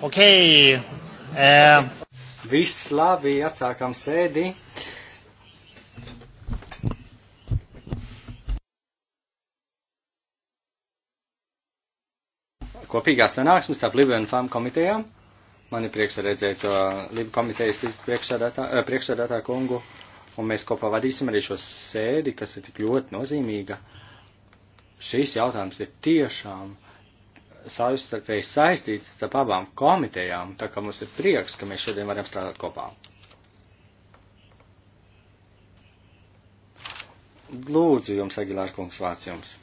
Ok. Uh. Viss labi, atsākam sēdi. Kopīgā sanāksme starp Libu un FAM komitejām. Man ir prieks redzēt uh, eh, Libu komitejas priekšsēdētāju eh, priekšsēdētā kungu, un mēs kopā vadīsim arī šo sēdi, kas ir tik ļoti nozīmīga. Šīs jautājums ir tiešām savstarpēji saistīts starp abām komitejām, tā kā mums ir prieks, ka mēs šodien varam strādāt kopā. Lūdzu, jums, Agilāra kungs, vārds jums.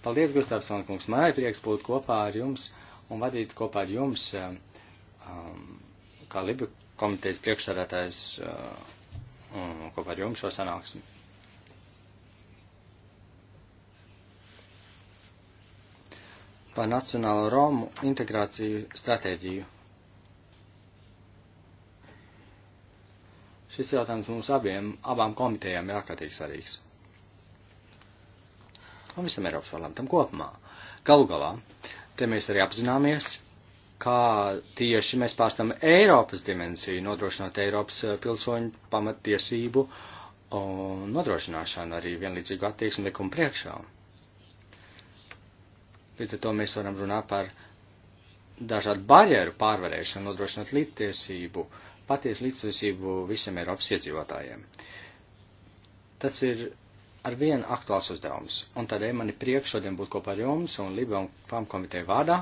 Paldies, Gustavson kungs, man ir prieks būt kopā ar jums un vadīt kopā ar jums, um, kā Libu komitejas priekšsādātājs, um, uh, kopā ar jums šo sanāksmi. par Nacionālo Romu integrāciju stratēģiju. Šis jautājums mums abiem, abām komitejām ir ārkārtīgi svarīgs. Un visam Eiropas parlamentam kopumā. Galu galā, te mēs arī apzināmies, kā tieši mēs pārstam Eiropas dimensiju, nodrošinot Eiropas eh, pilsoņu pamatiesību un nodrošināšanu arī vienlīdzīgu attieksmi likuma priekšā. Līdz ar to mēs varam runāt par dažādu barjeru pārvarēšanu, nodrošinot līdztiesību, patiesu līdztiesību visiem Eiropas iedzīvotājiem. Tas ir ar vienu aktuāls uzdevums, un tādēļ man ir prieks šodien būt kopā ar jums un Libam Fām komiteju vārdā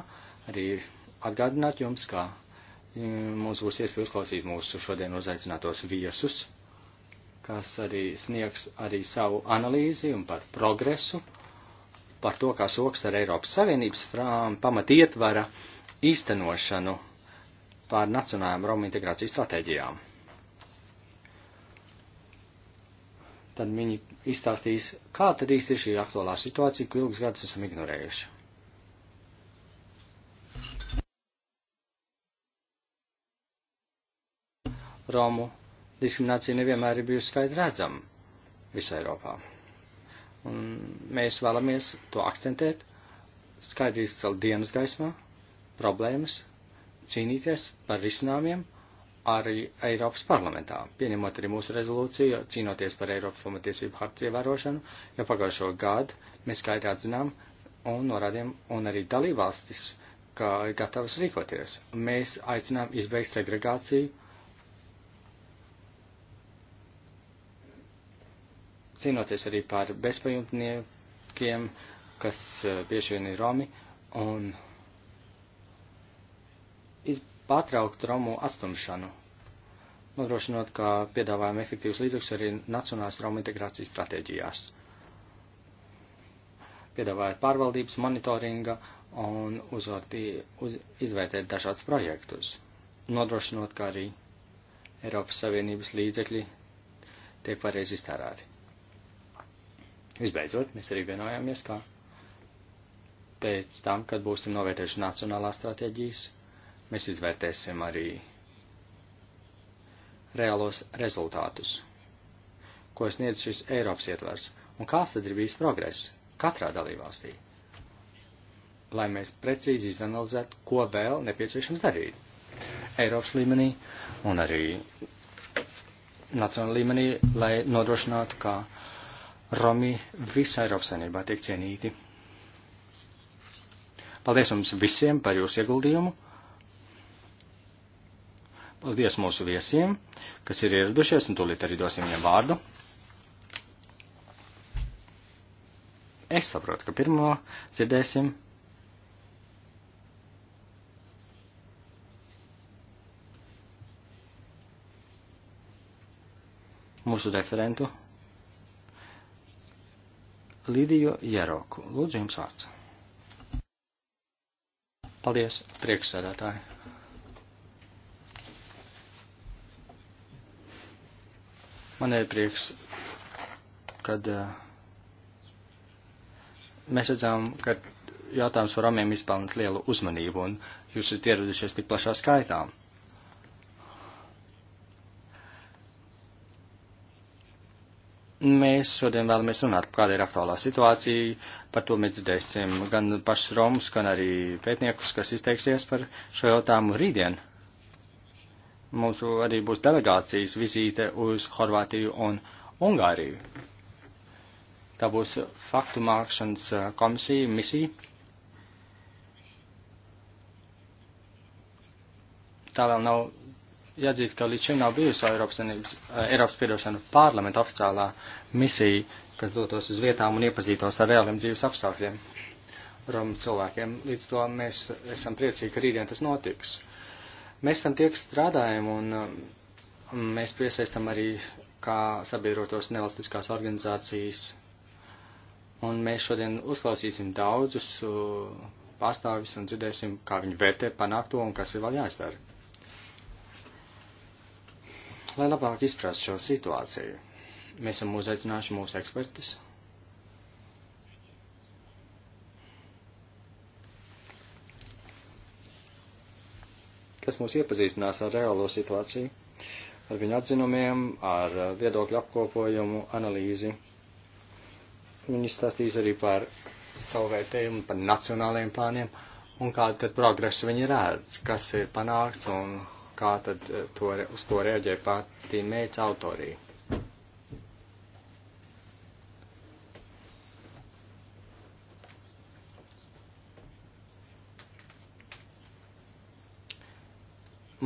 arī atgādināt jums, ka mm, mums būs iespēja uzklausīt mūsu šodien uzaicinātos viesus, kas arī sniegs arī savu analīzi un par progresu par to, kā soks ar Eiropas Savienības pamatietvara īstenošanu pār nacionālajām Roma integrācijas stratēģijām. Tad viņi izstāstīs, kā tad īsti ir šī aktuālā situācija, ko ilgus gadus esam ignorējuši. Romu diskriminācija nevienmēr ir bijusi skaidri redzama visā Eiropā. Un mēs vēlamies to akcentēt, skaidri izcelt dienas gaismā, problēmas, cīnīties par risinājumiem arī Eiropas parlamentā, pieņemot arī mūsu rezolūciju, cīnoties par Eiropas pamatiesību hartas ievērošanu, jo pagājušo gadu mēs skaidri atzinām un norādījām, un arī dalībvalstis, ka ir gatavas rīkoties. Mēs aicinām izbeigt segregāciju cīnoties arī par bezpajumtniekiem, kas eh, bieži vien ir romi, un pārtraukt romu atstumšanu, nodrošinot, ka piedāvājam efektīvus līdzekļus arī nacionālās romu integrācijas stratēģijās. Piedāvājot pārvaldības monitoringa un uzvartī, uz, izvērtēt dažādus projektus, nodrošinot, ka arī Eiropas Savienības līdzekļi tiek pareizi iztērēti. Visbeidzot, mēs arī vienojāmies, ka pēc tam, kad būsim novērtējuši nacionālās stratēģijas, mēs izvērtēsim arī reālos rezultātus, ko sniedz šis Eiropas ietvers, un kāds tad ir bijis progress katrā dalībvalstī, lai mēs precīzi izanalizētu, ko vēl nepieciešams darīt Eiropas līmenī un arī nacionāla līmenī, lai nodrošinātu, ka Romi visā Eiropas saimnībā tiek cienīti. Paldies jums visiem par jūsu ieguldījumu. Paldies mūsu viesiem, kas ir ieradušies, un tūlīt arī dosim viņiem vārdu. Es saprotu, ka pirmo dzirdēsim. Mūsu referentu Lidiju Jeroku. Lūdzu, jums vārds. Paldies, priekšsēdētāji. Man ir prieks, kad uh, mēs redzam, ka jautājums par romiem izpelnīt lielu uzmanību, un jūs esat ieradušies tik plašā skaitā. Uh, mēs šodien vēlamies runāt, kāda ir aktuālā situācija. Par to mēs dzirdēsim gan pašus Romus, gan arī pētniekus, kas izteiksies par šo jautājumu rītdien. Mums arī būs delegācijas vizīte uz Horvātiju un Ungāriju. Tā būs faktu mākšanas eh, komisija, misija. Tā vēl nav jāatzīst, ka līdz šim nav bijusi Eiropas, Sanības, eh, Eiropas piedošana parlamenta oficiālā misija, kas dotos uz vietām un iepazītos ar reāliem dzīves apstākļiem Romu cilvēkiem. Līdz to mēs esam priecīgi, ka rītdien tas notiks. Mēs esam tie, kas strādājam, un um, mēs piesaistam arī kā sabiedrotos nevalstiskās organizācijas. Un mēs šodien uzklausīsim daudzus uh, pārstāvis un dzirdēsim, kā viņi vērtē panākto un kas ir vēl jāizdara. Lai labāk izprastu šo situāciju, mēs esam uzaicinājuši mūsu ekspertus. kas mūs iepazīstinās ar reālo situāciju, ar viņu atzinumiem, ar viedokļu apkopojumu, analīzi. Viņi stāstīs arī par savu vērtējumu, par nacionālajiem plāniem un kādu tad progresu viņi redz, kas ir panākts un kā tad eh, to, uz to reaģē pati mērķa autorija.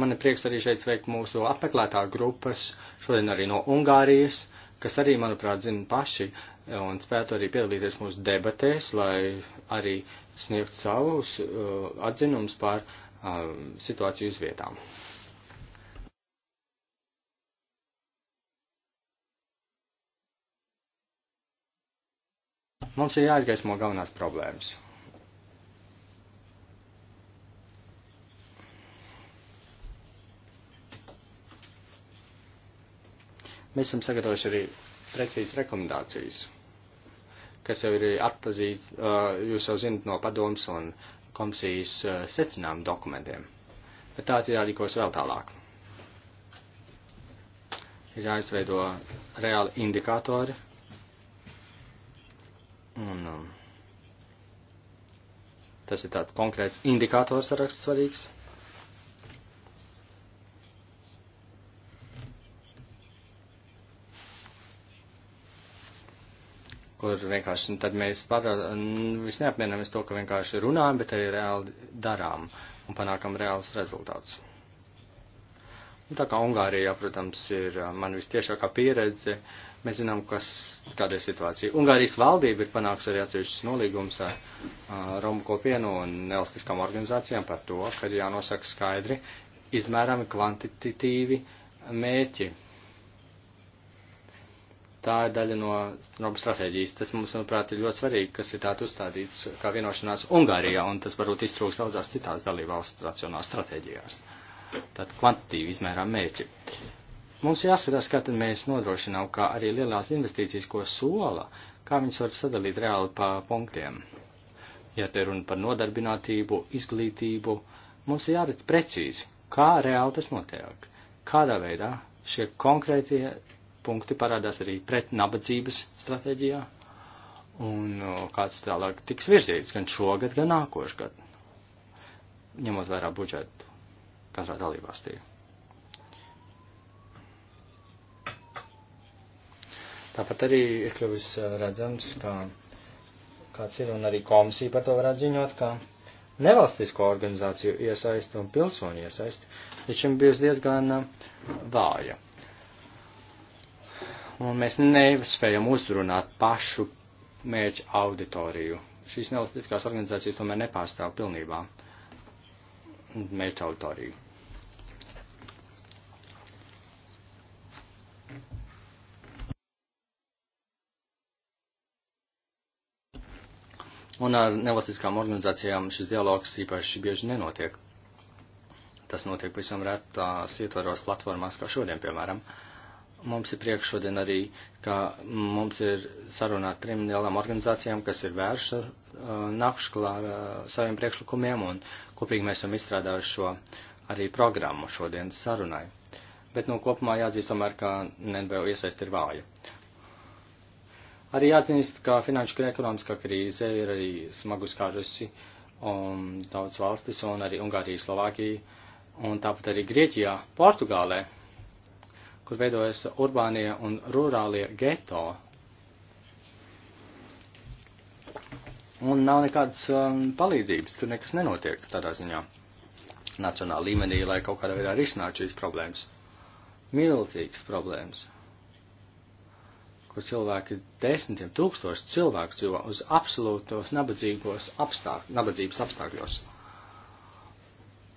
Man ir prieks arī šeit sveikt mūsu apmeklētā grupas, šodien arī no Ungārijas, kas arī, manuprāt, zina paši eh, un spētu arī piedalīties mūsu debatēs, lai arī sniegt savus uh, atzinumus par uh, situāciju uz vietām. Mums ir jāizgaismo galvenās problēmas. Mēs esam sagatavojuši arī precīzas rekomendācijas, kas jau ir atpazīt, uh, jūs jau zinat no padoms un komisijas uh, secinām dokumentiem. Bet tā ir jārīkos vēl tālāk. Ir jāizveido reāli indikātori, Un um, tas ir tāds konkrēts indikātors saraksts svarīgs. kur vienkārši nu, tad mēs pārā, visneapmienamies nu, to, ka vienkārši runājam, bet arī reāli darām un panākam reāls rezultāts. Nu, tā kā Ungārijā, protams, ir man vistiešākā pieredze, mēs zinām, kas, kāda ir situācija. Ungārijas valdība ir panāks arī atsevišķus nolīgums ar uh, Romu kopienu un nelstiskām organizācijām par to, ka ir jānosaka skaidri izmērami kvantitatīvi mērķi. Tā ir daļa no Romu stratēģijas. Tas mums, manuprāt, ir ļoti svarīgi, kas ir tāds uzstādīts kā vienošanās Ungārijā, un tas varbūt iztrūks daudzās citās dalībvalstu nacionālās stratēģijās. Uh, tādu kvantitīvu izmērām mērķi. Mums jāskatās, kā tad mēs nodrošinām, kā arī lielās investīcijas, ko sola, kā viņas var sadalīt reāli pa punktiem. Ja te runa par nodarbinātību, izglītību, mums ir jāredz precīzi, kā reāli tas notiek, kādā veidā šie konkrētie punkti parādās arī pret nabadzības stratēģijā, un kāds tālāk tiks virzīts gan šogad, gan nākošgad, ņemot vērā budžetu katrā dalībvalstī. Tāpat arī ir kļuvis eh, redzams, ka kāds ir un arī komisija par to varētu ziņot, ka nevalstisko organizāciju iesaisti un pilsoņu iesaisti līdz šim bijusi diezgan eh, vāja. Un mēs nespējam uzrunāt pašu mērķu auditoriju. Šīs nevalstiskās organizācijas tomēr nepārstāv pilnībā mērķa auditoriju. Un ar nevalstiskām organizācijām šis dialogs īpaši bieži nenotiek. Tas notiek visam retās ietvaros platformās, kā šodien, piemēram. Uh, Mums ir priekš šodien arī, ka mums ir sarunā trim lielām organizācijām, kas ir vērša nākuši klā ar uh, uh, saviem priekšlikumiem, un kopīgi mēs esam izstrādājuši šo arī programmu šodienas sarunai. Bet, nu, kopumā jāatzīst tomēr, ka NVO iesaist ir vāja. Arī jāatzīst, ka finanšu un ekonomiskā krīze ir arī smagu skārusi um, daudz valstis, un arī Ungārija, Slovākija, un tāpat arī Grieķijā, Portugālē kur veidojas urbānie un rurālie geto. Un nav nekādas um, palīdzības, tur nekas nenotiek tādā ziņā nacionāla līmenī, lai kaut kādā veidā risinātu šīs problēmas. Milzīgas problēmas, kur cilvēki desmitiem tūkstoši cilvēku dzīvo uz absolūtos nabadzīgos apstāk, nabadzības apstākļos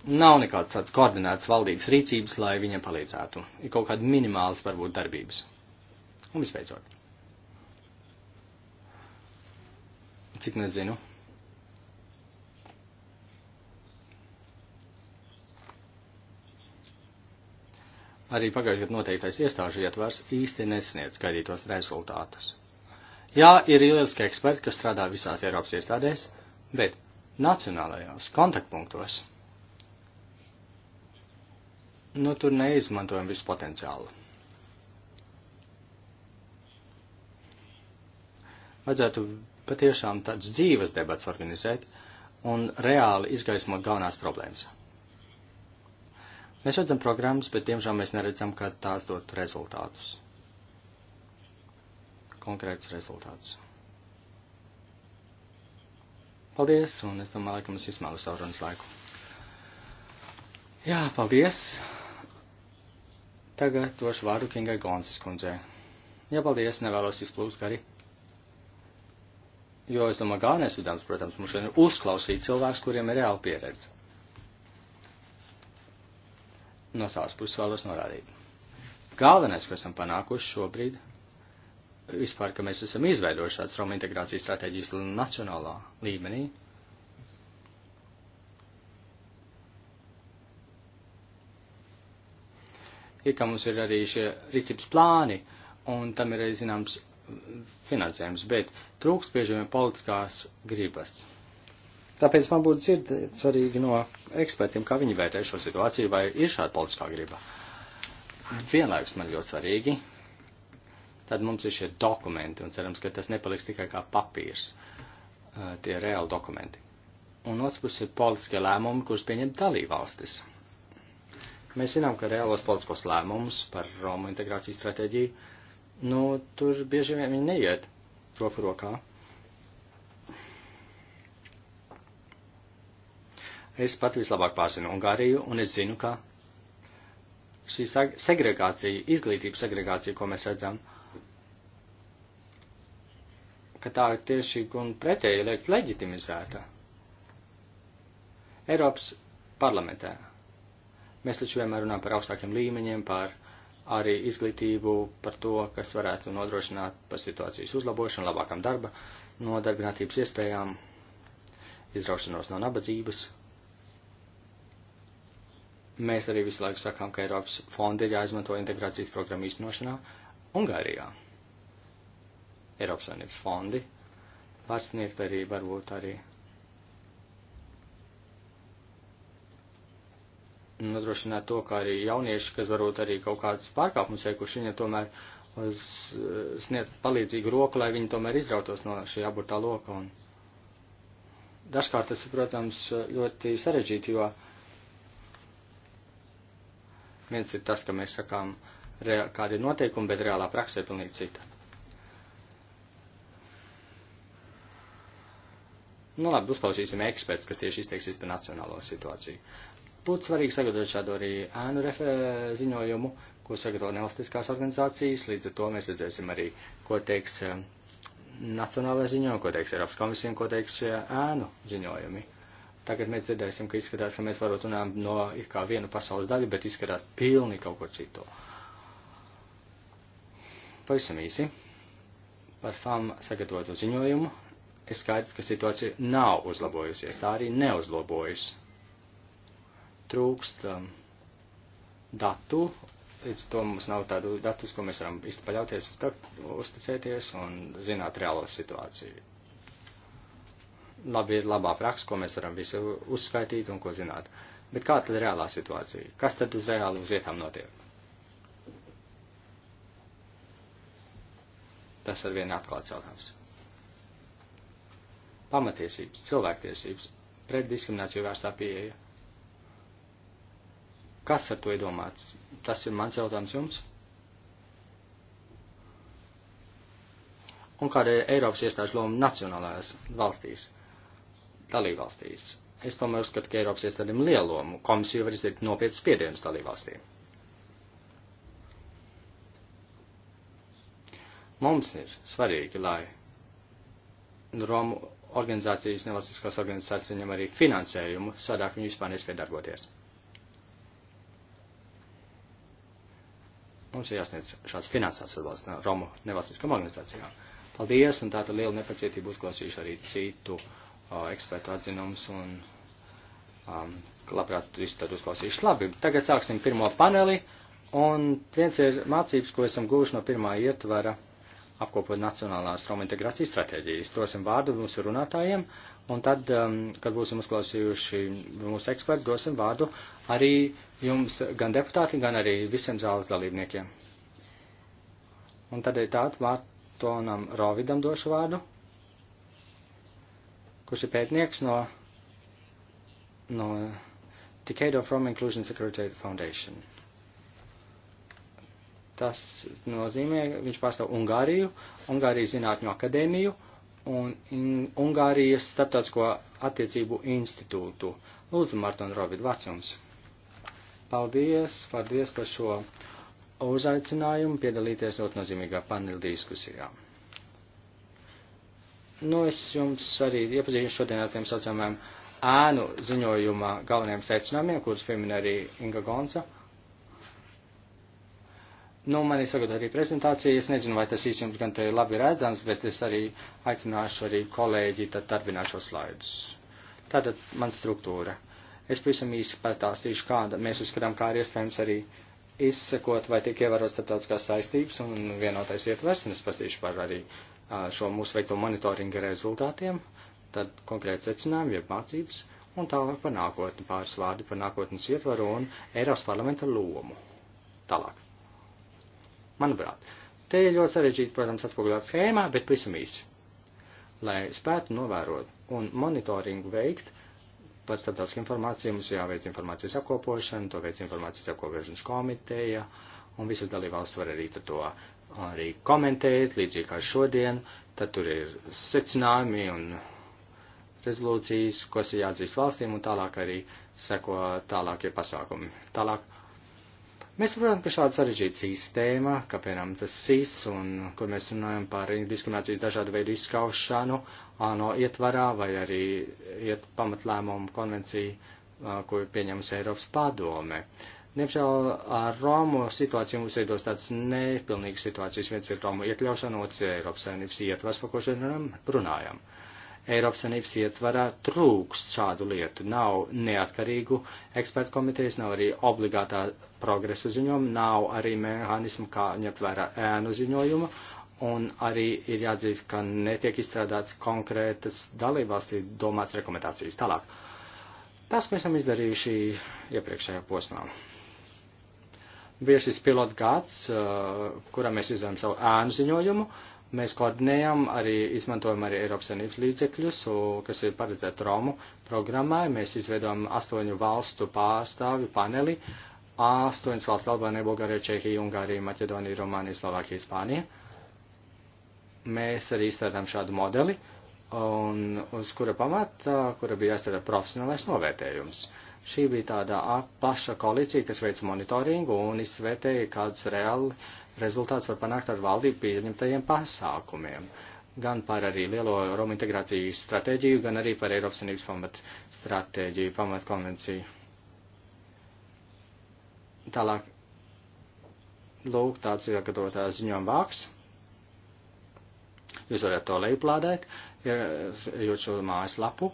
nav nekāds tāds koordinēts valdības rīcības, lai viņiem palīdzētu. Ir kaut kāda minimālas, varbūt, darbības. Un visbeidzot. Cik nezinu. Nu Arī pagājušajā gadā noteiktais iestāžu ietvars īsti nesniedz gaidītos rezultātus. Jā, ir lieliski eksperti, kas strādā visās Eiropas iestādēs, bet nacionālajos kontaktpunktos nu, tur neizmantojam visu potenciālu. Vajadzētu patiešām tāds dzīves debats organizēt un reāli izgaismot galvenās problēmas. Mēs redzam programmas, bet diemžēl mēs neredzam, kā tās dot rezultātus. Konkrēts rezultāts. Paldies, un es domāju, ka mums izmēlas saurunas laiku. Jā, paldies! Tagad došu vārdu Kingai Gonsas kundzei. Jā, paldies, nevēlos izplūst arī. Jo es domāju, galvenais uzdevums, protams, mums šodien ir uzklausīt cilvēkus, kuriem ir reāla pieredze. No savas puses vēlos norādīt. Galvenais, ko esam panākuši šobrīd, vispār, ka mēs esam izveidojuši tādas Roma integrācijas stratēģijas nacionālā līmenī, ir, ka mums ir arī šie rīcības plāni, un tam ir arī zināms finansējums, bet trūkst bieži vien politiskās gribas. Tāpēc man būtu dzirdēt svarīgi no ekspertiem, kā viņi vērtē šo situāciju, vai ir šāda politiskā griba. Vienlaikus man ļoti svarīgi, tad mums ir šie dokumenti, un cerams, ka tas nepaliks tikai kā papīrs, eh, tie reāli dokumenti. Un otrs puses ir politiskie lēmumi, kurus pieņem dalībvalstis. valstis Mēs zinām, ka reālos politiskos lēmumus par Romu integrācijas stratēģiju, nu, tur bieži vien viņi neiet roku rokā. Es pat vislabāk pārzinu Ungāriju, un es zinu, ka šī segregācija, izglītības segregācija, ko mēs redzam, ka tā ir tieši un pretēji liek leģitimizēta. Eiropas parlamentē Mēs taču vienmēr runājam par augstākiem līmeņiem, par arī izglītību, par to, kas varētu nodrošināt par situācijas uzlabošanu, labākam darba, nodarbinātības iespējām, izraušanos no nabadzības. Mēs arī visu laiku sakām, ka Eiropas fondi ir jāizmanto integrācijas programmu īstenošanā Ungārijā. Eiropas Savienības fondi var sniegt arī varbūt arī nodrošināt to, ka arī jaunieši, kas varbūt arī kaut kādas pārkāpumus veikuši, viņi tomēr uz, eh, sniedz palīdzīgu roku, lai viņi tomēr izrautos no šī aburtā loka. Un dažkārt tas ir, protams, ļoti sarežģīti, jo viens ir tas, ka mēs sakām, kāda ir noteikuma, bet reālā praksē ir pilnīgi cita. Nu labi, uzklausīsim eksperts, kas tieši izteiksies par nacionālo situāciju. Būtu svarīgi sagatavot šādu arī ēnu ziņojumu, ko sagatavo nevalstiskās organizācijas. Līdz ar to mēs redzēsim arī, ko teiks eh, nacionālajā ziņojumā, ko teiks Eiropas komisija un ko teiks eh, ēnu ziņojumi. Tagad mēs dzirdēsim, ka izskatās, ka mēs varbūt runājam no it kā vienu pasaules daļu, bet izskatās pilni kaut ko citu. Pavisam īsi par FAM sagatavotu ziņojumu. Es skaidrs, ka situācija nav uzlabojusies, tā arī neuzlabojas trūkst um, datu, līdz to mums nav tādu datus, ko mēs varam īsti paļauties, uzticēties un zināt reālo situāciju. Labi ir labā praksa, ko mēs varam visu uzskaitīt un ko zināt. Bet kā tad reālā situācija? Kas tad uz reāli uz vietām notiek? Tas ar vienu atklāts jautājums. Pamatiesības, cilvēktiesības, pret diskrimināciju vērstā pieeja Kas ar to ir domāts? Tas ir mans jautājums jums. Un kāda ir Eiropas iestāžu loma nacionālajās valstīs, dalībvalstīs? Es tomēr uzskatu, ka Eiropas iestādēm lielu lomu komisija var izdarīt nopietnas spiedienas dalībvalstīm. Mums ir svarīgi, lai Romu organizācijas, nevalstiskās organizācijas viņam arī finansējumu, sadāk viņi vispār nespēja darboties. Mums ir jāsniedz šāds finansēts atbalsts no Romu nevalstiskām organizācijām. Paldies, un tāda liela nepacietība uzklausīšu arī citu uh, ekspertu atzinums, un um, labprāt visu tad uzklausīšu. Labi, tagad sāksim pirmo paneli, un viens ir mācības, ko esam guvuši no pirmā ietvara apkopot Nacionālās Roma integrācijas stratēģijas. Dosim vārdu mūsu runātājiem, un tad, um, kad būsim uzklausījuši mūsu eksperts, dosim vārdu arī jums gan deputāti, gan arī visiem zāles dalībniekiem. Un tad ir tādu Vārtonam Rovidam došu vārdu, kurš ir pētnieks no, no Decade of Rome Inclusion Security Foundation. Tas nozīmē, viņš pārstāv Ungāriju, Ungārijas zinātņu akadēmiju un Ungārijas starptautisko attiecību institūtu. Lūdzu, Marton Rovid, vārds jums. Paldies, paldies par šo uzaicinājumu piedalīties ļoti nozīmīgā panel diskusijā. Nu, es jums arī iepazīju šodien ar tiem saucamajiem ēnu ziņojuma galvenajiem secinājumiem, kurus piemin arī Inga Gonca. Nu, man ir sagatavot arī prezentācija. Es nezinu, vai tas īsti jums gan te ir labi redzams, bet es arī aicināšu arī kolēģi tad darbināt šos slaidus. Tātad man struktūra. Uh, Es pavisam īsi pastāstīšu, kāda mēs uzskatām, kā ir iespējams arī izsekot, vai tiek ievērot starptautiskās saistības un vienotais ietvers, un es pastīšu par arī šo mūsu veikto monitoringa rezultātiem, tad konkrēti secinājumi, jeb mācības, un tālāk par nākotni, pāris vārdi par nākotnes ietvaru un Eiropas parlamenta lomu. Tālāk. Manuprāt, te ir ļoti sarežģīti, protams, atspoguļot schēmā, bet pavisam īsi. Lai spētu novērot un monitoringu veikt, uh, par starptautisku informāciju mums jāveic informācijas apkopošana, to veic informācijas apkopošanas komiteja, un visas dalībvalsts var arī to arī komentēt, līdzīgi kā šodien, tad tur ir secinājumi un rezolūcijas, kas ir jāatzīst valstīm, un tālāk arī seko tālākie pasākumi. Tālāk Mēs saprotam, ka šāda sarežģīta sistēma, kā piemēram tas SIS, un kur mēs runājam par diskriminācijas dažādu veidu izskaušanu, ANO ietvarā vai arī iet pamatlēmumu konvenciju, ko ir pieņemusi Eiropas padome. Diemžēl ar Romu situāciju mums veidos tādas nepilnīgas situācijas. Viens ir Romu iekļaušana, otrs ir Eiropas saimnības ietvars, par ko šodien runājam. runājam. Eiropas Sanības ietvarā trūkst šādu lietu. Nav neatkarīgu ekspertu komitejas, nav arī obligātā progresa ziņojuma, nav arī mehānismu, kā ņemt vērā ēnu ziņojumu, un arī ir jāatzīst, ka netiek izstrādāts konkrētas dalībvalstī domāts rekomendācijas. Tālāk. Tas mēs esam izdarījuši iepriekšējā posmā bija šis pilotgads, uh, kurā mēs izdevām savu ēnu ziņojumu, Mēs koordinējam, arī izmantojam arī Eiropas Savienības līdzekļus, kas ir paredzēti Romu programmai. Mēs izveidojam astoņu valstu pārstāvju paneli. Astoņas valsts - Albānija, Bulgārija, Čehija, Ungārija, Maķedonija, Rumānija, Slovākija, Spānija. Mēs arī izstrādājam šādu modeli, un uz kura pamata, kura bija jāstrādā profesionālais novērtējums. Šī bija tāda paša koalīcija, kas veica monitoringu un izvērtēja kādus reāli uh, rezultāts var panākt ar valdību pieņemtajiem pasākumiem, gan par arī lielo Romu integrācijas stratēģiju, gan arī par Eiropas Savienības pamat stratēģiju, pamat konvenciju. Tālāk, lūk, tāds ir gatavotā ziņojuma vāks. Jūs varat to lejuplādēt, jūt šo mājaslapu,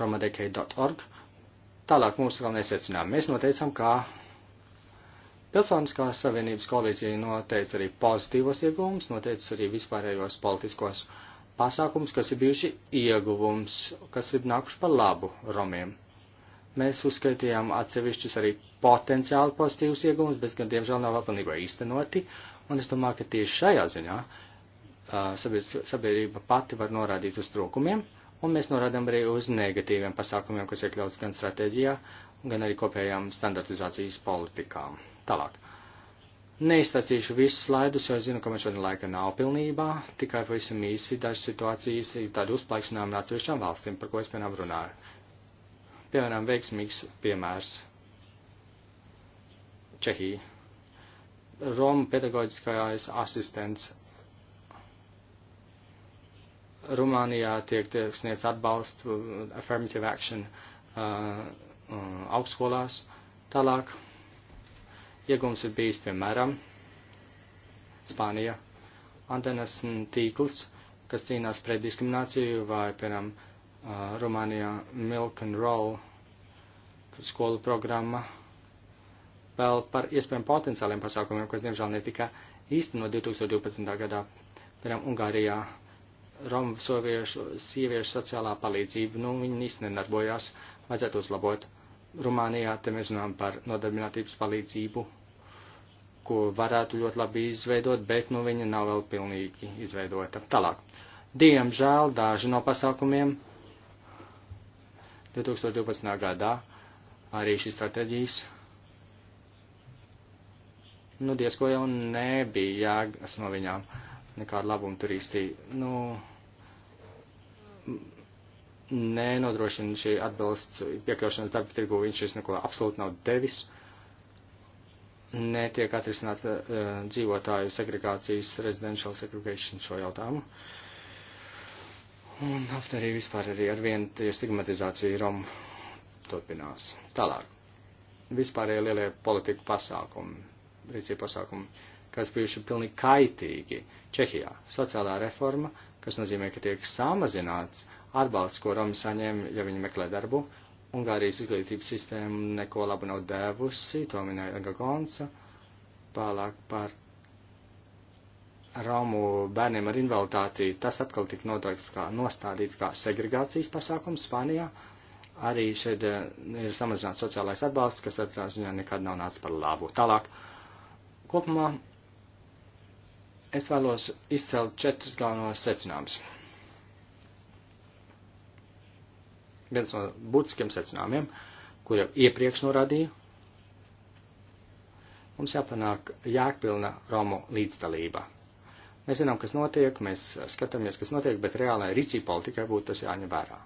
romadekei.org. Tālāk mūsu galvenais secinājums. Mēs noteicam, kā Pilsoniskās savienības koalīcija noteica arī pozitīvos ieguvumus, noteica arī vispārējos politiskos pasākumus, kas ir bijuši ieguvums, kas ir nākuši par labu romiem. Mēs uzskaitījām atsevišķus arī potenciāli pozitīvus ieguvumus, bet gan diemžēl nav apelnībā īstenoti, un es domāju, ka tieši šajā ziņā sabiedrība pati var norādīt uz trūkumiem, un mēs norādām arī uz negatīviem pasākumiem, kas iekļauts gan stratēģijā, gan arī kopējām standartizācijas politikām. Tālāk. Neizstāstīšu visus slaidus, jo es zinu, ka man šodien laika nav pilnībā, tikai pavisam īsi dažas situācijas ir tādi uzplaiksnājumi no atsevišķām valstīm, par ko es piemēram runāju. Piemēram, veiksmīgs piemērs - Čehija. Roma pedagoģiskajais asistents Rumānijā tiek, tiek sniedz atbalstu affirmative action uh, uh, augstskolās. Tālāk Iegums ir bijis, piemēram, Spānija antenas tīkls, kas cīnās pret diskrimināciju vai, piemēram, Rumānijā Milk and Roll skolu programma vēl par iespējām potenciāliem pasākumiem, kas, diemžēl, netika īstenot 2012. gadā. Piemēram, Ungārijā Romu sieviešu sociālā palīdzība, nu, viņi īstenībā nedarbojās, vajadzētu uzlabot. Uh, Rumānijā te mēs runājam par nodarbinātības palīdzību, ko varētu ļoti labi izveidot, bet nu viņa nav vēl pilnīgi izveidota. Tālāk. Diemžēl daži no pasākumiem 2012. gadā arī šīs strateģijas. Nu, diezko jau nebija jēgas no viņām, nekāda labuma tur īsti. Nu, nenodrošina šī atbilsts piekļaušanas darba tirgu, viņš šis neko absolūti nav devis. Netiek atrisināt uh, dzīvotāju segregācijas, residential segregation šo jautājumu. Un after arī vispār arī ar vienu tieši stigmatizāciju Romu turpinās. Tālāk. Vispārējie lielie politika pasākumi, rīcība pasākumi, kas bijuši pilnīgi kaitīgi Čehijā. Sociālā reforma, kas nozīmē, ka tiek samazināts uh, atbalsts, ko Romi saņem, ja viņi meklē darbu. Ungārijas izglītības sistēma neko labu nav devusi, to minēja Gagonsa, pārlāk par Romu bērniem ar invaliditāti. Tas atkal tika nodots kā nostādīts kā segregācijas pasākums Spānijā. Arī šeit eh, ir samazināts sociālais atbalsts, kas atrā ziņā nekad nav nācis par labu. Tālāk, kopumā es vēlos izcelt četrus galvenos secinājumus. viens no būtiskiem secinājumiem, kur jau iepriekš norādīju. Mums jāpanāk jākpilna Romu līdzdalība. Mēs zinām, kas notiek, mēs skatāmies, kas notiek, bet reālai rīcība politikai būtu tas jāņem vērā.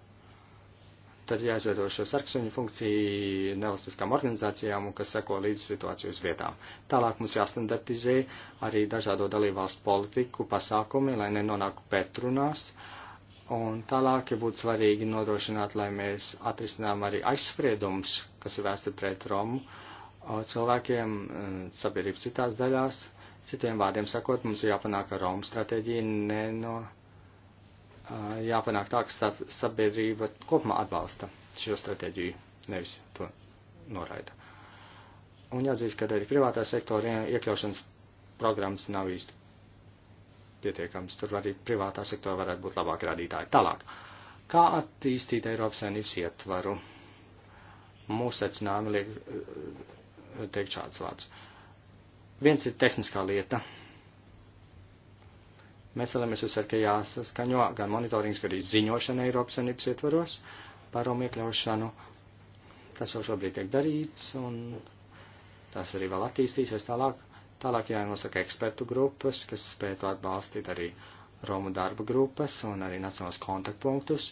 Tad jāizveido šo sarksuņu funkciju nevalstiskām organizācijām, kas seko līdz situāciju uz vietām. Tālāk mums jāstandartizē arī dažādo dalībvalstu politiku pasākumi, lai nenonāku pretrunās. Uh, Un tālāk ir būtu svarīgi nodrošināt, lai mēs atrisinām arī aizspriedumus, kas ir vēsti pret Romu cilvēkiem sabiedrības citās daļās. Citiem vārdiem sakot, mums ir jāpanāk ar Romu stratēģiju, ne no jāpanāk tā, ka sabiedrība kopumā atbalsta šo stratēģiju, nevis to noraida. Un jāatzīst, ka arī privātā sektora iekļaušanas programmas nav īsti pietiekams. Tur arī privātā sektora varētu būt labāki rādītāji. Tālāk. Kā attīstīt Eiropas saimnības ietvaru? Mūsu secinājumi liek eh, teikt šāds vārds. Viens ir tehniskā lieta. Mēs vēlamies uzsvērt, ka jāsaskaņo gan monitorings, gan arī ziņošana Eiropas saimnības ietvaros par Romu iekļaušanu. Tas jau šobrīd tiek darīts, un tas arī vēl attīstīsies tālāk. Tālāk jānosaka ekspertu grupas, kas spētu atbalstīt arī Romu darba grupas un arī nacionālos kontaktpunktus.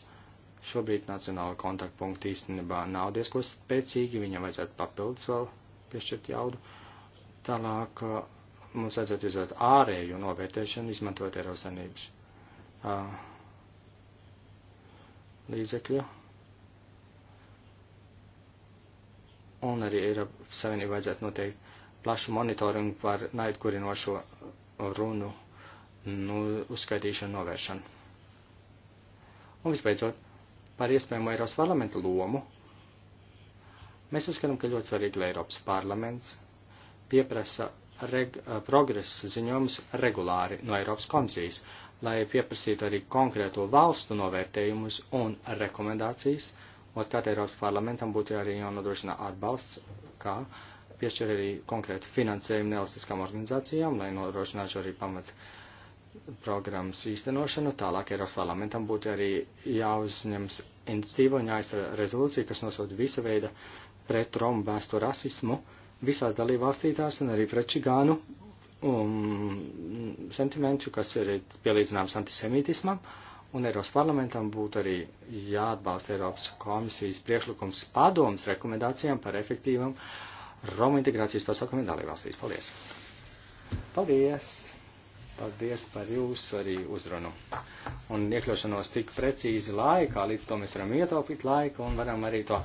Šobrīd nacionāla kontaktpunkta īstenībā nav diezko spēcīgi, viņam vajadzētu papildus vēl piešķirt jaudu. Tālāk uh, mums vajadzētu izvēlēt ārēju novērtēšanu, izmantot Eiropas Sanības uh, līdzekļu. Un arī Eiropas Savienība vajadzētu noteikt plašu monitoringu par naidu kurinošo runu nu, uzskaitīšanu novēršanu. Un visbeidzot, par iespējamo Eiropas parlamenta lomu. Mēs uzskatām, ka ļoti svarīgi, lai Eiropas parlaments pieprasa reg, eh, progresa ziņojumus regulāri no Eiropas komisijas, lai pieprasītu arī konkrēto valstu novērtējumus un rekomendācijas. Otkārt, Eiropas parlamentam būtu arī jānodrošina atbalsts, kā piešķir arī konkrētu finansējumu nevalstiskām organizācijām, lai norošinātu arī pamat programmas īstenošanu. Tālāk Eiropas parlamentam būtu arī jāuzņems iniciatīva un jāizstra rezolūcija, kas nosūta visa veida pret Romu vēstu rasismu visās dalībvalstītās un arī pret čigānu um, sentimentu, kas ir pielīdzināms antisemītismam. Un Eiropas parlamentam būtu arī jāatbalsta Eiropas komisijas priekšlikums padomas rekomendācijām par efektīvam uh, Romu integrācijas pasākumiem dalībvalstīs. Paldies! Paldies! Paldies par jūsu arī uzrunu un iekļaušanos tik precīzi laikā, līdz to mēs varam ietaupīt laiku un varam arī to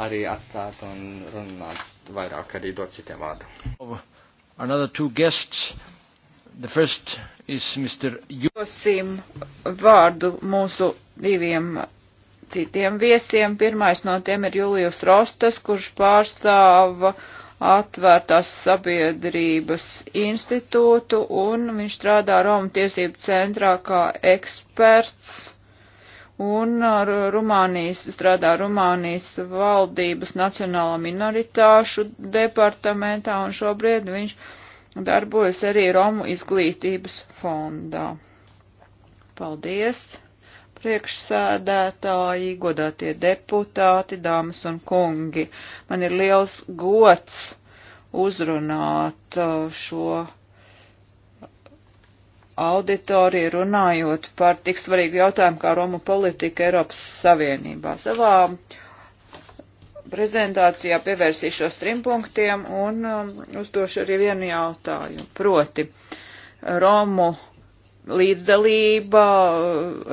arī atstāt un runāt vairāk arī dot citiem vārdu. Another two guests. The first is Mr. Dosim vārdu mūsu diviem citiem viesiem. Pirmais no tiem ir Julius Rostas, kurš pārstāva atvērtās sabiedrības institūtu, un viņš strādā Roma tiesību centrā kā eksperts, un Rumānijas, strādā Rumānijas valdības nacionāla minoritāšu departamentā, un šobrīd viņš darbojas arī Romu izglītības fondā. Paldies! priekšsēdētāji, godātie deputāti, dāmas un kungi. Man ir liels gods uzrunāt uh, šo auditoriju runājot par tik svarīgu jautājumu kā Romu politika Eiropas Savienībā. Savā prezentācijā pievērsīšos trim punktiem un um, uzdošu arī vienu jautājumu. Proti, Romu līdzdalība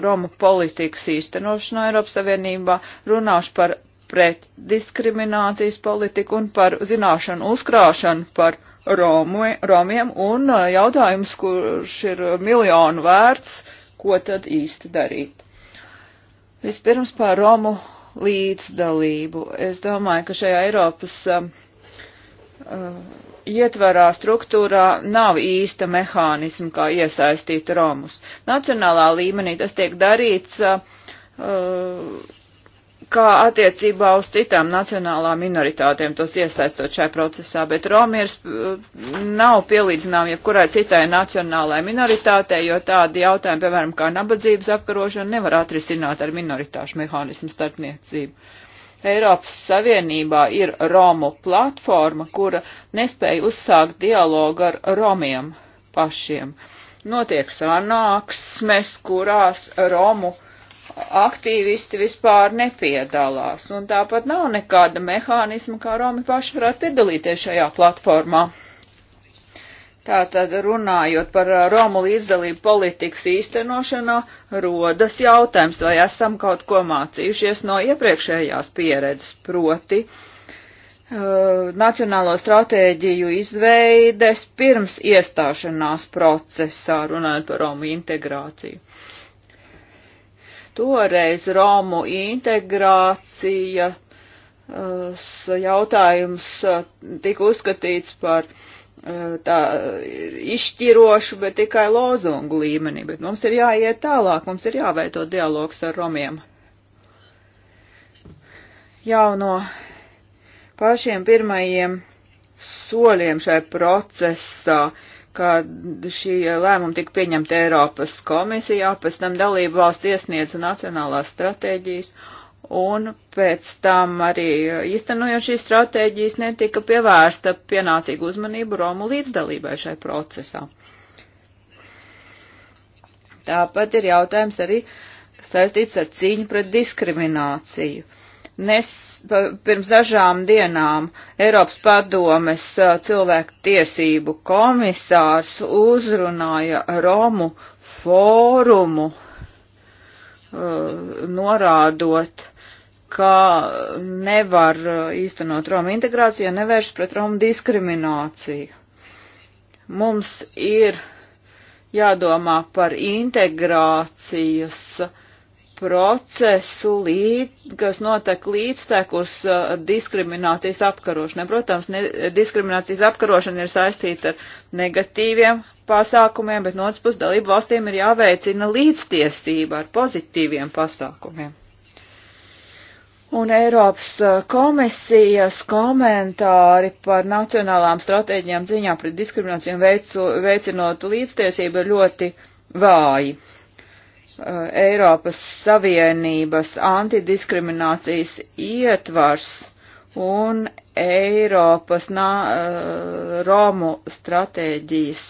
Roma politikas īstenošanā Eiropas Savienībā, runāšu par pretdiskriminācijas politiku un par zināšanu uzkrāšanu par Romu, Romiem un uh, jautājums, kurš ir miljonu vērts, ko tad īsti darīt. Vispirms par Romu līdzdalību. Es domāju, ka šajā Eiropas um, uh, ietvarā struktūrā nav īsta mehānisma, kā iesaistīt Romus. Nacionālā līmenī tas tiek darīts uh, kā attiecībā uz citām nacionālām minoritātēm, tos iesaistot šajā procesā, bet Romi ir, uh, nav pielīdzināmi jebkurai citai nacionālai minoritātei, jo tādi jautājumi, piemēram, kā nabadzības apkarošana, nevar atrisināt ar minoritāšu mehānismu starpniecību. Eiropas Savienībā ir Romu platforma, kura nespēja uzsākt dialogu ar Romiem pašiem. Notiek sanāksmes, kurās Romu aktīvisti vispār nepiedalās, un tāpat nav nekāda mehānisma, kā Romi paši varētu piedalīties šajā platformā. Tātad runājot par uh, Romu līdzdalību politikas īstenošanā, rodas jautājums, vai esam kaut ko mācījušies no iepriekšējās pieredzes, proti uh, nacionālo stratēģiju izveides pirms iestāšanās procesā, runājot par Romu integrāciju. Toreiz Romu integrācija uh, jautājums uh, tika uzskatīts par uh, tā izšķirošu, bet tikai lozungu līmenī, bet mums ir jāiet tālāk, mums ir jāveido dialogs ar romiem. Jau no pašiem pirmajiem soļiem šai procesā, kad šī lēmuma tika pieņemta Eiropas komisijā, pēc tam dalību valsts iesniedza nacionālās stratēģijas, un pēc tam arī īstenojot šīs stratēģijas netika pievērsta pienācīga uzmanība Romu līdzdalībai šai procesā. Tāpat ir jautājums arī saistīts ar cīņu pret diskrimināciju. Nes, pirms dažām dienām Eiropas padomes cilvēku tiesību komisārs uzrunāja Romu fórumu, norādot, ka nevar uh, īstenot Romu integrāciju, ja nevēršas pret Romu diskrimināciju. Mums ir jādomā par integrācijas procesu, līd, kas notiek līdztekus uh, diskriminācijas apkarošanai. Protams, ne, diskriminācijas apkarošana ir saistīta ar negatīviem pasākumiem, bet no otras puses dalību valstīm ir jāveicina līdztiesība ar pozitīviem pasākumiem. Un Eiropas uh, komisijas komentāri par nacionālām stratēģijām ziņā pret diskrimināciju veicu, veicinot līdztiesību ir ļoti vāji. Uh, Eiropas Savienības antidiskriminācijas ietvars un Eiropas nā, uh, Romu stratēģijas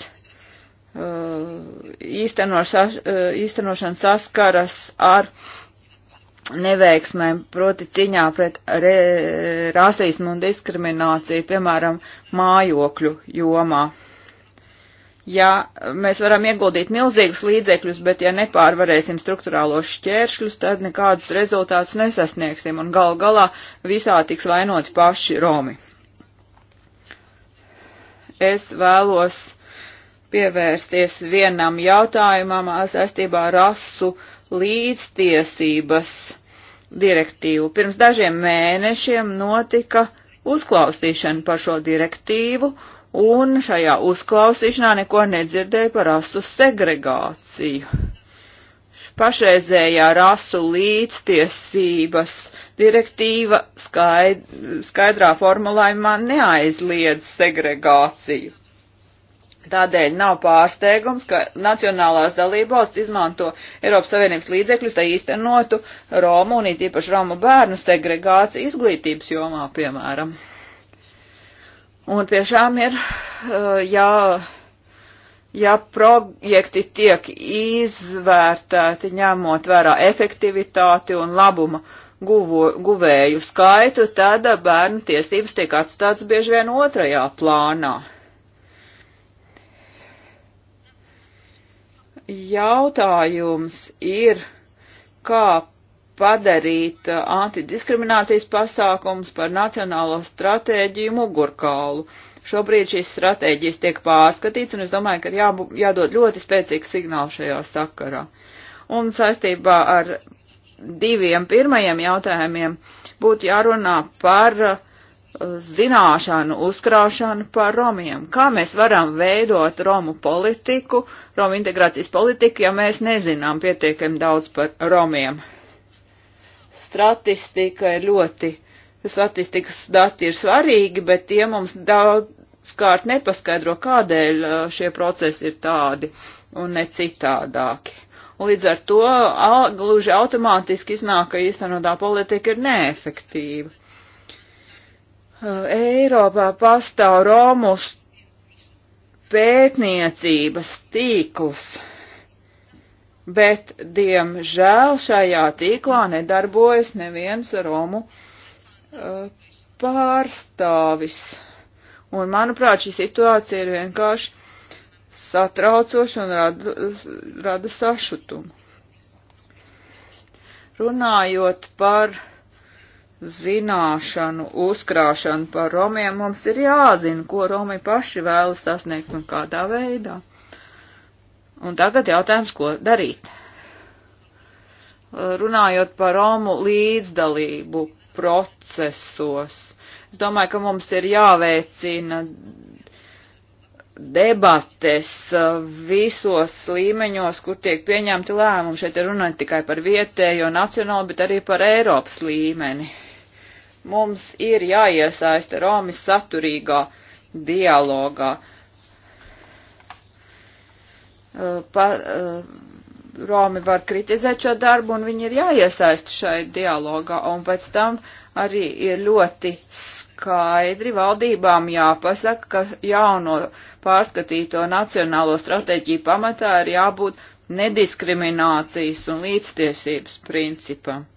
īstenošana saskaras ar neveiksmēm, proti ciņā pret re, rasismu un diskrimināciju, piemēram, mājokļu jomā. Ja mēs varam ieguldīt milzīgus līdzekļus, bet ja nepārvarēsim struktūrālos šķēršļus, tad nekādus rezultātus nesasniegsim un gal galā visā tiks vainoti paši Romi. Es vēlos pievērsties vienam jautājumam saistībā ar rasu līdztiesības direktīvu. Pirms dažiem mēnešiem notika uzklausīšana par šo direktīvu, un šajā uzklausīšanā neko nedzirdēja par rasu segregāciju. Pašreizējā rasu līdztiesības direktīva skaidrā formulējumā neaizliedz segregāciju. Tādēļ nav pārsteigums, ka nacionālās dalībvalsts izmanto Eiropas Savienības līdzekļus, lai īstenotu Romu un it īpaši Romu bērnu segregāciju izglītības jomā, piemēram. Un tiešām ir eh, jā, ja projekti tiek izvērtēti ņemot vērā efektivitāti un labuma guvo, guvēju skaitu, tad bērnu tiesības tiek atstātas bieži vien otrajā plānā. jautājums ir, kā padarīt uh, antidiskriminācijas pasākums par nacionālo stratēģiju mugurkaulu. Šobrīd šīs stratēģijas tiek pārskatīts, un es domāju, ka ir jā, jādod ļoti spēcīgs signāls šajā sakarā. Un saistībā ar diviem pirmajiem jautājumiem būtu jārunā par uh, zināšanu uzkraušanu par romiem. Kā mēs varam veidot romu politiku, romu integrācijas politiku, ja mēs nezinām pietiekami daudz par romiem? Statistika ir ļoti, statistikas dati ir svarīgi, bet tie mums daudzkārt nepaskaidro, kādēļ uh, šie procesi ir tādi un ne citādāki. Un līdz ar to gluži automātiski iznāk, ka īstenotā politika ir neefektīva Eiropā pastāv Romus pētniecības tīkls, bet, diemžēl, šajā tīklā nedarbojas neviens Romu uh, pārstāvis. Un, manuprāt, šī situācija ir vienkārši satraucoša un rada, rada sašutumu. Runājot par zināšanu uzkrāšanu par romiem, mums ir jāzina, ko romi paši vēlas sasniegt un kādā veidā. Un tagad jautājums, ko darīt. Runājot par romu līdzdalību procesos, es domāju, ka mums ir jāveicina debates visos līmeņos, kur tiek pieņemti lēmumi. Šeit ir runa ne tikai par vietējo nacionālu, bet arī par Eiropas līmeni Mums ir jāiesaista Romi saturīgā dialogā. Uh, pa, uh, Romi var kritizēt šo darbu, un viņi ir jāiesaista šai dialogā, un pēc tam arī ir ļoti skaidri valdībām jāpasaka, ka jauno pārskatīto nacionālo stratēģiju pamatā ir jābūt nediskriminācijas un līdztiesības principam.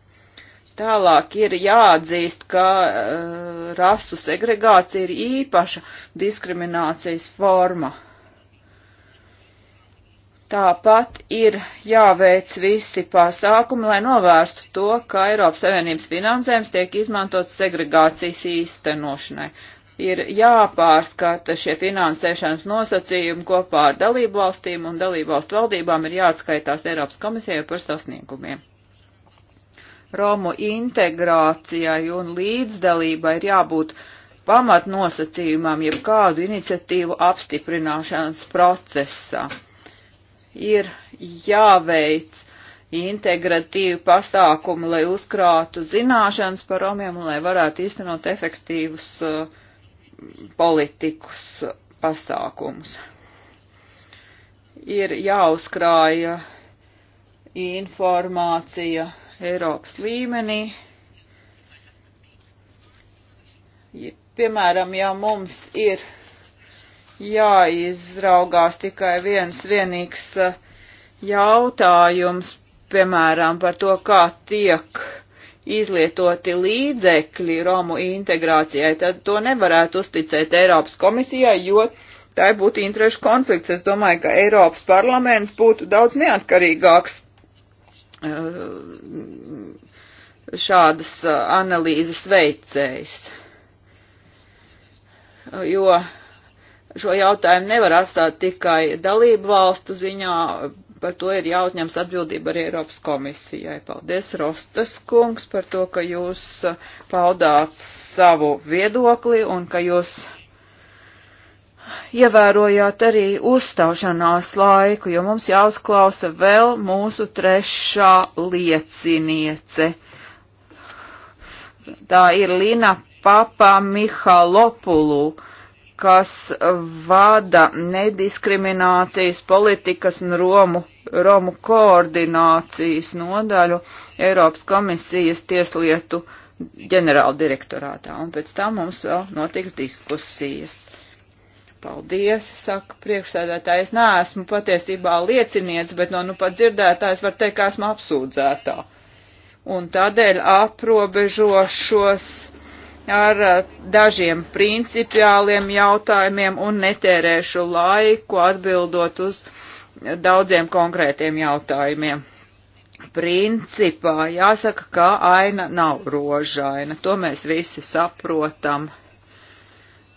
Tālāk ir jāatzīst, ka uh, rasu segregācija ir īpaša diskriminācijas forma. Tāpat ir jāveic visi pasākumi, lai novērstu to, ka Eiropas Savienības finansējums tiek izmantots segregācijas īstenošanai. Ir jāpārskata šie finansēšanas nosacījumi kopā ar dalību valstīm un dalību valstu valdībām ir jāatskaitās Eiropas komisijai par sasniegumiem. Romu integrācijai un līdzdalībai ir jābūt pamatnosacījumam jebkādu iniciatīvu apstiprināšanas procesā. Ir jāveic integratīvi pasākumi, lai uzkrātu zināšanas par romiem un lai varētu īstenot efektīvus uh, politikus uh, pasākumus. Ir jāuzkrāja informācija Eiropas līmenī. Piemēram, ja mums ir jāizraugās tikai viens vienīgs eh, jautājums, piemēram, par to, kā tiek izlietoti līdzekļi Romu integrācijai, tad to nevarētu uzticēt Eiropas komisijai, jo tai būtu interešu konflikts. Es domāju, ka Eiropas parlaments būtu daudz neatkarīgāks Eh, šādas eh, analīzes veicējs. Eh, jo šo jautājumu nevar atstāt tikai dalību valstu ziņā, par to ir jāuzņems atbildība arī Eiropas komisijai. Paldies, Rostas kungs, par to, ka jūs paudāt savu viedokli un ka jūs ievērojāt arī uzstāšanās laiku, jo mums jāuzklausa vēl mūsu trešā lieciniece. Tā ir Lina Papa Mihalopulu, kas vada nediskriminācijas politikas un Romu, Romu koordinācijas nodaļu Eiropas komisijas tieslietu ģenerāldirektorātā. Un pēc tam mums vēl notiks diskusijas. Paldies, saka priekšsēdētāji. Es neesmu patiesībā liecinieks, bet no nu pat dzirdētājs var teikt, ka esmu apsūdzētā. Un tādēļ aprobežošos ar eh, dažiem principiāliem jautājumiem un netērēšu laiku atbildot uz daudziem konkrētiem jautājumiem. Principā jāsaka, ka aina nav rožaina, to mēs visi saprotam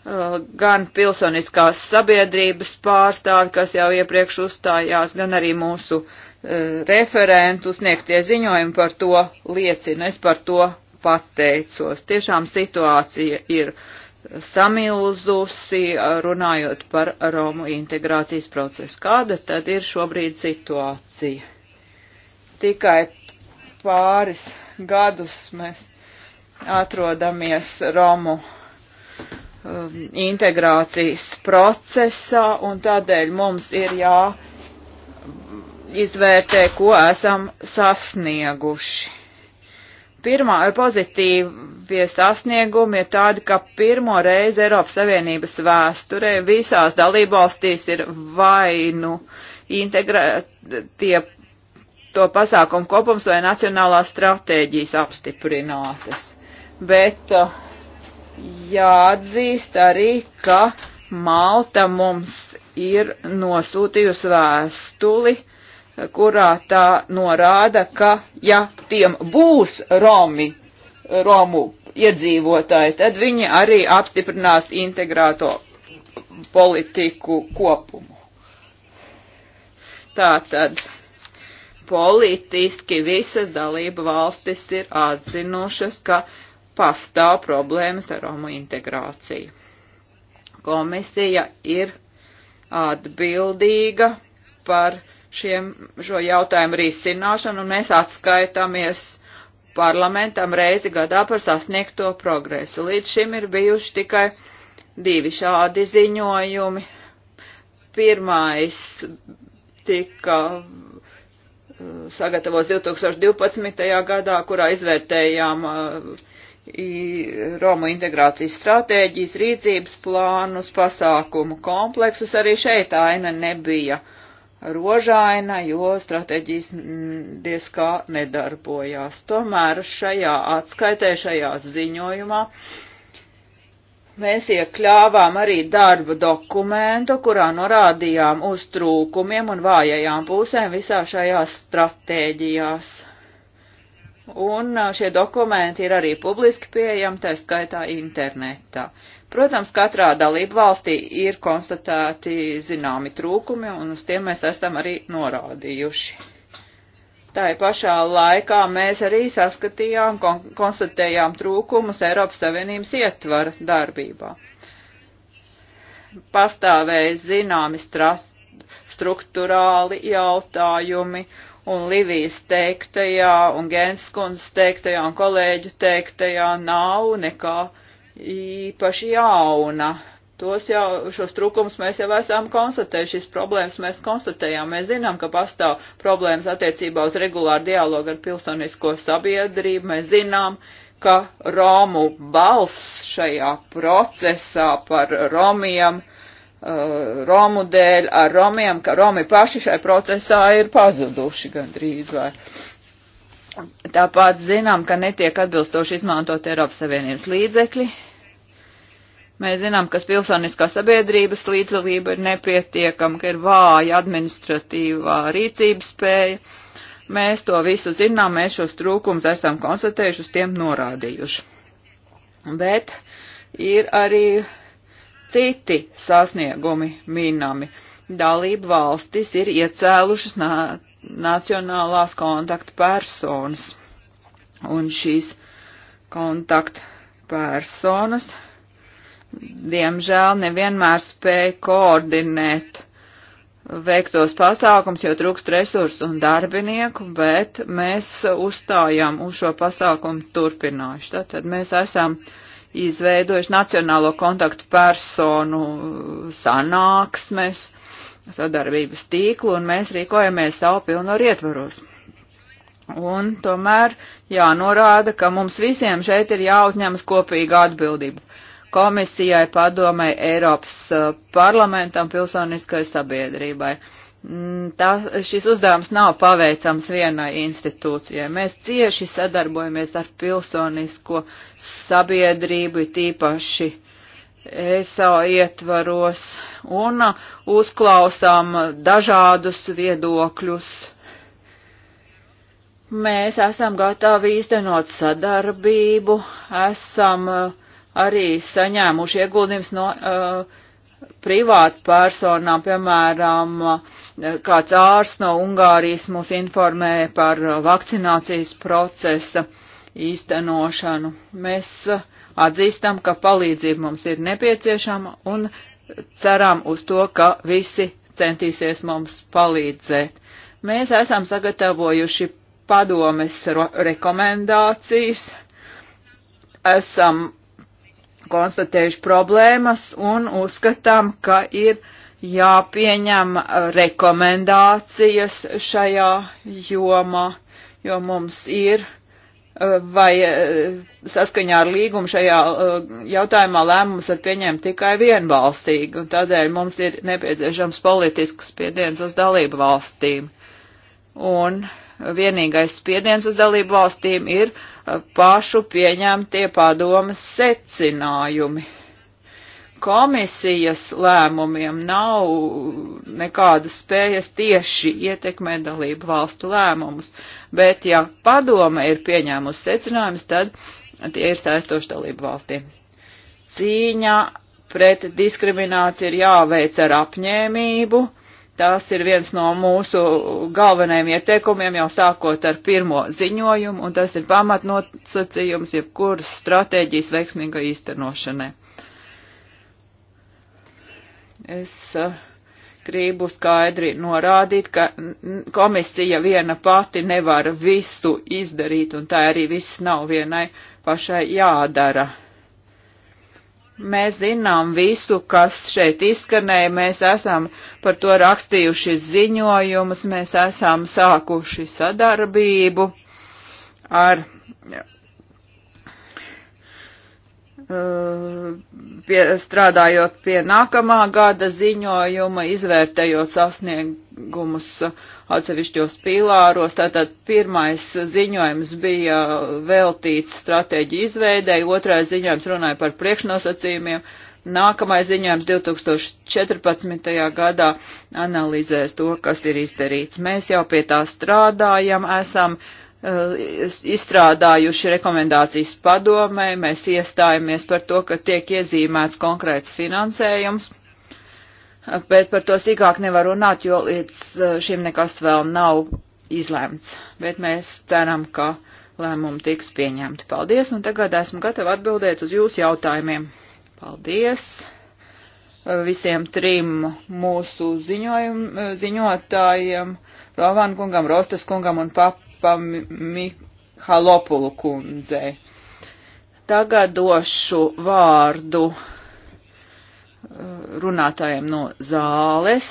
Eh, gan pilsoniskās sabiedrības pārstāvi, kas jau iepriekš uzstājās, gan arī mūsu eh, referentu sniegtie ziņojumi par to liecina. Es par to pateicos. Tiešām situācija ir samilzusi, eh, runājot par Romu integrācijas procesu. Kāda tad ir šobrīd situācija? Tikai pāris gadus mēs atrodamies Romu um, integrācijas procesā, un tādēļ mums ir jāizvērtē, ko esam sasnieguši. Pirmā pozitīvie sasniegumi ir tādi, ka pirmo reizi Eiropas Savienības vēsturē visās dalībvalstīs ir vainu integrētie to pasākumu kopums vai nacionālās stratēģijas apstiprinātas. Bet uh, jāatzīst arī, ka Malta mums ir nosūtījusi vēstuli, kurā tā norāda, ka ja tiem būs Romi, Romu iedzīvotāji, tad viņi arī apstiprinās integrēto politiku kopumu. Tātad politiski visas dalība valstis ir atzinušas, ka uh, pastāv problēmas ar Romu integrāciju. Komisija ir atbildīga par šiem, šo jautājumu risināšanu, un mēs atskaitāmies parlamentam reizi gadā par sasniegto progresu. Līdz šim ir bijuši tikai divi šādi ziņojumi. Pirmais tika uh, sagatavots 2012. gadā, kurā izvērtējām uh, Romu integrācijas stratēģijas, rīcības plānus, pasākumu kompleksus. Arī šeit aina nebija rožaina, jo stratēģijas diezkā nedarbojās. Tomēr šajā atskaitē, šajā ziņojumā mēs iekļāvām arī darba dokumentu, kurā norādījām uz trūkumiem un vājajām pusēm visā šajās stratēģijās. Un šie dokumenti ir arī publiski pieejami, tā skaitā internetā. Protams, katrā dalību valstī ir konstatēti zināmi trūkumi, un uz tiem mēs esam arī norādījuši. Tā ir pašā laikā mēs arī saskatījām, kon konstatējām trūkumus Eiropas Savienības ietvara darbībā. Pastāvēja zināmi struktūrāli jautājumi, uh, un Livijas teiktajā un Genskundas teiktajā un kolēģu teiktajā nav nekā īpaši jauna. Tos jau, šos trūkumus mēs jau esam konstatējuši, šīs problēmas mēs konstatējām. Mēs zinām, ka pastāv problēmas attiecībā uz regulāru dialogu ar pilsonisko sabiedrību. Mēs zinām, ka Romu balss šajā procesā par Romiem uh, Uh, Romu dēļ ar Romiem, ka Romi paši šai procesā ir pazuduši gandrīz vai. Tāpat zinām, ka netiek atbilstoši izmantot Eiropas Savienības līdzekļi. Mēs zinām, ka pilsoniskā sabiedrības līdzdalība ir nepietiekama, ka ir vāja administratīvā rīcības spēja. Mēs to visu zinām, mēs šos trūkums esam konstatējuši, uz tiem norādījuši. Bet ir arī citi sasniegumi minami. Dalību valstis ir iecēlušas nā, nacionālās kontaktpersonas, un šīs kontaktpersonas, diemžēl, nevienmēr spēja koordinēt veiktos pasākums, jo trūkst resursu un darbinieku, bet mēs uzstājām uz šo pasākumu turpināšu. Tātad mēs esam uh, izveidojuši Nacionālo kontaktu personu sanāksmes, sadarbības tīklu, un mēs rīkojamies savu pilnvaru ietvaros. Un tomēr jānorāda, ka mums visiem šeit ir jāuzņemas kopīga atbildība. Komisijai, padomai, Eiropas eh, parlamentam, pilsoniskai sabiedrībai. Uh, Mm, tā, šis uzdevums nav paveicams vienai institūcijai. Mēs cieši sadarbojamies ar pilsonisko sabiedrību, tīpaši ESO ietvaros, un uh, uzklausām dažādus viedokļus. Mēs esam gatavi īstenot sadarbību, esam uh, arī saņēmuši ieguldījums no uh, privātpersonām, piemēram, uh, kāds ārsts no Ungārijas mūs informēja par vakcinācijas procesa īstenošanu. Mēs atzīstam, ka palīdzība mums ir nepieciešama un ceram uz to, ka visi centīsies mums palīdzēt. Mēs esam sagatavojuši padomes rekomendācijas, esam konstatējuši problēmas un uzskatām, ka ir uh, jāpieņem rekomendācijas šajā jomā, jo mums ir eh, vai eh, saskaņā ar līgumu šajā eh, jautājumā lēmums var pieņemt tikai vienbalstīgi, un tādēļ mums ir nepieciešams politisks spiediens uz dalību valstīm. Un vienīgais spiediens uz dalību valstīm ir pašu pieņemtie padomas secinājumi komisijas lēmumiem nav nekādas spējas tieši ietekmēt dalību valstu lēmumus, bet ja padome ir pieņēmusi secinājumus, tad tie ir saistoši dalību valstīm. Cīņa pret diskrimināciju ir jāveic ar apņēmību. Tas ir viens no mūsu galvenajiem ieteikumiem jau sākot ar pirmo ziņojumu, un tas ir pamatnosacījums jebkuras stratēģijas veiksmīga īstenošanai. Es eh, gribu skaidri norādīt, ka komisija viena pati nevar visu izdarīt, un tā arī viss nav vienai pašai jādara. Mēs zinām visu, kas šeit izskanēja, mēs esam par to rakstījuši ziņojumus, mēs esam sākuši sadarbību ar Uh, pie, strādājot pie nākamā gada ziņojuma, izvērtējot sasniegumus atsevišķos pīlāros. Tātad pirmais ziņojums bija veltīts stratēģiju izveidēji, otrais ziņojums runāja par priekšnosacījumiem, nākamais ziņojums 2014. gadā analizēs to, kas ir izdarīts. Mēs jau pie tā strādājam, esam uh, Uh, izstrādājuši rekomendācijas padomē, mēs iestājamies par to, ka tiek iezīmēts konkrēts finansējums, uh, bet par to sīkāk nevar runāt, jo līdz uh, šim nekas vēl nav izlēmts, bet mēs ceram, ka lēmumi tiks pieņemti. Paldies, un tagad esmu gatava atbildēt uz jūsu jautājumiem. Paldies visiem trim mūsu ziņotājiem, Rovānu kungam, Rostas kungam un Pap pa Mihalopulu kundzei. Tagad došu vārdu eh, runātājiem no zāles.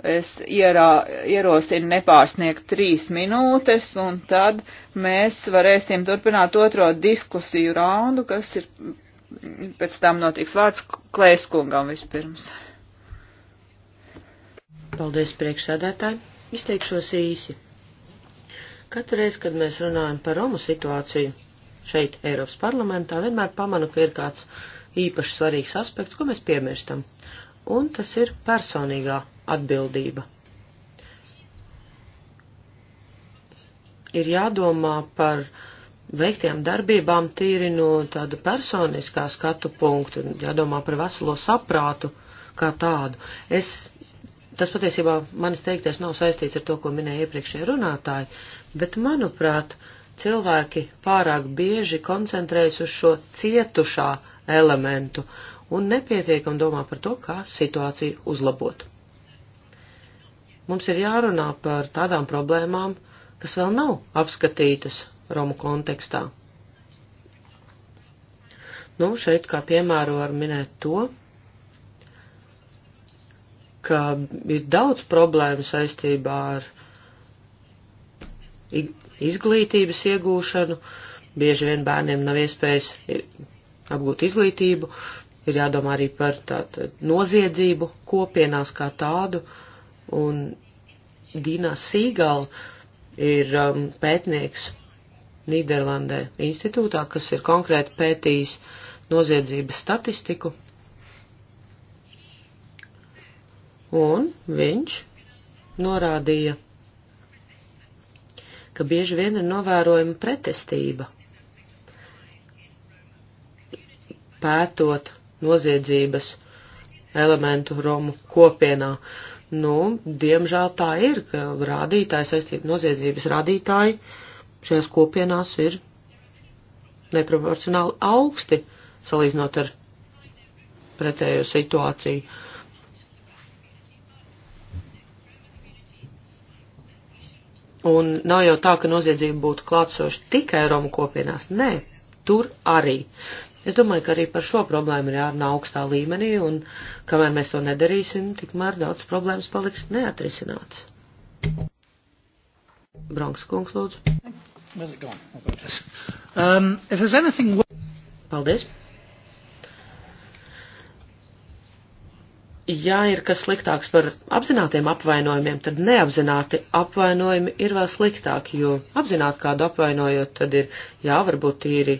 Es ierā, ierosinu nepārsniegt trīs minūtes, un tad mēs varēsim turpināt otro diskusiju raundu, kas ir pēc tam notiks vārds klēskungam vispirms. Paldies priekšsēdētāji. Izteikšos īsi. Katru reizi, kad mēs runājam par Romu situāciju šeit, Eiropas parlamentā, vienmēr pamanu, ka ir kāds īpaši svarīgs aspekts, ko mēs piemirstam. Un tas ir personīgā atbildība. Ir jādomā par veiktajām darbībām tīri no tāda personiskā skatu punktu, jādomā par veselo saprātu kā tādu. Es, tas patiesībā manis teiktais nav saistīts ar to, ko minēja iepriekšējie runātāji, bet, manuprāt, cilvēki pārāk bieži koncentrējas uz šo cietušā elementu un nepietiekam domā par to, kā situāciju uzlabot. Mums ir jārunā par tādām problēmām, kas vēl nav apskatītas Romu kontekstā. Nu, šeit kā piemēru var minēt to, ka ir daudz problēmu saistībā ar izglītības iegūšanu. Bieži vien bērniem nav iespējas apgūt izglītību, ir jādomā arī par tātad noziedzību kopienās kā tādu, un Dīnā Sīgala ir um, pētnieks Nīderlandē institūtā, kas ir konkrēti pētījis noziedzības statistiku, un viņš norādīja ka bieži vien ir novērojama pretestība. Pētot noziedzības elementu Romu kopienā. Nu, diemžēl tā ir, ka rādītāji saistība noziedzības rādītāji šajās kopienās ir neproporcionāli augsti, salīdzinot ar pretējo situāciju. Uh, Un nav jau tā, ka noziedzība būtu klātsoša tikai Romu kopienās. Nē, tur arī. Es domāju, ka arī par šo problēmu ir jārunā augstā līmenī, un kamēr mēs to nedarīsim, tikmēr daudz problēmas paliks neatrisināts. Bronks kungs, lūdzu. Um, anything... Paldies. ja ir kas sliktāks par apzinātiem apvainojumiem, tad neapzināti apvainojumi ir vēl sliktāki, jo apzināti kādu apvainojot, tad ir, jā, varbūt tīri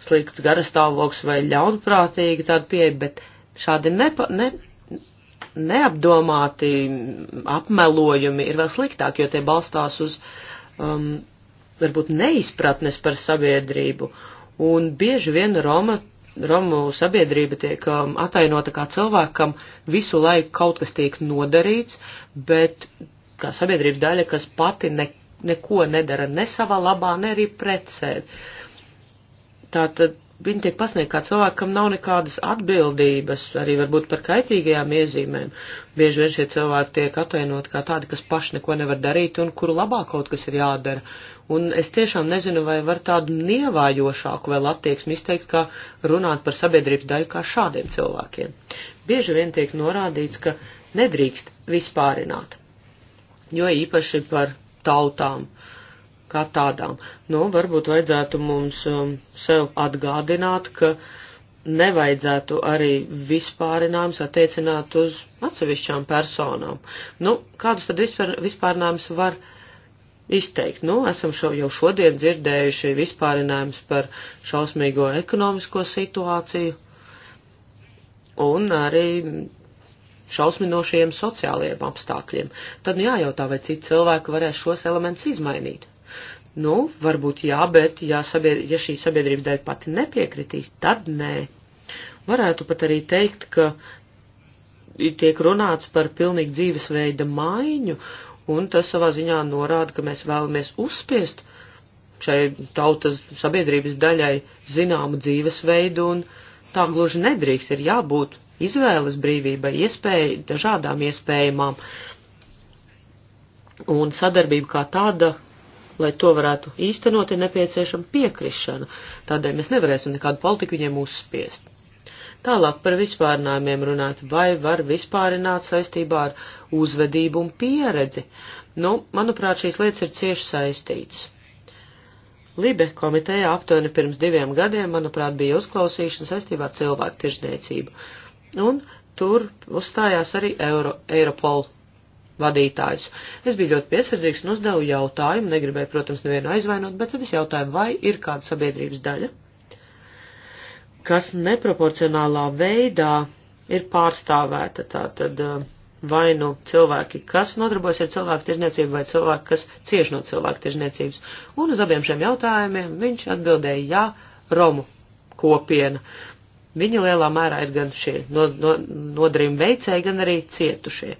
slikts garastāvoklis vai ļaunprātīgi tāda pieeja, bet šādi nepa, ne, neapdomāti apmelojumi ir vēl sliktāki, jo tie balstās uz, um, varbūt, neizpratnes par sabiedrību. Un bieži vien Roma Romu sabiedrība tiek um, atainota kā cilvēkam visu laiku kaut kas tiek nodarīts, bet kā sabiedrības daļa, kas pati ne, neko nedara ne savā labā, ne arī pret sevi. Tātad viņi tiek pasniegti kā cilvēkam nav nekādas atbildības, arī varbūt par kaitīgajām iezīmēm. Bieži vien šie cilvēki tiek atainot kā tādi, kas paši neko nevar darīt un kuru labā kaut kas ir jādara. Un es tiešām nezinu, vai var tādu nievājošāku vēl attieksmi izteikt, kā runāt par sabiedrības daļu kā šādiem cilvēkiem. Bieži vien tiek norādīts, ka nedrīkst vispārināt, jo īpaši par tautām kā tādām. Nu, varbūt vajadzētu mums um, sev atgādināt, ka nevajadzētu arī vispārinājums attiecināt uz atsevišķām personām. Nu, kādus tad vispār, vispārinājums var izteikt. Nu, esam šo jau šodien dzirdējuši vispārinājums par šausmīgo ekonomisko situāciju un arī šausminošiem sociālajiem apstākļiem. Tad nu, jājautā, vai citi cilvēki varēs šos elementus izmainīt. Nu, varbūt jā, bet ja, sabied, ja šī sabiedrība daļa pati nepiekritīs, tad nē. Varētu pat arī teikt, ka tiek runāts par pilnīgi dzīvesveida maiņu un tas savā ziņā norāda, ka mēs vēlamies uzspiest šai tautas sabiedrības daļai zināmu dzīvesveidu, un tā gluži nedrīkst, ir jābūt izvēles brīvībai, iespēja, dažādām iespējamām, un sadarbība kā tāda, lai to varētu īstenot, ir nepieciešama piekrišana, tādēļ mēs nevarēsim nekādu politiku viņiem uzspiest. Tālāk par vispārinājumiem runāt, vai var vispārināt saistībā ar uzvedību un pieredzi. Nu, manuprāt, šīs lietas ir cieši saistītas. Libe komiteja aptuveni pirms diviem gadiem, manuprāt, bija uzklausīšana saistībā ar cilvēku tirzniecību. Un tur uzstājās arī Euro, Eiropola vadītājus. Es biju ļoti piesardzīgs un uzdevu jautājumu, negribēju, protams, nevienu aizvainot, bet tad es jautāju, vai ir kāda sabiedrības daļa, kas neproporcionālā veidā ir pārstāvēta. Tātad eh, vai nu cilvēki, kas nodarbojas ar cilvēku tirzniecību, vai cilvēki, kas cieš no cilvēku tirzniecības. Un uz abiem šiem jautājumiem viņš atbildēja jā, Romu kopiena. Viņa lielā mērā ir gan šie no, no, nodarījumi veicēji, gan arī cietušie.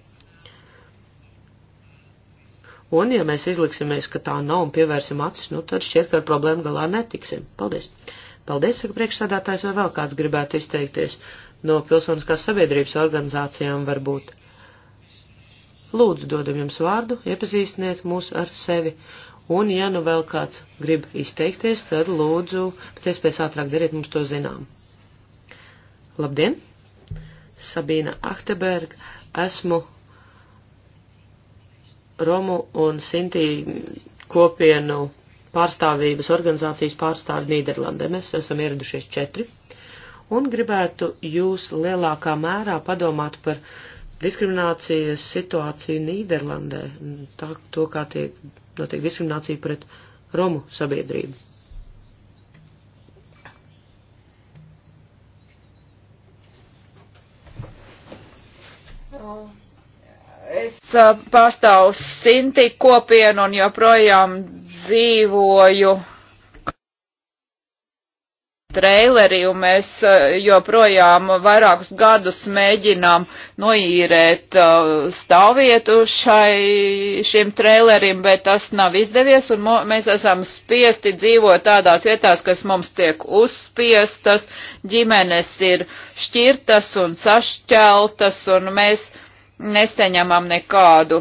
Un, ja mēs izliksimies, ka tā nav un pievērsim acis, nu tad šķiet, ka ar problēmu galā netiksim. Paldies! Paldies, saka priekšsādātājs, vai vēl kāds gribētu izteikties no pilsoniskās sabiedrības organizācijām varbūt. Lūdzu, dodam jums vārdu, iepazīstiniet mūs ar sevi. Un, ja nu vēl kāds grib izteikties, tad lūdzu, pēc iespējas ātrāk dariet mums to zinām. Labdien! Sabīna Ahteberg, esmu Romu un Sintī kopienu pārstāvības organizācijas pārstāvi Nīderlandē. Mēs esam ieradušies četri un gribētu jūs lielākā mērā padomāt par diskriminācijas situāciju Nīderlandē, tā, to, kā tiek notiek diskriminācija pret Romu sabiedrību. Es pārstāvu Sinti kopienu un joprojām dzīvoju treilerī, un mēs joprojām vairākus gadus mēģinām noīrēt stāvvietu šai, šim treilerim, bet tas nav izdevies, un mēs esam spiesti dzīvot tādās vietās, kas mums tiek uzspiestas, ģimenes ir šķirtas un sašķeltas, un mēs neseņemam nekādu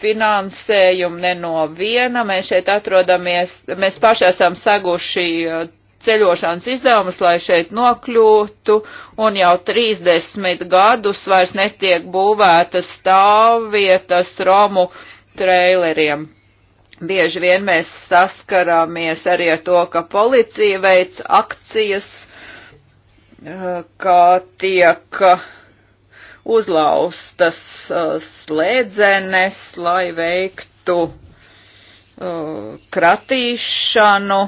finansējumu ne no viena. Mēs šeit atrodamies, mēs paši esam saguši uh, ceļošanas izdevumus, lai šeit nokļūtu, un jau 30 gadus vairs netiek būvētas stāvvietas Romu traileriem. Bieži vien mēs saskarāmies arī ar to, ka policija veic akcijas, uh, kā tiek uh, uzlaustas uh, slēdzenes, lai veiktu uh, kratīšanu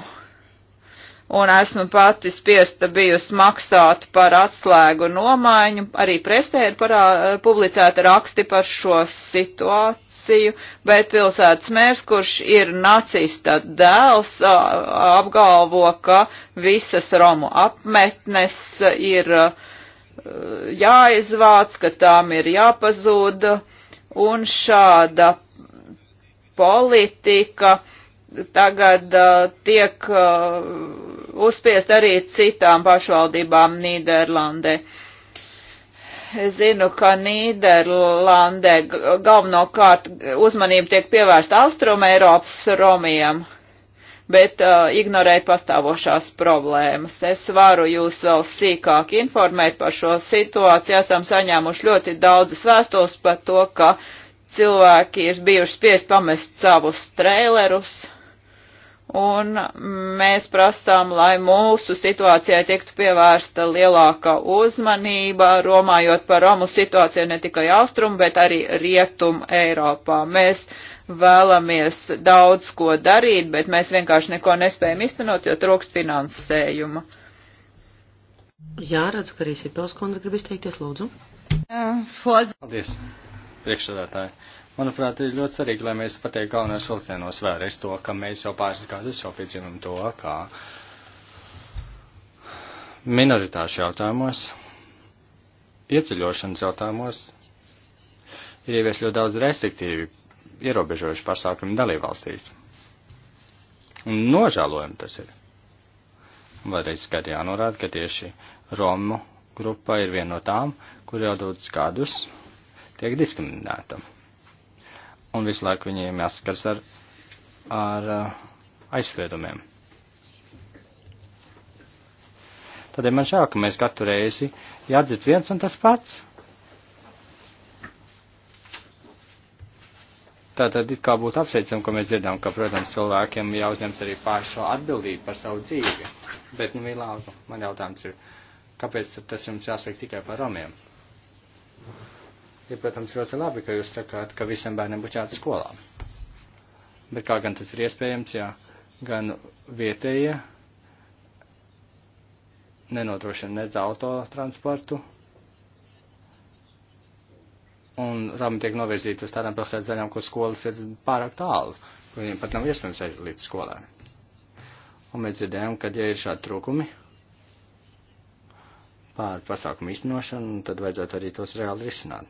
un esmu pati spiesta bijusi maksāt par atslēgu nomaiņu. Arī presē ir parā, publicēta raksti par šo situāciju, bet pilsētas mērs, kurš ir nacista dēls, apgalvo, ka visas Romu apmetnes ir uh, jāizvāc, ka tām ir jāpazūda, un šāda politika tagad uh, tiek uh, uzspiest arī citām pašvaldībām Nīderlandē. Es zinu, ka Nīderlandē galvenokārt uzmanība tiek pievērsta Austrum Eiropas romiem, uh, bet uh, ignorēt pastāvošās problēmas. Es varu jūs vēl sīkāk informēt par šo situāciju. Esam saņēmuši ļoti daudzas vēstules par to, ka cilvēki ir bijuši spiest pamest savus trailerus. Un mēs prasām, lai mūsu situācijai tiktu pievērsta lielāka uzmanība, romājot par Romu situāciju ne tikai austrumu, bet arī rietumu Eiropā. Mēs uh, vēlamies daudz ko darīt, bet mēs vienkārši neko nespējam iztenot, jo trūkst finansējuma. Jā, redz, ka arī Sipelskundze grib izteikties, lūdzu. Paldies, priekšsēdētāji. Manuprāt, ir ļoti svarīgi, lai mēs pateiktu galvenos vilcienos vēlreiz to, ka mēs jau pāris gadus jau piedzīvam to, kā minoritāšu jautājumos, ieceļošanas jautājumos ir ievies ļoti daudz restriktīvi ierobežojuši pasākumi dalībvalstīs. Un nožēlojami tas ir. Vēlreiz skat jānorāda, ka tieši Romu grupa ir viena no tām, kur jau daudz gadus tiek diskriminēta. Un visu laiku viņiem jāskars ar, ar uh, aizspriedumiem. Tādēļ man šāk, ka mēs katru reizi jādzird viens un tas pats. Tā tad it kā būtu apsveicam, ka mēs dzirdām, ka, protams, cilvēkiem jāuzņems arī pašu atbildību par savu dzīvi. Bet, nu, vienalga, man jautājums ir, kāpēc tas jums jāsaka tikai par romiem? Ir, protams, ļoti labi, ka jūs sakāt, ka visiem bērniem būtu jāiet skolā. Bet kā gan tas ir iespējams, ja gan vietējie nenodrošina nedz autotransportu, un rāmi tiek novirzīti uz tādām pilsētas daļām, kur skolas ir pārāk tālu, kur viņiem pat nav iespējams aiziet līdz skolā. Un mēs dzirdējām, ka, ja ir šādi trūkumi pār pasākumu īstenošanu, tad vajadzētu arī tos reāli risināt.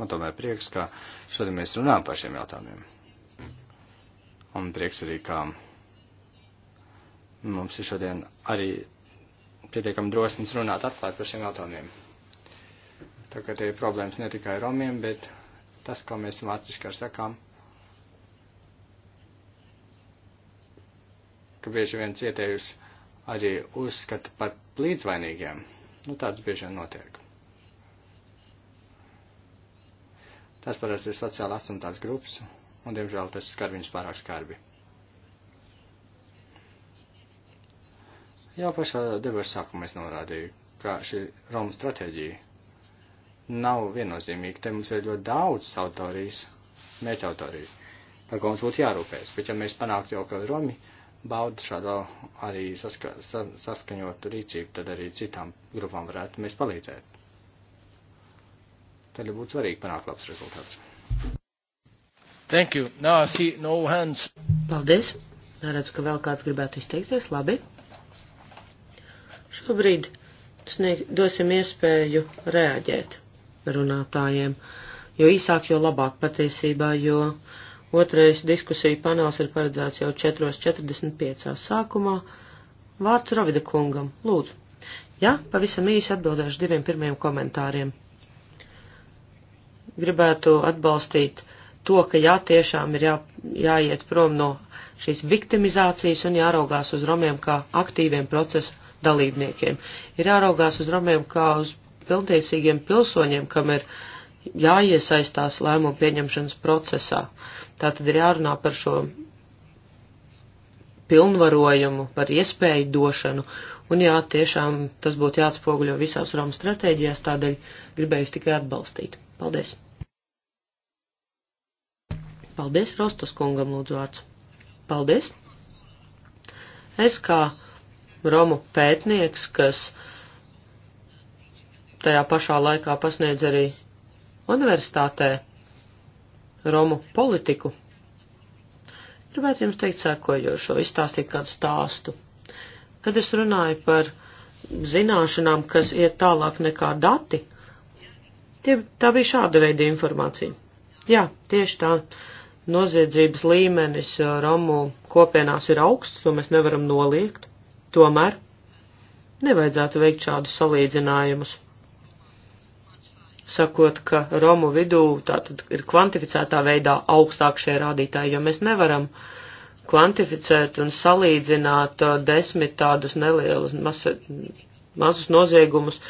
Man tomēr prieks, ka šodien mēs runājam par šiem jautājumiem. Un prieks arī, ka mums ir šodien arī pietiekami drosmes runāt atklāt par šiem jautājumiem. Tā kā te ir problēmas ne tikai romiem, bet tas, ko mēs vāciski ar sakām, ka bieži vien cietējus arī uzskata par līdzvainīgiem. Nu, tāds bieži vien notiek. Tas parasti ir sociāli atstumtās grupas, un, diemžēl, tas skar viņus pārāk skarbi. Jau pašā debašu sākumā es norādīju, ka šī Romas stratēģija nav viennozīmīga. Te mums ir ļoti daudz autorijas, mērķa autorijas, par ko mums būtu jārūpēs. Bet ja mēs panāktu jau, ka Romi bauda šādu arī saska, sa, saskaņotu rīcību, tad arī citām grupām varētu mēs palīdzēt. Tad būtu svarīgi panākt labs rezultāts. Thank you. Nā, no, see, no hands. Paldies. Neredzu, ka vēl kāds gribētu izteikties. Labi. Šobrīd snieg, dosim iespēju reaģēt runātājiem, jo īsāk, jo labāk patiesībā, jo otrais diskusija panels ir paredzēts jau 4.45. sākumā. Vārds Ravida kungam, lūdzu. Jā, ja, pavisam īsi atbildēšu diviem pirmiem komentāriem. Gribētu atbalstīt to, ka jā, tiešām ir jā, jāiet prom no šīs viktimizācijas un jāraugās uz romiem kā aktīviem procesa dalībniekiem. Ir jāraugās uz romiem kā uz pilntiesīgiem pilsoņiem, kam ir jāiesaistās lēmumu pieņemšanas procesā. Tā tad ir jārunā par šo pilnvarojumu, par iespēju došanu, un jā, tiešām tas būtu jāatspoguļo visās Romas stratēģijās, tādēļ gribēju tikai atbalstīt. Paldies! Paldies, Rostas kungam lūdzu vārds. Paldies! Es kā Romu pētnieks, kas tajā pašā laikā pasniedz arī universitātē Romu politiku. Gribētu jums teikt sēkojošo, izstāstīt kādu stāstu. Kad es runāju par zināšanām, kas iet tālāk nekā dati, tie, tā bija šāda veida informācija. Jā, tieši tā noziedzības līmenis Romu kopienās ir augsts, to mēs nevaram noliegt. Tomēr nevajadzētu veikt šādus salīdzinājumus. Sakot, ka Romu vidū tātad ir kvantificētā veidā augstāk šie rādītāji, jo mēs nevaram kvantificēt un salīdzināt uh, desmit tādus nelielus mas, mazus noziegumus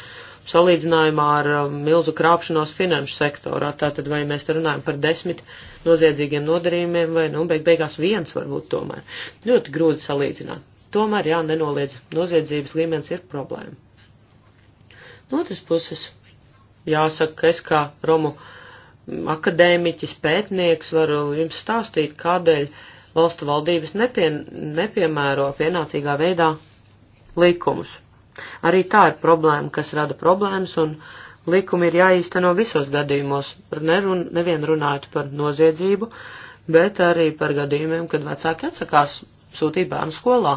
salīdzinājumā ar uh, milzu krāpšanos finanšu sektorā. Tātad vai mēs te runājam par desmit noziedzīgiem nodarījumiem vai, nu, beig beigās viens varbūt tomēr. Ļoti grūti salīdzināt. Tomēr, jā, nenoliedz, noziedzības līmenis ir problēma. No otras puses, jāsaka, ka es kā Romu akadēmiķis, pētnieks varu jums stāstīt, kādēļ valstu valdības nepie, nepiemēro pienācīgā veidā likumus. Arī tā ir problēma, kas rada problēmas, un likumi ir jāīsteno visos gadījumos, nerun, nevien runājot par noziedzību, bet arī par gadījumiem, kad vecāki atsakās sūtīt bērnu skolā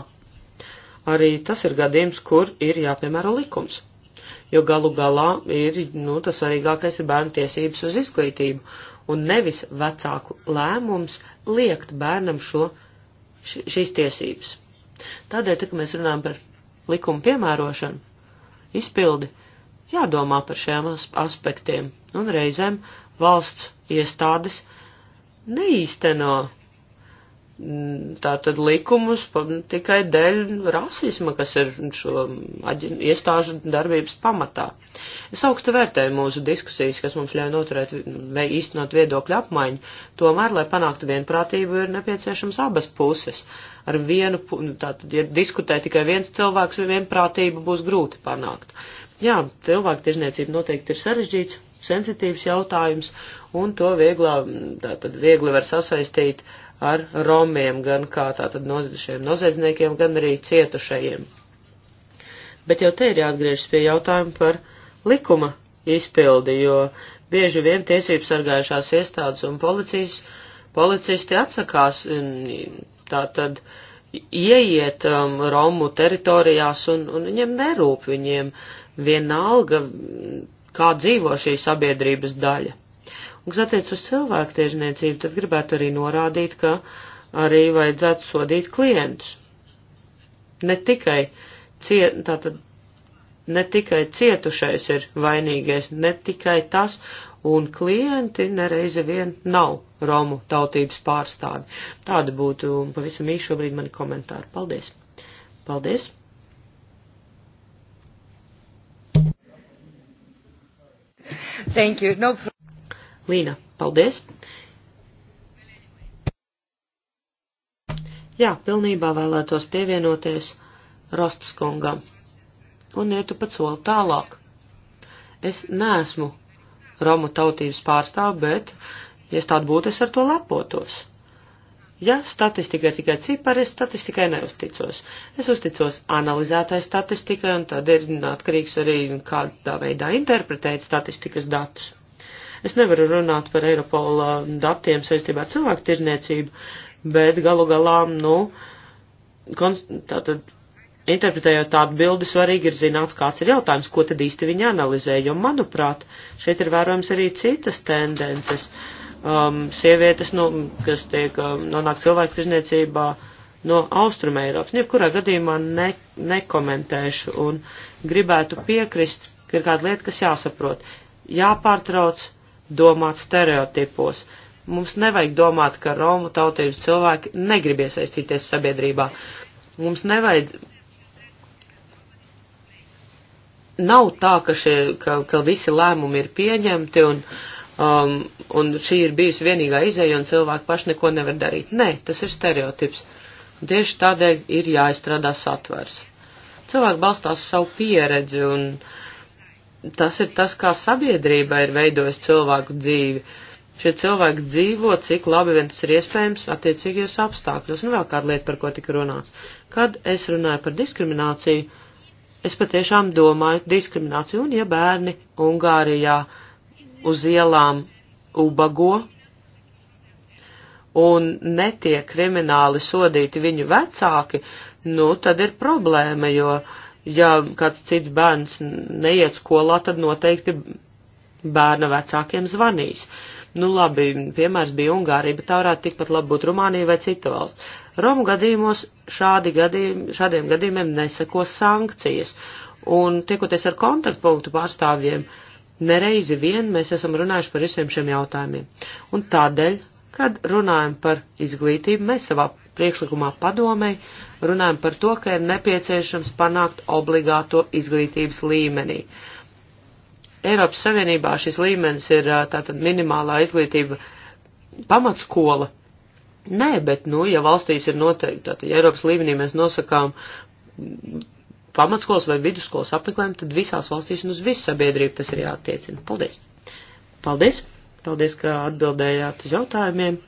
arī tas ir gadījums, kur ir jāpiemēro likums. Jo galu galā ir, nu, tas svarīgākais ir bērnu tiesības uz izglītību, un nevis vecāku lēmums liekt bērnam šo, š, šīs tiesības. Tādēļ, tā, ka mēs runājam par likumu piemērošanu, izpildi, jādomā par šiem aspektiem, un reizēm valsts iestādes neīsteno tātad likumus tikai dēļ rasisma, kas ir šo iestāžu darbības pamatā. Es augstu vērtēju mūsu diskusijas, kas mums ļauj noturēt vai īstenot viedokļu apmaiņu, tomēr, lai panāktu vienprātību, ir nepieciešams abas puses. Ar vienu, nu, tātad, ja diskutē tikai viens cilvēks, vienprātību būs grūti panākt. Jā, cilvēku tirzniecība noteikti ir sarežģīts, sensitīvs jautājums, un to vieglā, tātad viegli var sasaistīt uh, ar romiem, gan kā tātad nozidušiem noziedzniekiem, gan arī cietušajiem. Bet jau te ir jāatgriežas pie jautājuma par likuma izpildi, jo bieži vien tiesības sargājušās iestādes un policijas, policisti atsakās mm, tātad ieiet um, Romu teritorijās un, un viņiem nerūp, viņiem vienalga, mm, kā dzīvo šī sabiedrības daļa. Un, kas attiec uz cilvēku tiežniecību, tad gribētu arī norādīt, ka arī vajadzētu sodīt klientus. Ne tikai, ciet, tātad, ne tikai cietušais ir vainīgais, ne tikai tas, un klienti nereizi vien nav Romu tautības pārstāvi. Tāda būtu pavisam īsi šobrīd mani komentāri. Paldies! Paldies! Thank you. No Līna, paldies! Jā, pilnībā vēlētos pievienoties Rostas kungam un ietu pat soli tālāk. Es neesmu Romu tautības pārstāv, bet, ja tāda būtu, es ar to lepotos. Ja statistika ir tikai cipari, es statistikai neusticos. Es uzticos analizētai statistikai, un tad ir atkarīgs arī, kādā veidā interpretēt statistikas datus. Es nevaru runāt par Eiropola datiem saistībā ar cilvēku tirzniecību, bet galu galā, nu, tātad interpretējot tādu bildi, svarīgi ir zināt, kāds ir jautājums, ko tad īsti viņi analizē, jo, manuprāt, šeit ir vērojams arī citas tendences. Um, sievietes, nu, kas tiek um, nonāk cilvēku tirzniecībā no Austruma Eiropas, nu, jebkurā gadījumā ne, nekomentēšu un gribētu piekrist, ka ir kāda lieta, kas jāsaprot. Jāpārtrauc domāt stereotipos. Mums nevajag domāt, ka Romu tautības cilvēki negrib iesaistīties sabiedrībā. Mums nevajadz. Nav tā, ka, šie, ka, ka visi lēmumi ir pieņemti un, um, un šī ir bijusi vienīgā izēja un cilvēki paši neko nevar darīt. Nē, tas ir stereotips. Tieši tādēļ ir jāizstrādā satvers. Cilvēki balstās savu pieredzi un uh, tas ir tas, kā sabiedrība ir veidojusi cilvēku dzīvi. Šie cilvēki dzīvo, cik labi vien tas ir iespējams, attiecīgajos apstākļos. Un vēl kāda lieta, par ko tika runāts. Kad es runāju par diskrimināciju, es patiešām domāju diskrimināciju, un ja bērni Ungārijā uz ielām ubago un netiek krimināli sodīti viņu vecāki, nu tad ir problēma, jo. Uh, ja kāds cits bērns neiet skolā, tad noteikti bērna vecākiem zvanīs. Nu labi, piemērs bija Ungārija, bet tā varētu tikpat labi būt Rumānija vai cita valsts. Romu gadījumos šādi gadījumi, šādiem gadījumiem neseko sankcijas, un tiekoties ar kontaktpunktu pārstāvjiem, nereizi vien mēs esam runājuši par visiem šiem jautājumiem. Un tādēļ, kad runājam par izglītību, mēs savā priekšlikumā padomēji runājam par to, ka ir nepieciešams panākt obligāto izglītības līmenī. Eiropas Savienībā šis līmenis ir tātad minimālā izglītība pamatskola. Nē, bet, nu, ja valstīs ir noteikti, tātad, ja Eiropas līmenī mēs nosakām pamatskolas vai vidusskolas apmeklējumu, tad visās valstīs un uz visu sabiedrību tas ir jāattiecina. Paldies! Paldies! Paldies, ka atbildējāt uz jautājumiem!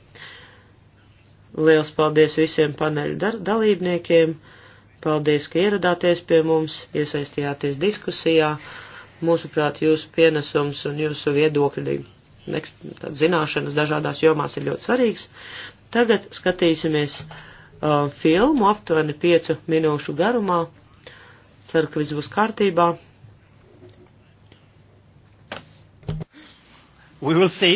Liels paldies visiem paneļu dalībniekiem. Paldies, ka ieradāties pie mums, iesaistījāties diskusijā. Mūsuprāt, jūsu pienesums un jūsu viedokļi, zināšanas dažādās jomās ir ļoti svarīgs. Tagad skatīsimies uh, filmu aptuveni piecu minūšu garumā. Ceru, ka viss būs kārtībā. We will see.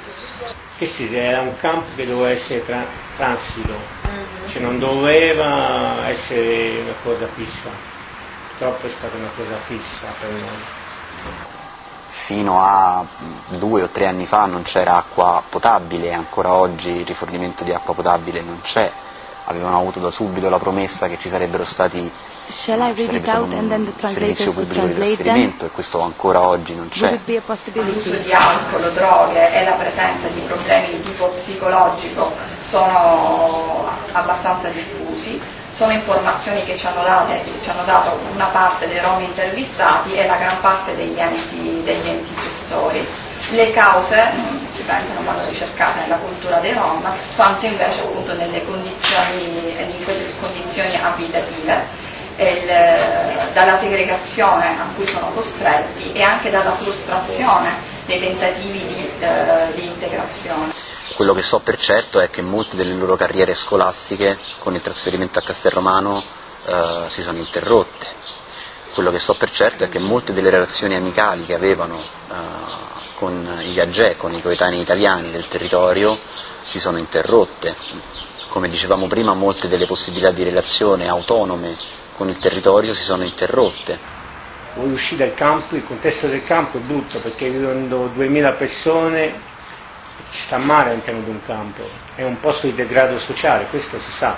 sì, era un campo che doveva essere tra- transito, mm-hmm. cioè non doveva essere una cosa fissa, purtroppo è stata una cosa fissa per noi. Fino a due o tre anni fa non c'era acqua potabile, ancora oggi il rifornimento di acqua potabile non c'è, avevano avuto da subito la promessa che ci sarebbero stati Shall I read it out and then the servizio pubblico di trasferimento e questo ancora oggi non c'è. L'uso di alcol, droghe e la presenza di problemi di tipo psicologico sono abbastanza diffusi, sono informazioni che ci hanno, date, ci hanno dato una parte dei rom intervistati e la gran parte degli enti, degli enti gestori. Le cause sicuramente mm, non vanno ricercate nella cultura dei rom, quanto invece appunto nelle condizioni, in queste condizioni abitative il, eh, dalla segregazione a cui sono costretti e anche dalla frustrazione dei tentativi di, eh, di integrazione. Quello che so per certo è che molte delle loro carriere scolastiche con il trasferimento a Castelromano eh, si sono interrotte. Quello che so per certo è che molte delle relazioni amicali che avevano eh, con i gaggè, con i coetanei italiani del territorio, si sono interrotte. Come dicevamo prima, molte delle possibilità di relazione autonome con il territorio si sono interrotte. Vuoi uscire dal campo, il contesto del campo è brutto perché vivendo 2000 persone ci sta male all'interno di un campo, è un posto di degrado sociale, questo si sa,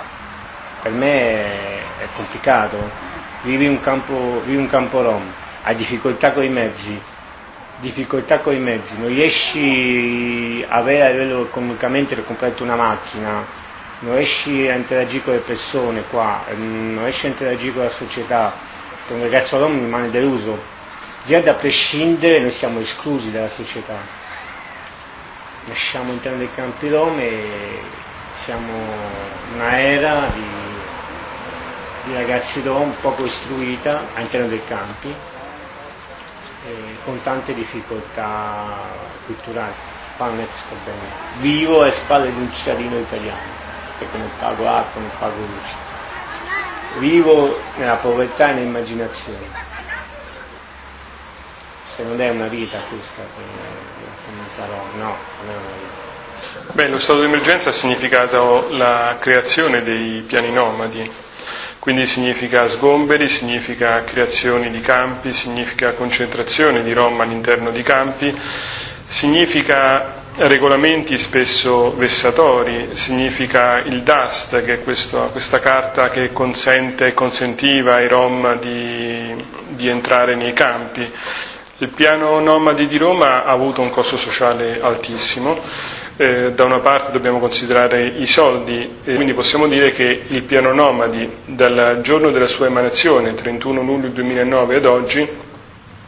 per me è complicato, vivi un campo, vivi un campo rom, hai difficoltà con i mezzi, difficoltà con i mezzi, non riesci a avere a livello economicamente per comprarti una macchina, non riesci a interagire con le persone qua, mm, non riesci a interagire con la società, sei un ragazzo all'uomo rimane deluso. Già da prescindere noi siamo esclusi dalla società. Nasciamo all'interno dei campi rom e siamo una era di, di ragazzi rom poco istruita all'interno dei campi, eh, con tante difficoltà culturali. Parlo sto bene. Vivo alle spalle di un cittadino italiano notte connettavo A, connettavo luce. Vivo nella povertà e nell'immaginazione. Se non è una vita questa eh, come, parola, no, non è una vita. Beh, lo stato d'emergenza ha significato la creazione dei piani nomadi, quindi significa sgomberi, significa creazioni di campi, significa concentrazione di Roma all'interno di campi, significa regolamenti spesso vessatori, significa il DAST, che è questo, questa carta che consente e consentiva ai Rom di, di entrare nei campi. Il piano Nomadi di Roma ha avuto un costo sociale altissimo, eh, da una parte dobbiamo considerare i soldi, eh, quindi possiamo dire che il piano Nomadi dal giorno della sua emanazione, 31 luglio 2009 ad oggi,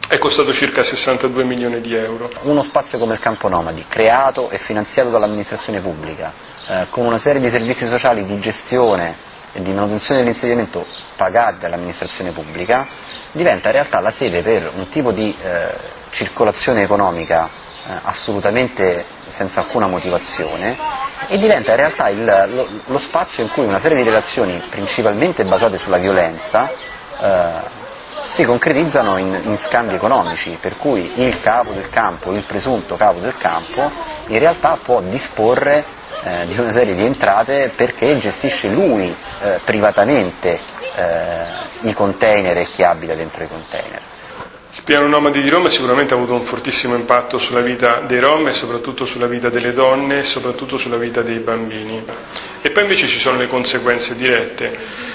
è costato circa 62 milioni di euro. Uno spazio come il Campo Nomadi, creato e finanziato dall'amministrazione pubblica, eh, con una serie di servizi sociali di gestione e di manutenzione dell'insediamento pagati dall'amministrazione pubblica, diventa in realtà la sede per un tipo di eh, circolazione economica eh, assolutamente senza alcuna motivazione e diventa in realtà il, lo, lo, spazio in cui una serie di relazioni principalmente basate sulla violenza eh, si concretizzano in, in scambi economici, per cui il capo del campo, il presunto capo del campo, in realtà può disporre eh, di una serie di entrate perché gestisce lui eh, privatamente eh, i container e chi abita dentro i container. Il piano nomadi di Roma sicuramente ha avuto un fortissimo impatto sulla vita dei Rom e soprattutto sulla vita delle donne e soprattutto sulla vita dei bambini. E poi invece ci sono le conseguenze dirette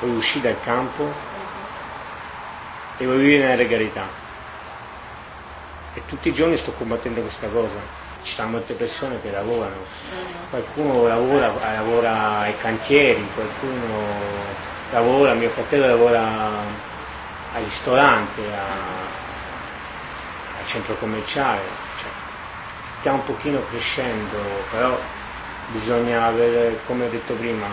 vuoi e uscire dal campo e vuoi vivere nella legalità. E tutti i giorni sto combattendo questa cosa. Ci sono molte persone che lavorano, qualcuno lavora, lavora ai cantieri, qualcuno lavora, mio fratello lavora al ristorante, a, al centro commerciale, cioè, stiamo un pochino crescendo, però bisogna avere, come ho detto prima,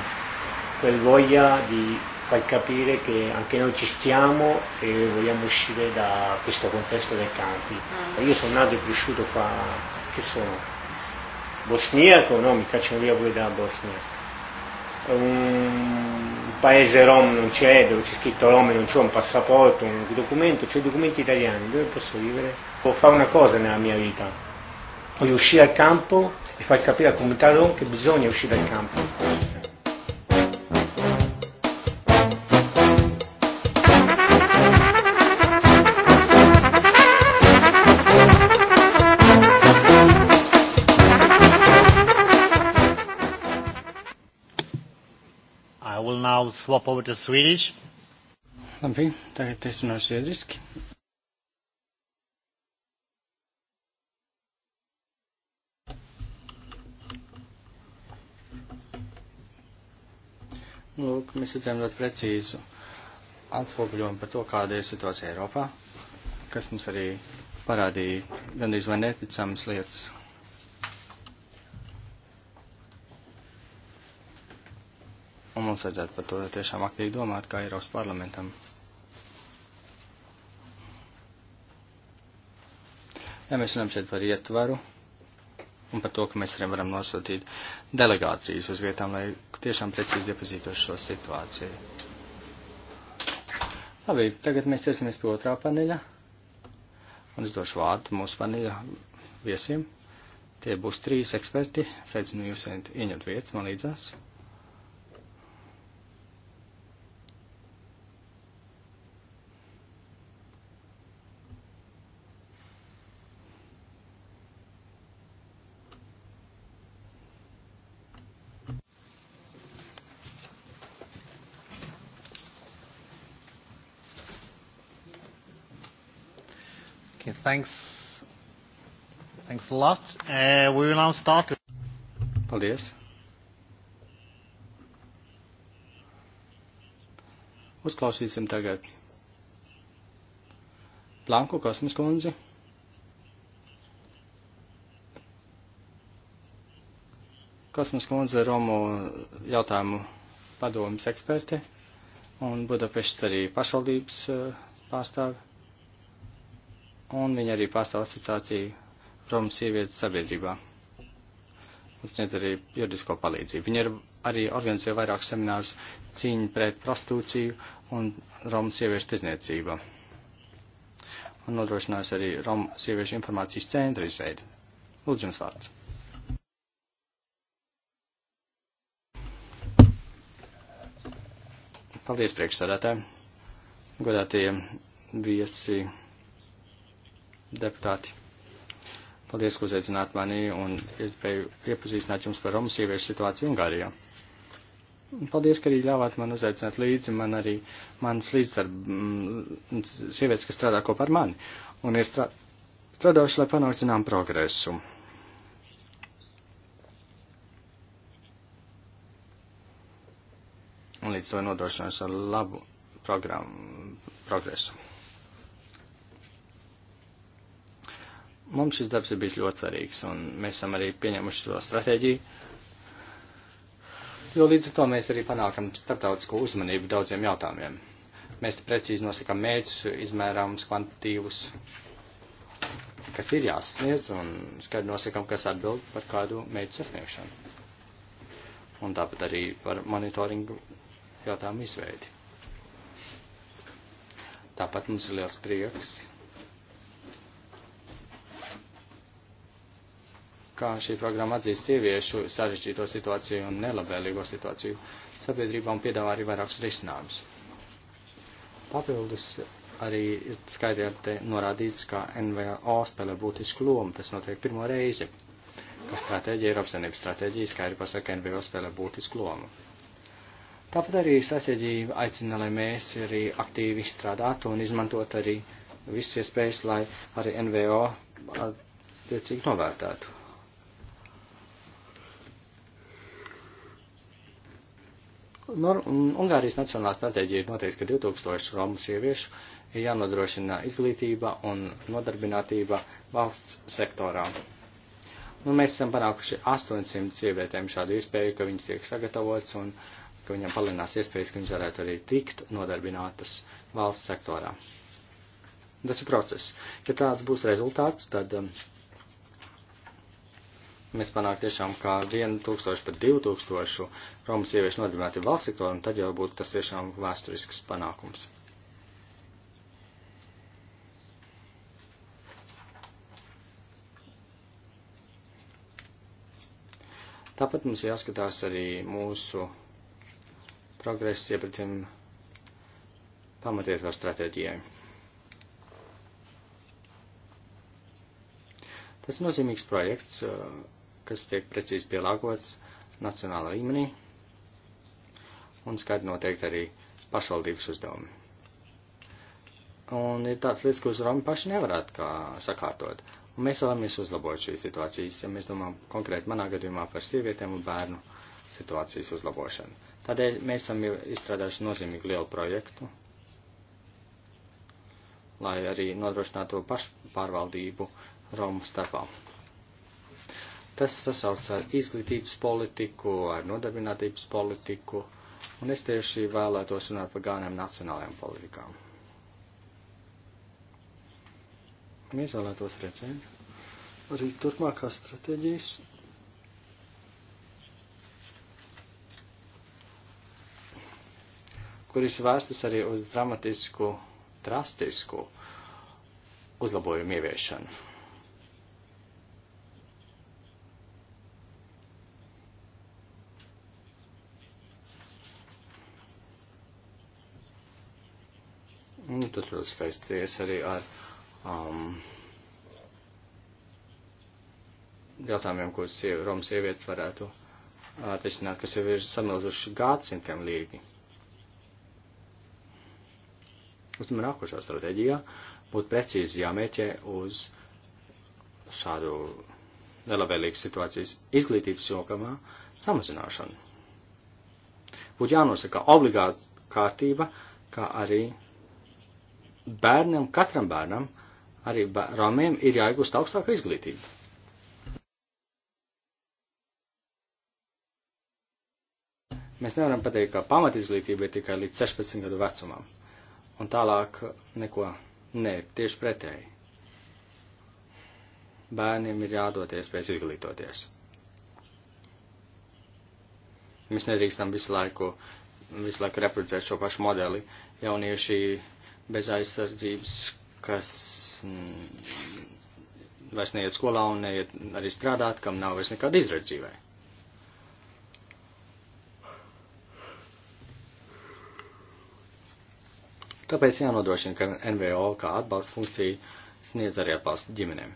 quel voglia di fai capire che anche noi ci stiamo e vogliamo uscire da questo contesto dei campi. Mm. Io sono nato e cresciuto qua, che sono? Bosniaco? No, mi cacciano via pure da Bosnia. Un paese rom non c'è, dove c'è scritto rom e non c'è un passaporto, un documento, c'ho documenti italiani, dove posso vivere? Devo fare una cosa nella mia vita, voglio uscire al campo e far capire alla comunità rom che bisogna uscire dal campo. now swap over to Swedish. Labi, tagad es runāju sviedriski. Lūk, mēs redzam ļoti precīzu atspoguļojumu par to, kāda ir situācija Eiropā, kas mums arī parādīja gandrīz vai neticamas lietas, Un mums vajadzētu par to tiešām aktīvi domāt, kā Eiropas parlamentam. Ja mēs runājam šeit par ietvaru un par to, ka mēs arī varam nosūtīt delegācijas uz vietām, lai tiešām precīzi iepazītos šo situāciju. Labi, tagad mēs ķersimies pie otrā paneļa. Un es došu vārdu mūsu paneļa viesiem. Tie būs trīs eksperti. Sveicinu jūs ieņemt vietas man līdzās. Thanks. Thanks a lot. Uh, we will now start. Paldies. Uzklausīsim tagad Blanku Kosmas kundzi. Kosmas kundze Romu jautājumu padomas eksperte un Budapešts arī pašvaldības eh, pārstāvi un viņa arī pārstāv asociāciju Romas sievietes sabiedrībā. Un sniedz arī juridisko palīdzību. Viņa ir arī organizē vairākus seminārus cīņu pret prostitūciju un Romu sieviešu tirzniecību. Un nodrošinās arī Romu sieviešu informācijas centra izveidu. Lūdzu, jums vārds. Paldies priekšsādātājiem, godātie viesi deputāti! Paldies, ka uzaicināt mani un iespēju iepazīstināt jums par Romu sieviešu situāciju Ungārijā. Paldies, ka arī ļāvāt man uzaicināt līdzi man arī manas līdzdarb mm, sievietes, kas strādā kopā ar mani. Un es strā, strādājuši, lai panāktu zinām progresu. Un līdz to nodrošināšu ar labu programmu progresu. Mums šis darbs ir bijis ļoti svarīgs, un mēs esam arī pieņēmuši šo stratēģiju, jo līdz ar to mēs arī panākam starptautisko uzmanību daudziem jautājumiem. Mēs precīzi nosakām mērķus, izmērāmus, kvantitīvus, kas ir jāsasniedz, un skaidri nosakām, kas atbild par kādu mērķu sasniegšanu. Un tāpat arī par monitoringu jautājumu izveidi. Tāpat mums ir liels prieks kā šī programma atzīst sieviešu sarežģīto situāciju un nelabvēlīgo situāciju sabiedrībā un piedāvā arī vairākus risinājumus. Papildus arī skaidri te norādīts, ka NVO spēlē būtisku lomu, tas notiek pirmo reizi, ka stratēģija, Eiropas Savienības stratēģija skaidri pasaka, ka NVO spēlē būtisku lomu. Tāpat arī stratēģija aicina, lai mēs arī aktīvi strādātu un izmantot arī visas iespējas, lai arī NVO attiecīgi novērtētu. Nor Ungārijas nacionālā stratēģija ir noteikti, ka 2000 romu sieviešu ir jānodrošina izglītība un nodarbinātība valsts sektorā. Nu, mēs esam panākuši 800 sievietēm šādu iespēju, ka viņas tiek sagatavotas un ka viņam palielinās iespējas, ka viņas varētu arī tikt nodarbinātas valsts sektorā. Tas ir process. Ja tāds būs rezultāts, tad um, mēs panāk tiešām kā 1000 pat 2000 Romas sieviešu nodarbināti valsts sektoru, un tad jau būtu tas tiešām vēsturisks panākums. Tāpat mums jāskatās arī mūsu progress iepratiem pamatiesībā stratēģijai. Tas nozīmīgs projekts, kas tiek precīzi pielāgots nacionālā līmenī un skaidri noteikti arī pašvaldības uzdevumi. Un ir tāds lietas, ko uzraugi paši nevarētu kā sakārtot. Un mēs vēlamies uzlabot šīs situācijas, ja mēs domājam konkrēti manā gadījumā par sievietēm un bērnu situācijas uzlabošanu. Tādēļ mēs esam izstrādājuši nozīmīgu lielu projektu, lai arī nodrošinātu pašpārvaldību Romu starpā. Tas sasauc ar izglītības politiku, ar nodarbinātības politiku, un es tieši vēlētos runāt par galvenajām nacionālajām politikām. Un izvēlētos redzēt arī turpmākās stratēģijas kuris vērstas arī uz dramatisku, drastisku uzlabojumu ieviešanu. tas ļoti skaisties arī ar um, jautājumiem, ko sievi, Romas sievietes varētu atrisināt, kas jau ir samilzuši gadsimtiem līgi. Uz nākošā stratēģijā būtu precīzi jāmēķē uz šādu nelabvēlīgas situācijas izglītības jokamā samazināšanu. Būtu jānosaka obligāta kārtība, kā arī bērnam, katram bērnam, arī romiem, ir jāiegūst augstāka izglītība. Mēs nevaram pateikt, ka pamatizglītība ir tikai līdz 16 gadu vecumam, un tālāk neko. Nē, tieši pretēji. Bērniem ir jādod iespējas izglītoties. Mēs nedrīkstam visu laiku, visu laiku reproducēt šo pašu modeli. Jaunieši bez aizsardzības, kas vairs neiet skolā un neiet arī strādāt, kam nav vairs nekāda izredz dzīvē. Tāpēc jānodrošina, ka NVO kā atbalsta funkcija sniedz arī atbalstu ģimenēm.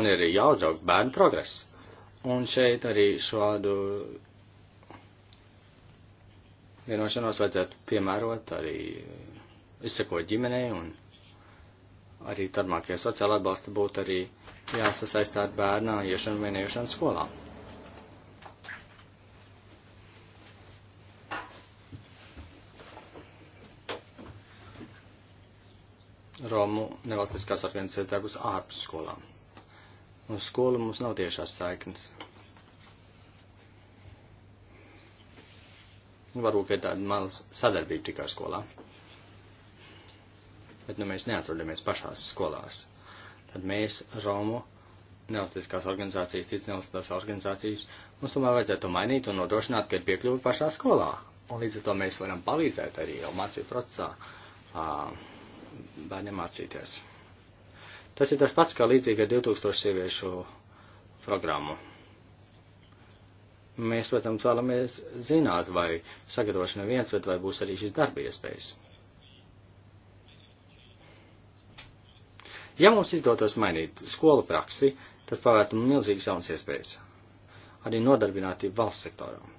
un ir jāuzraug bērnu progresu. Un šeit arī šādu vienošanos vajadzētu piemērot arī izsekot ģimenei un arī turpmākie sociāla atbalsta būtu arī jāsasaistā ar bērnā iešanu un iešanu skolā. Romu nevalstiskās organizācijas darbus ārpus skolām. Uz skolu mums nav tiešās saiknes. Varbūt, ka ir tāda malas sadarbība tikai skolā. Bet nu mēs neatrodamies pašās skolās. Tad mēs Romu nevalstiskās organizācijas, ticnevalstiskās organizācijas, mums tomēr vajadzētu to mainīt un nodrošināt, ka ir piekļuva pašā skolā. Un līdz ar to mēs varam palīdzēt arī jau mācību procesā bērniem mācīties. Tas ir tas pats, kā līdzīgi ar 2000 sieviešu programmu. Mēs, protams, vēlamies zināt, vai sagatavošana viens, bet vai būs arī šis darba iespējas. Ja mums izdotos mainīt skolu praksi, tas pavērtu milzīgas jaunas iespējas. Arī nodarbinātību valsts sektoram.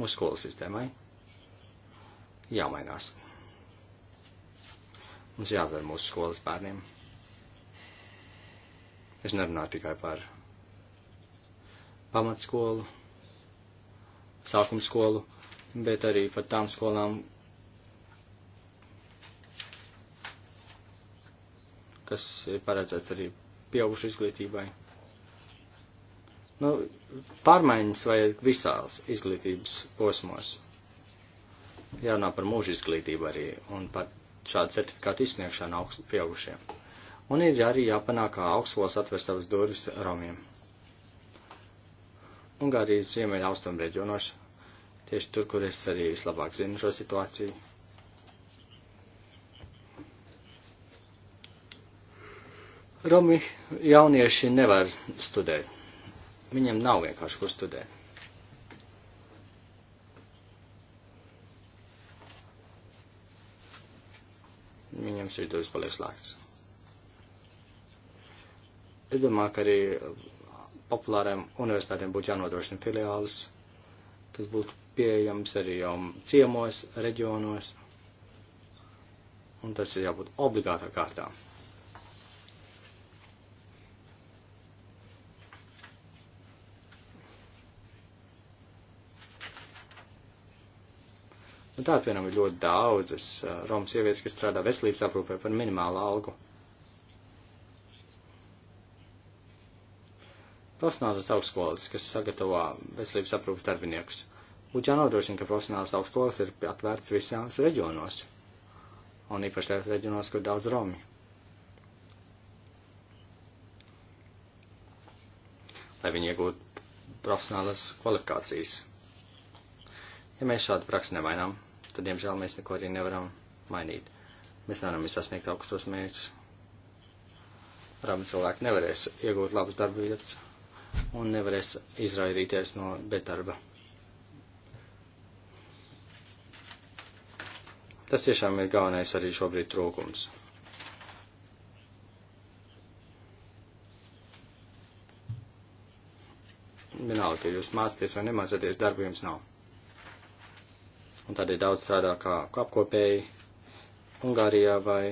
Mūsu skolas sistēmai jāmainās. Mums jāatver mūsu skolas bērniem. Es nerunāju tikai par pamatskolu, sākuma skolu, bet arī par tām skolām, kas ir paredzēts arī pieaugušu izglītībai. Nu, pārmaiņas vajag visās izglītības posmos jārunā par mūža izglītību arī un par šādu certifikātu izsniegšanu augstu pieaugušiem. Un ir arī jāpanāk, kā augstskolas atver savas durvis Romiem. Ungārijas ziemeļa austrum reģionos, tieši tur, kur es arī vislabāk zinu šo situāciju. Romi jaunieši nevar studēt. Viņam nav vienkārši, kur studēt. viņam šīs durvis paliek slēgts. Es domāju, ka arī uh, populāriem universitātiem būtu jānodrošina filiālis, kas būtu pieejams arī jau ciemos, reģionos, un tas ir jābūt obligātā kārtā. Un tā, piemēram, ir ļoti daudzas Romas sievietes, kas strādā veselības aprūpē par minimālu algu. Profesionālas augstskolas, kas sagatavo veselības aprūpas darbiniekus. Būtu jānodrošina, ka profesionālas augstskolas ir atvērts visās reģionos. Un īpaši tajos reģionos, kur daudz Romi. Lai viņi iegūtu profesionālas kvalifikācijas. Ja mēs šādu praksi nevainām, tad, diemžēl, mēs neko arī nevaram mainīt. Mēs nevaram sasniegt augstos mērķus. Rāmi cilvēki nevarēs iegūt labas darba vietas un nevarēs izrairīties no bezdarba. Tas tiešām ir galvenais arī šobrīd trūkums. Vienalga, ka jūs mācāties vai nemācāties, darbu jums nav un tādēļ daudz strādā kā apkopēji Ungārijā vai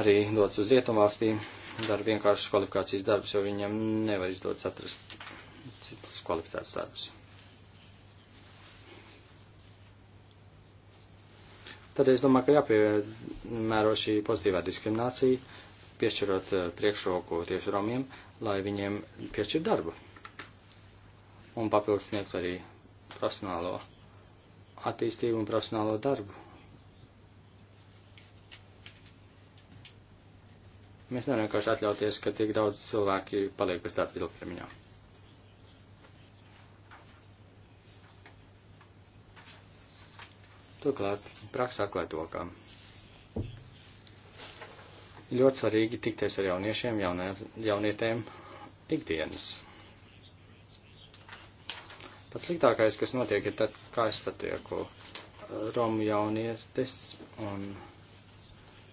arī dodas uz Rietumvalstīm, dara vienkāršas kvalifikācijas darbus, jo viņam nevar izdodas atrast citus kvalificētus darbus. Tad es domāju, ka jāpiemēro šī pozitīvā diskriminācija, piešķirot eh, priekšroku tieši romiem, lai viņiem piešķir darbu. Un papildus sniegt arī profesionālo attīstību un profesionālo darbu. Mēs nevaram vienkārši atļauties, ka tik daudz cilvēki paliek bez darba ilgtermiņā. Turklāt, praksā klāt to, ka ļoti svarīgi tikties ar jauniešiem, jaunie, jaunietēm ikdienas. Pats sliktākais, kas notiek, ir tad, kā es satieku eh, Romu jaunietis, un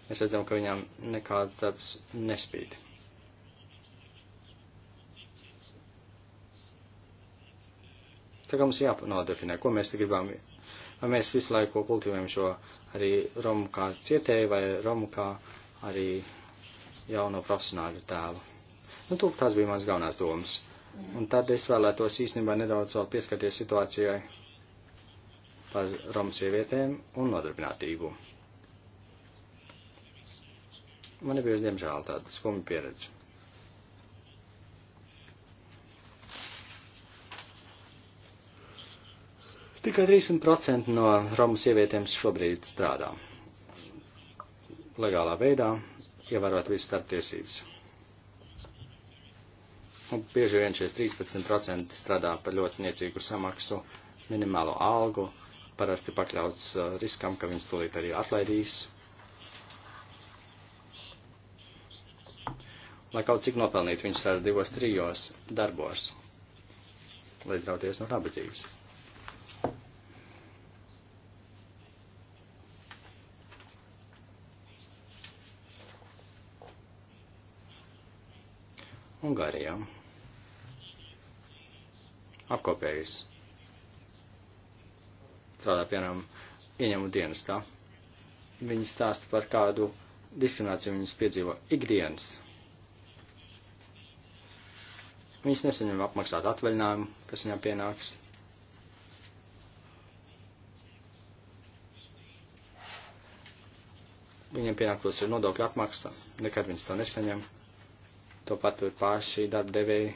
mēs redzam, ka viņām nekāds darbs nespīd. Tagad mums jāpanodefinē, ko mēs te gribam. Vai mēs visu laiku kultivējam šo arī Romu kā cietēju vai Romu kā arī jauno profesionāļu tēlu. Nu, tūk, tās bija mans galvenās domas. Un tad es vēlētos īstenībā nedaudz vēl pieskarties situācijai par Romu sievietēm un nodarbinātību. Man ir bijusi, diemžēl, tāda skumja pieredze. Tikai 30% no Romu sievietēm šobrīd strādā legālā veidā, ievērot visas starptiesības. tiesības. Un nu, bieži vien šie 13% strādā par ļoti niecīgu samaksu, minimālo algu, parasti pakļauts uh, riskam, ka viņus tūlīt arī atlaidīs. Lai kaut cik nopelnītu, viņš strādā divos, trijos darbos, lai izrauties no nabadzības. Ungārijā apkopējis. Tādā, piemēram, ieņemu dienestā. Viņi stāsta par kādu diskrimināciju viņas piedzīvo ikdienas. Viņas nesaņem apmaksāt atvaļinājumu, kas viņām pienāks. Viņiem pienāktos ir nodokļu apmaksa, nekad viņas to nesaņem. To patur pār šī darba devēja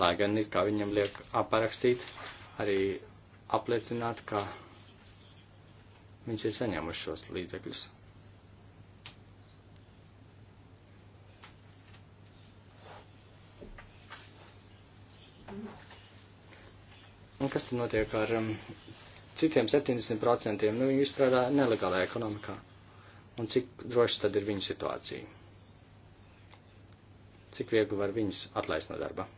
lai gan ir kā viņam liek aprakstīt, arī apliecināt, ka viņš ir saņēmuši šos līdzekļus. Un kas tad notiek ar um, citiem 70%? Nu, viņi strādā nelegālā ekonomikā. Un cik droši tad ir viņa situācija? Cik viegli var viņus atlaist no darba?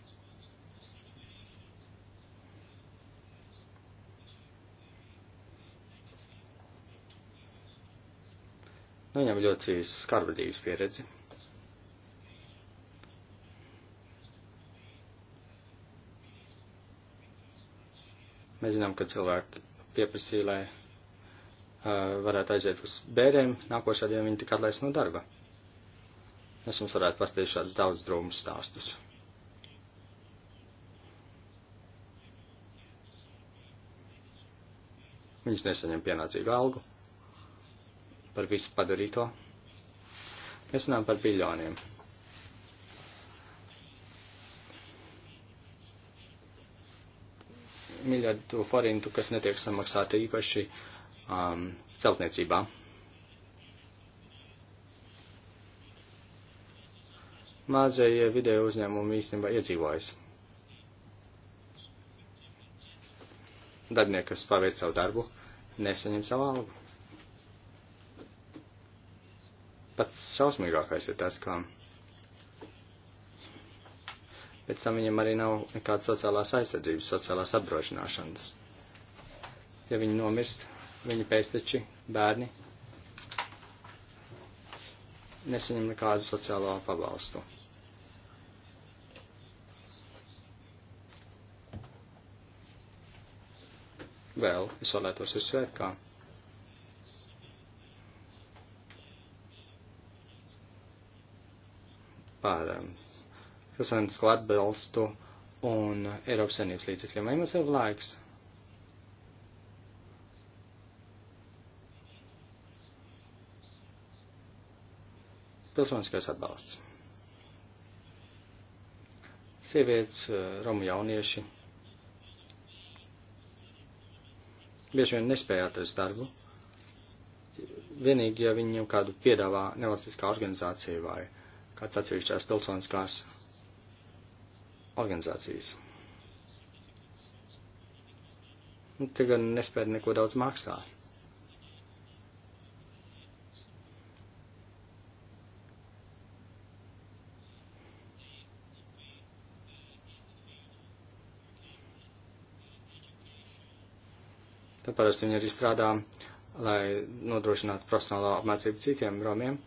Nu, viņam ļoti skarba dzīves pieredze. Mēs zinām, ka cilvēki pieprasīja, lai uh, varētu aiziet uz bērēm, nākošā dienā viņi tika atlaist no darba. Es jums varētu pastāstīt šādus daudz drūmus stāstus. Viņš nesaņem pienācīgu algu par visu padarīto. Mēs runājam par biljoniem. miljardu forintu, kas netiek samaksāti īpaši um, celtniecībā. Mazējie video uzņēmumi īstenībā iedzīvojas. Darbinieki, kas paveic savu darbu, nesaņem savu algu. pats šausmīgākais ir tas, ka pēc tam viņam arī nav nekādas sociālās aizsardzības, sociālās apdrošināšanas. Ja viņi nomirst, viņa pēsteči, bērni nesaņem nekādu sociālo pabalstu. Vēl es vēlētos uzsvērt, ka par um, pilsonisko atbalstu un Eiropas Savienības līdzekļiem. Vai mums ir laiks? Pilsoniskais atbalsts. Sievietes, uh, romu jaunieši bieži vien nespēja atrast darbu. Vienīgi, ja viņiem kādu piedāvā nevalstiskā organizācija vai uh, kāds atsevišķās pilsoniskās organizācijas. Nu, te gan nespēja neko daudz maksāt. Tad parasti viņi arī strādā, lai nodrošinātu profesionālo apmācību citiem romiem.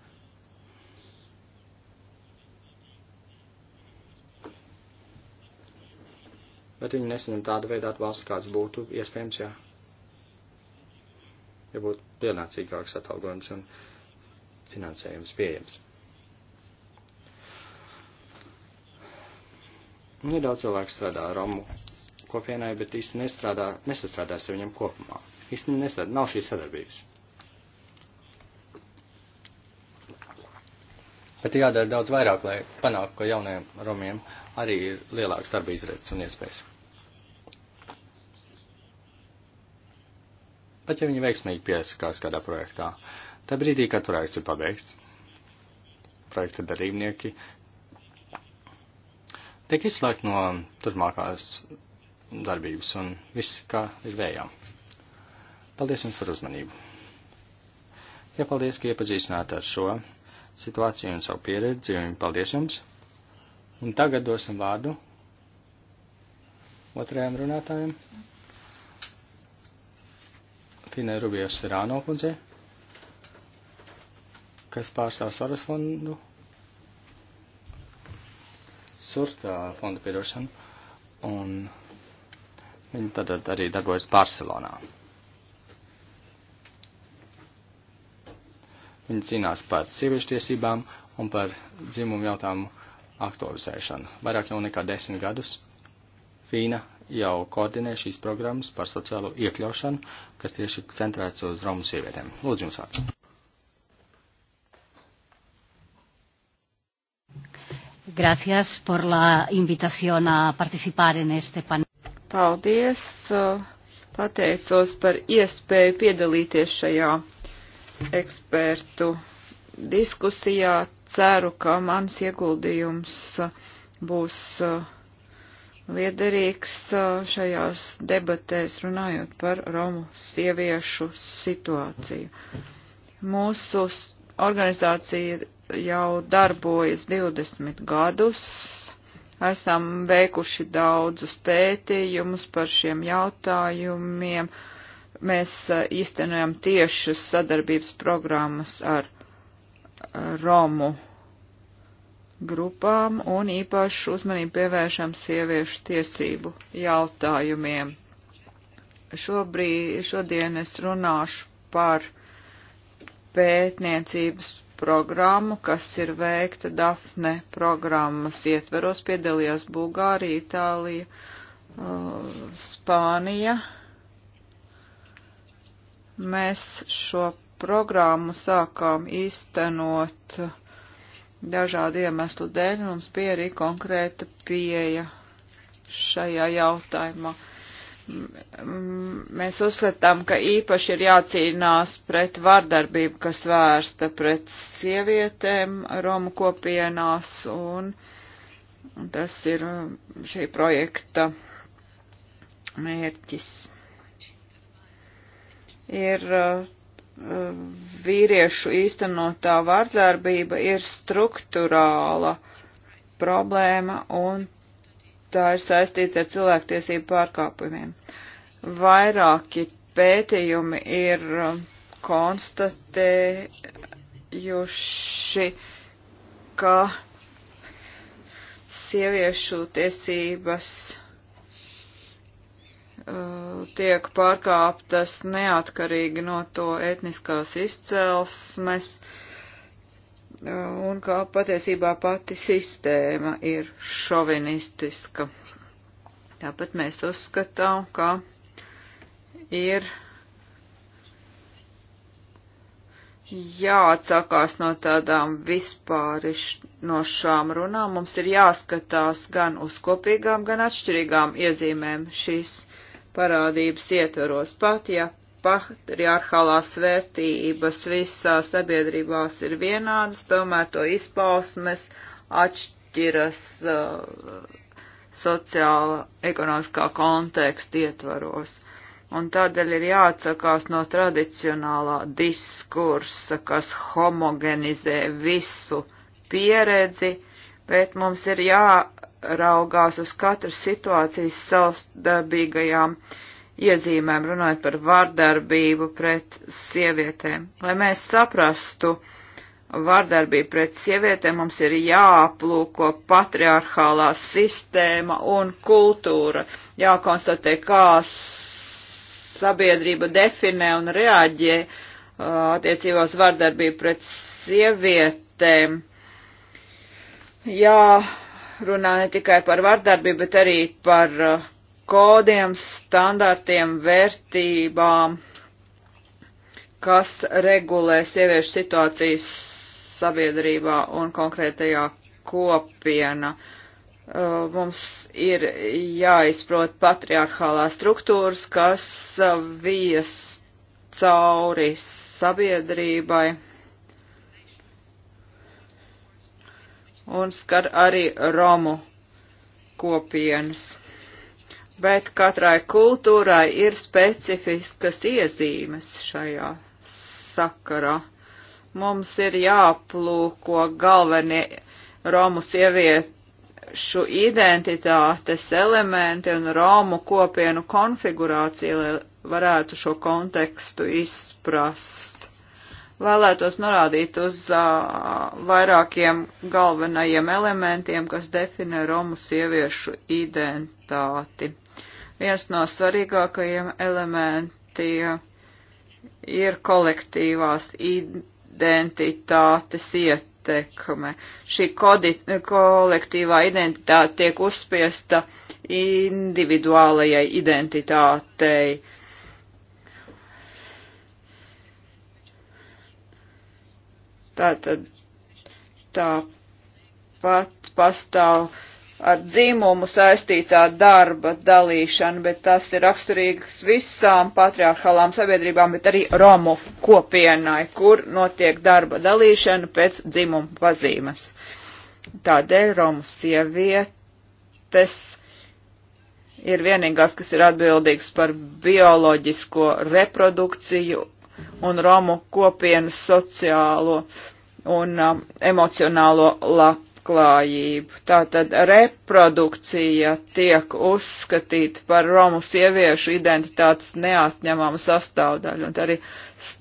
bet viņi nesaņem tādu veidu atbalstu, kāds būtu iespējams, ja, ja būtu pienācīgāks atalgojums un finansējums pieejams. Un ir daudz cilvēku strādā Romu kopienai, bet īsti nestrādā, nesastrādās ar viņiem kopumā. Īsti nestrādā, nav šīs sadarbības. Bet jādara daudz vairāk, lai panāktu, ka jaunajiem romiem arī ir lielāks darba izredzes un iespējas. pat ja viņi veiksmīgi piesakās kādā projektā. Tā brīdī, kad projekts ir pabeigts, projekta dalībnieki tiek izslēgti no turpmākās darbības un viss, kā ir vējām. Paldies jums par uzmanību! Ja paldies, ka iepazīstināt ar šo situāciju un savu pieredzi, un paldies jums! Un tagad dosim vārdu otrajam runātājam. Mm. Fine Rubijas Rāno kundze, kas pārstāv Soros fondu, Surta fonda piedošanu, un viņa tad arī darbojas Barcelonā. Viņa cīnās par sieviešu tiesībām un par dzimumu jautājumu aktualizēšanu. Vairāk jau nekā desmit gadus Fīna jau koordinē šīs programmas par sociālo iekļaušanu, kas tieši centrēts uz Romu sievietēm. Lūdzu, jums vārds. Gracias por la invitación a participar en este panel. Paldies, uh, pateicos par iespēju piedalīties šajā ekspertu diskusijā. Ceru, ka mans ieguldījums uh, būs uh, liederīgs uh, šajās debatēs runājot par Romu sieviešu situāciju. Mūsu organizācija jau darbojas 20 gadus. Esam veikuši daudzus pētījumus par šiem jautājumiem. Mēs uh, īstenojam tiešas sadarbības programmas ar Romu grupām un īpašu uzmanību pievēršam sieviešu tiesību jautājumiem. Šobrīd, šodien es runāšu par pētniecības programmu, kas ir veikta Dafne programmas ietveros, piedalījās Bulgārija, Itālija, uh, Spānija. Mēs šo programmu sākām īstenot uh, Dažādu iemeslu dēļ mums bija arī konkrēta pieeja šajā jautājumā. Mēs uzskatām, ka īpaši ir jācīnās pret vardarbību, kas vērsta pret sievietēm Romu kopienās, un tas ir šī projekta mērķis. Ir uh, vīriešu īstenotā vardarbība ir struktūrāla problēma un tā ir saistīta ar cilvēktiesību pārkāpumiem. Vairāki pētījumi ir um, konstatējuši, ka sieviešu tiesības Uh, tiek pārkāptas neatkarīgi no to etniskās izcelsmes uh, un kā patiesībā pati sistēma ir šovinistiska. Tāpat mēs uzskatām, ka ir jāatsakās no tādām vispārišķinošām runām. Mums ir jāskatās gan uz kopīgām, gan atšķirīgām iezīmēm šīs parādības ietvaros. Pat, ja patriarchālās vērtības visā sabiedrībās ir vienādas, tomēr to izpausmes atšķiras uh, sociāla, ekonomiskā konteksta ietvaros. Un tādēļ ir jāatsakās no tradicionālā diskursa, kas homogenizē visu pieredzi, bet mums ir jā jāraugās uz katras situācijas savstarpīgajām iezīmēm, runājot par vardarbību pret sievietēm. Lai mēs saprastu vardarbību pret sievietēm, mums ir jāaplūko patriarchālā sistēma un kultūra, jākonstatē, kā sabiedrība definē un reaģē uh, attiecībās vardarbību pret sievietēm. Jā, runā ne tikai par vardarbību, bet arī par uh, kodiem, standartiem, vērtībām, kas regulē sieviešu situācijas sabiedrībā un konkrētajā kopienā. Uh, mums ir jāizprot patriarchālā struktūras, kas uh, vies cauri sabiedrībai un skar arī Romu kopienas. Bet katrai kultūrai ir specifiskas iezīmes šajā sakarā. Mums ir jāplūko galvenie Romu sievietes šo identitātes elementi un Romu kopienu konfigurāciju, lai varētu šo kontekstu izprast vēlētos norādīt uz uh, vairākiem galvenajiem elementiem, kas definē Romu sieviešu identitāti. Viens no svarīgākajiem elementiem ir kolektīvās identitātes ietekme. Šī kodi, kolektīvā identitāte tiek uzspiesta individuālajai identitātei. Uh, Tātad tāpat pastāv ar dzīmumu saistītā darba dalīšana, bet tas ir raksturīgs visām patriarchālām sabiedrībām, bet arī Romu kopienai, kur notiek darba dalīšana pēc dzimuma pazīmes. Tādēļ Romu sievietes ir vienīgās, kas ir atbildīgs par bioloģisko reprodukciju un Romu kopienas sociālo uh, un um, emocionālo labklājību. Tātad reprodukcija tiek uzskatīta par Romu sieviešu identitātes neatņemamu sastāvdaļu, un arī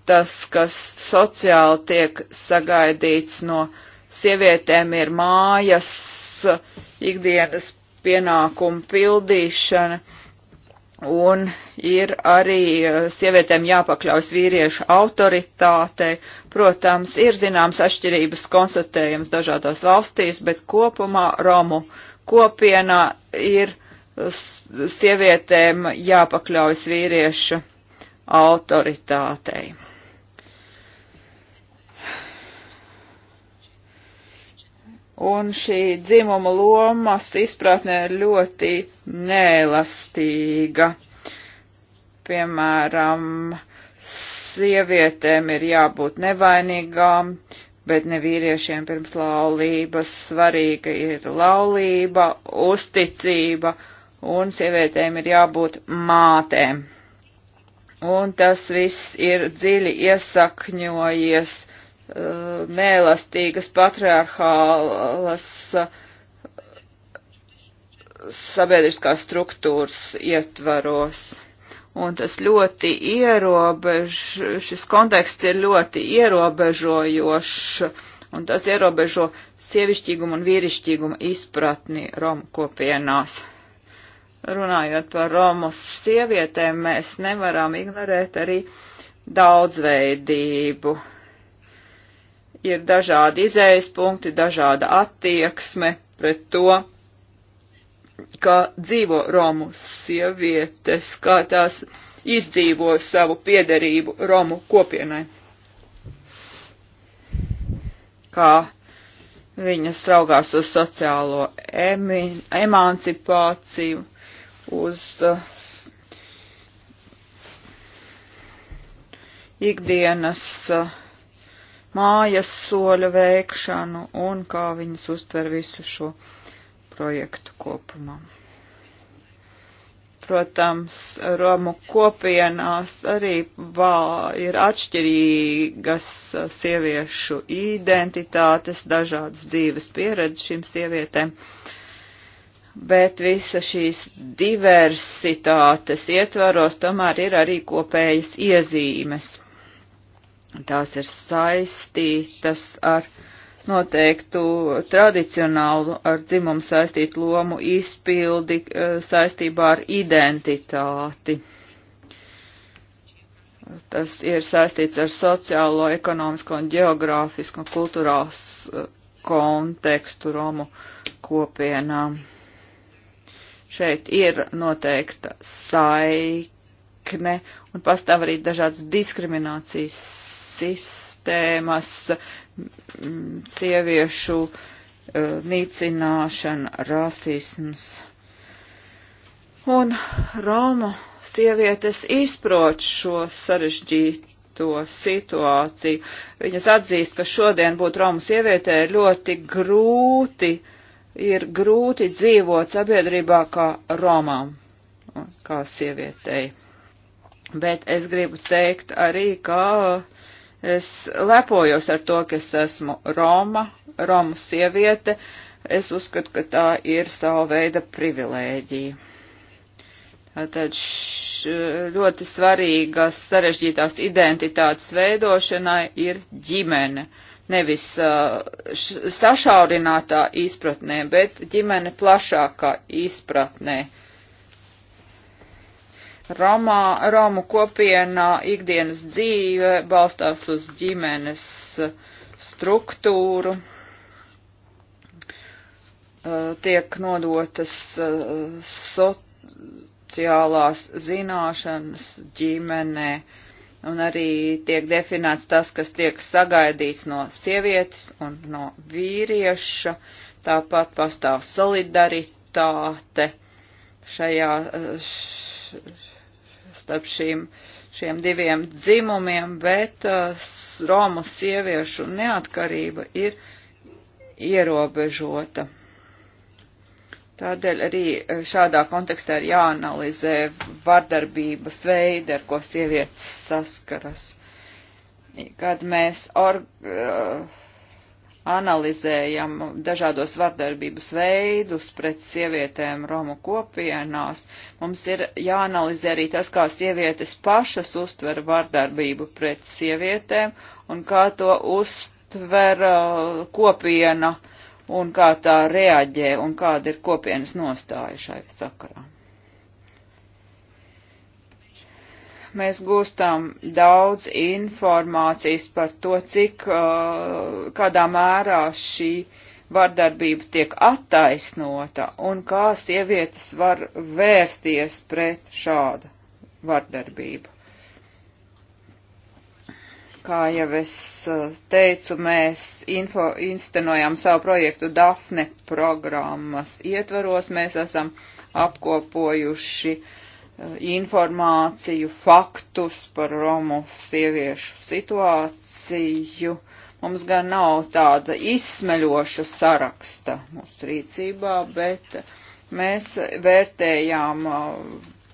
tas, kas sociāli tiek sagaidīts no sievietēm, ir mājas ikdienas pienākumu pildīšana Un ir arī eh, sievietēm jāpakļaus vīriešu autoritātei. Protams, ir zināms atšķirības konstatējums dažādās valstīs, bet kopumā Romu kopienā ir sievietēm jāpakļaujas vīriešu autoritātei. un šī dzimuma lomas izpratne ir ļoti nēlastīga. Piemēram, sievietēm ir jābūt nevainīgām, bet ne vīriešiem pirms laulības. Svarīga ir laulība, uzticība, un sievietēm ir jābūt mātēm. Un tas viss ir dziļi iesakņojies mēlastīgas uh, patriarchālas uh, sabiedriskās struktūras ietvaros. Un tas ļoti ierobež, šis konteksts ir ļoti ierobežojošs, un tas ierobežo sievišķīgumu un vīrišķīgumu izpratni Romu kopienās. Runājot par Romu sievietēm, mēs nevaram ignorēt arī daudzveidību. Uh, ir dažādi izējas punkti, dažāda attieksme pret to, kā dzīvo Romu sievietes, kā tās izdzīvo savu piederību Romu kopienai. Kā viņas raugās uz sociālo emi, emancipāciju, uz uh, ikdienas uh, mājas soļu veikšanu un kā viņas uztver visu šo projektu kopumā. Protams, Romu kopienās arī vā, ir atšķirīgas sieviešu identitātes, dažādas dzīves pieredzes šīm sievietēm bet visa šīs diversitātes ietvaros tomēr ir arī kopējas iezīmes. Tās ir saistītas ar noteiktu tradicionālu ar dzimumu saistītu lomu izpildi eh, saistībā ar identitāti. Tas ir saistīts ar sociālo, ekonomisko un geogrāfisku un kulturāls eh, kontekstu Romu kopienām. Šeit ir noteikta saikne un pastāv arī dažādas diskriminācijas sistēmas, mm, sieviešu eh, nīcināšana, rasisms. Un Roma sievietes izprot šo sarežģīto situāciju. Viņas atzīst, ka šodien būt Romu sievietē ir ļoti grūti, ir grūti dzīvot sabiedrībā kā Romām, kā sievietei. Bet es gribu teikt arī, ka uh, Es lepojos ar to, ka es esmu Roma, Romu sieviete. Es uzskatu, ka tā ir sava veida privilēģija. Tātad ļoti svarīgas sarežģītās identitātes veidošanai ir ģimene. Nevis š, sašaurinātā izpratnē, bet ģimene plašākā izpratnē. Uh, Romā, Romu kopienā ikdienas dzīve balstās uz ģimenes struktūru, eh, tiek nodotas eh, sociālās zināšanas ģimenē, un arī tiek definēts tas, kas tiek sagaidīts no sievietes un no vīrieša, tāpat pastāv solidaritāte šajā. Eh, š, starp šīm, šiem diviem dzimumiem, bet uh, Romu sieviešu neatkarība ir ierobežota. Tādēļ arī uh, šādā kontekstā ir jāanalizē vardarbības veidi, ar ko sievietes saskaras. Kad mēs or, uh, analizējam dažādos vardarbības veidus pret sievietēm Romu kopienās. Mums ir jāanalizē arī tas, kā sievietes pašas uztver vardarbību pret sievietēm un kā to uztver uh, kopiena un kā tā reaģē un kāda ir kopienas nostāja šai sakarā. mēs gūstam daudz informācijas par to, cik, uh, kādā mērā šī vardarbība tiek attaisnota un kā sievietes var vērsties pret šādu vardarbību. Kā jau es uh, teicu, mēs info, instenojam savu projektu Dafne programmas ietvaros. Mēs esam apkopojuši uh, informāciju, faktus par Romu sieviešu situāciju. Mums gan nav tāda izsmeļoša saraksta mūsu rīcībā, bet mēs vērtējām uh,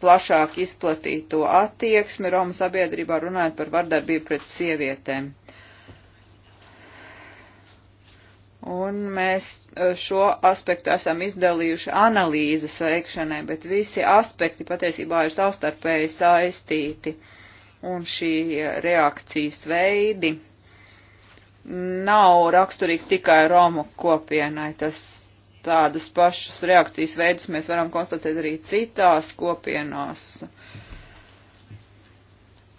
plašāk izplatīto attieksmi Romu sabiedrībā runājot par vardarbību pret sievietēm. Un mēs eh, šo aspektu esam izdalījuši analīzes veikšanai, bet visi aspekti patiesībā ir savstarpēji saistīti. Un šī reakcijas veidi nav raksturīgi tikai Romu kopienai. Tas tādas pašas reakcijas veidus mēs varam konstatēt arī citās kopienās.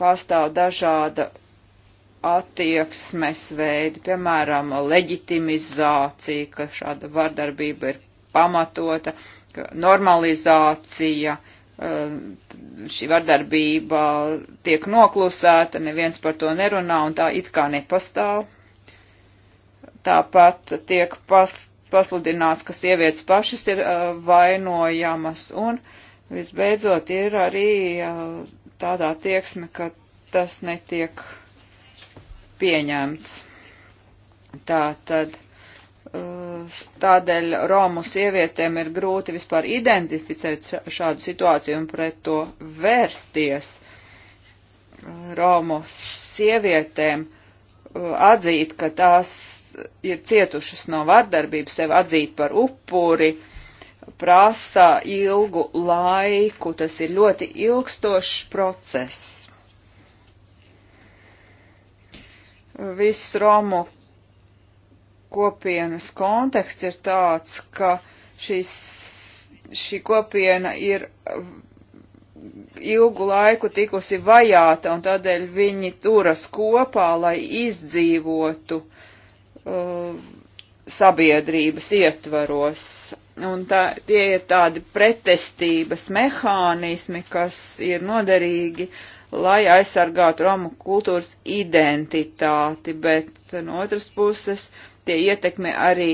Pastāv dažāda attieksmes veidi, piemēram, leģitimizācija, ka šāda vardarbība ir pamatota, normalizācija, um, šī vardarbība tiek noklusēta, neviens par to nerunā un tā it kā nepastāv. Tāpat tiek pas, pasludināts, ka sievietes pašas ir uh, vainojamas un visbeidzot ir arī uh, tāda attieksme, ka tas netiek pieņemts. Tātad eh, tādēļ Romu sievietēm ir grūti vispār identificēt šādu situāciju un pret to vērsties. Romu sievietēm eh, atzīt, ka tās ir cietušas no vardarbības, sevi atzīt par upuri, prasa ilgu laiku, tas ir ļoti ilgstošs process viss Romu kopienas konteksts ir tāds, ka šis, šī kopiena ir ilgu laiku tikusi vajāta un tādēļ viņi turas kopā, lai izdzīvotu uh, sabiedrības ietvaros. Un tā, tie ir tādi pretestības mehānismi, kas ir noderīgi uh, lai aizsargātu Romu kultūras identitāti, bet no otras puses tie ietekmē arī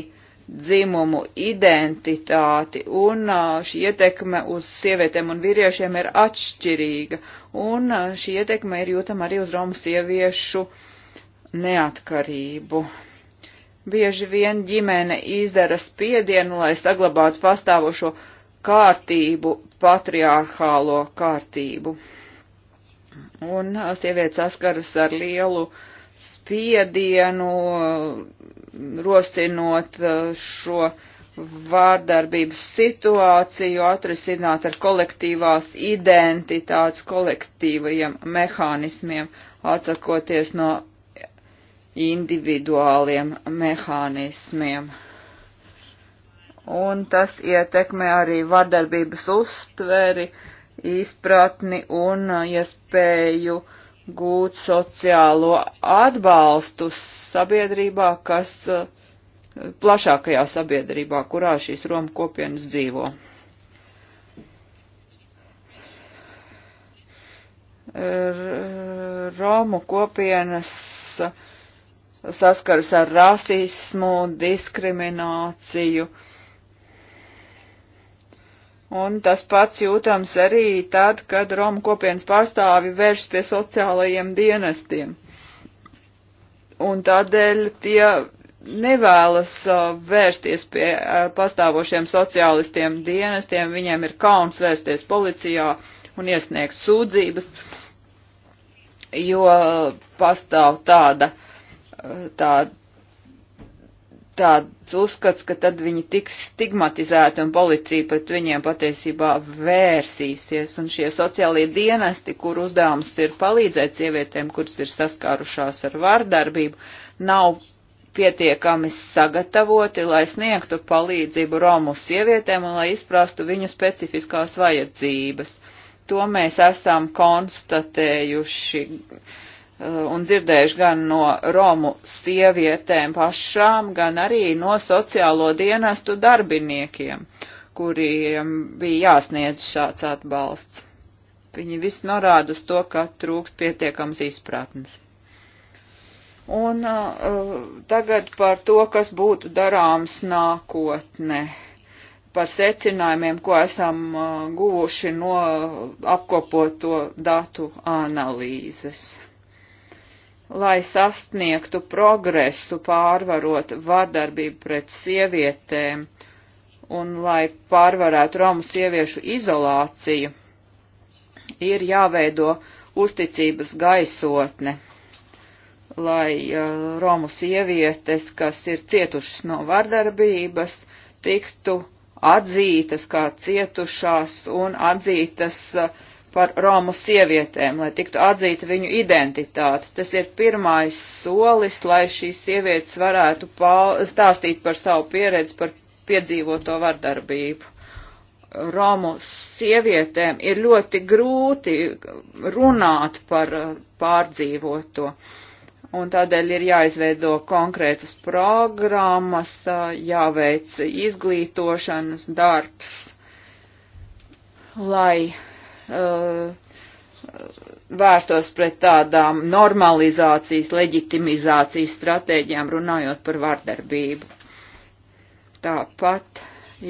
dzimumu identitāti, un šī ietekme uz sievietēm un vīriešiem ir atšķirīga, un šī ietekme ir jūtama arī uz Romu sieviešu neatkarību. Bieži vien ģimene izdara spiedienu, lai saglabātu pastāvošo kārtību, patriārhālo kārtību. Un sievietes saskaras ar lielu spiedienu, rosinot šo vārdarbības situāciju, atrisināt ar kolektīvās identitātes, kolektīvajiem mehānismiem, atsakoties no individuāliem mehānismiem. Un tas ietekmē arī vardarbības uztveri, uh, izpratni un iespēju gūt sociālo atbalstu sabiedrībā, kas plašākajā sabiedrībā, kurā šīs Roma kopienas dzīvo. Romu kopienas saskaras ar rasismu, diskrimināciju, uh, Un tas pats jūtams arī tad, kad Roma kopienas pārstāvi vēršas pie sociālajiem dienestiem. Un tādēļ tie nevēlas uh, vērsties pie uh, pastāvošiem sociālistiem dienestiem, viņiem ir kauns vērsties policijā un iesniegt sūdzības, jo uh, pastāv tāda, tāda tāds uzskats, ka tad viņi tiks stigmatizēti un policija pret viņiem patiesībā vērsīsies. Un šie sociālie dienesti, kur uzdevums ir palīdzēt sievietēm, kuras ir saskārušās ar vārdarbību, nav pietiekami sagatavoti, lai sniegtu palīdzību Romu sievietēm un lai izprastu viņu specifiskās vajadzības. To mēs esam konstatējuši Eh, un dzirdējuši gan no Romu sievietēm pašām, gan arī no sociālo dienestu darbiniekiem, kuriem bija jāsniedz šāds atbalsts. Viņi visi norāda uz to, ka trūkst pietiekams izpratnes. Un uh, tagad par to, kas būtu darāms nākotnē par secinājumiem, ko esam eh, guvuši no apkopoto datu analīzes lai sasniegtu progresu pārvarot vardarbību pret sievietēm un lai pārvarētu Romu sieviešu izolāciju, ir jāveido uzticības gaisotne, lai uh, Romu sievietes, kas ir cietušas no vardarbības, tiktu atzītas kā cietušās un atzītas uh, par Romu sievietēm, lai tiktu atzīta viņu identitāte. Tas ir pirmais solis, lai šīs sievietes varētu stāstīt par savu pieredzi, par piedzīvoto vardarbību. Romu sievietēm ir ļoti grūti runāt par eh, pārdzīvoto. Un tādēļ ir jāizveido konkrētas programmas, eh, jāveic izglītošanas darbs, lai Uh, vērstos pret tādām normalizācijas, leģitimizācijas stratēģijām, runājot par vardarbību. Tāpat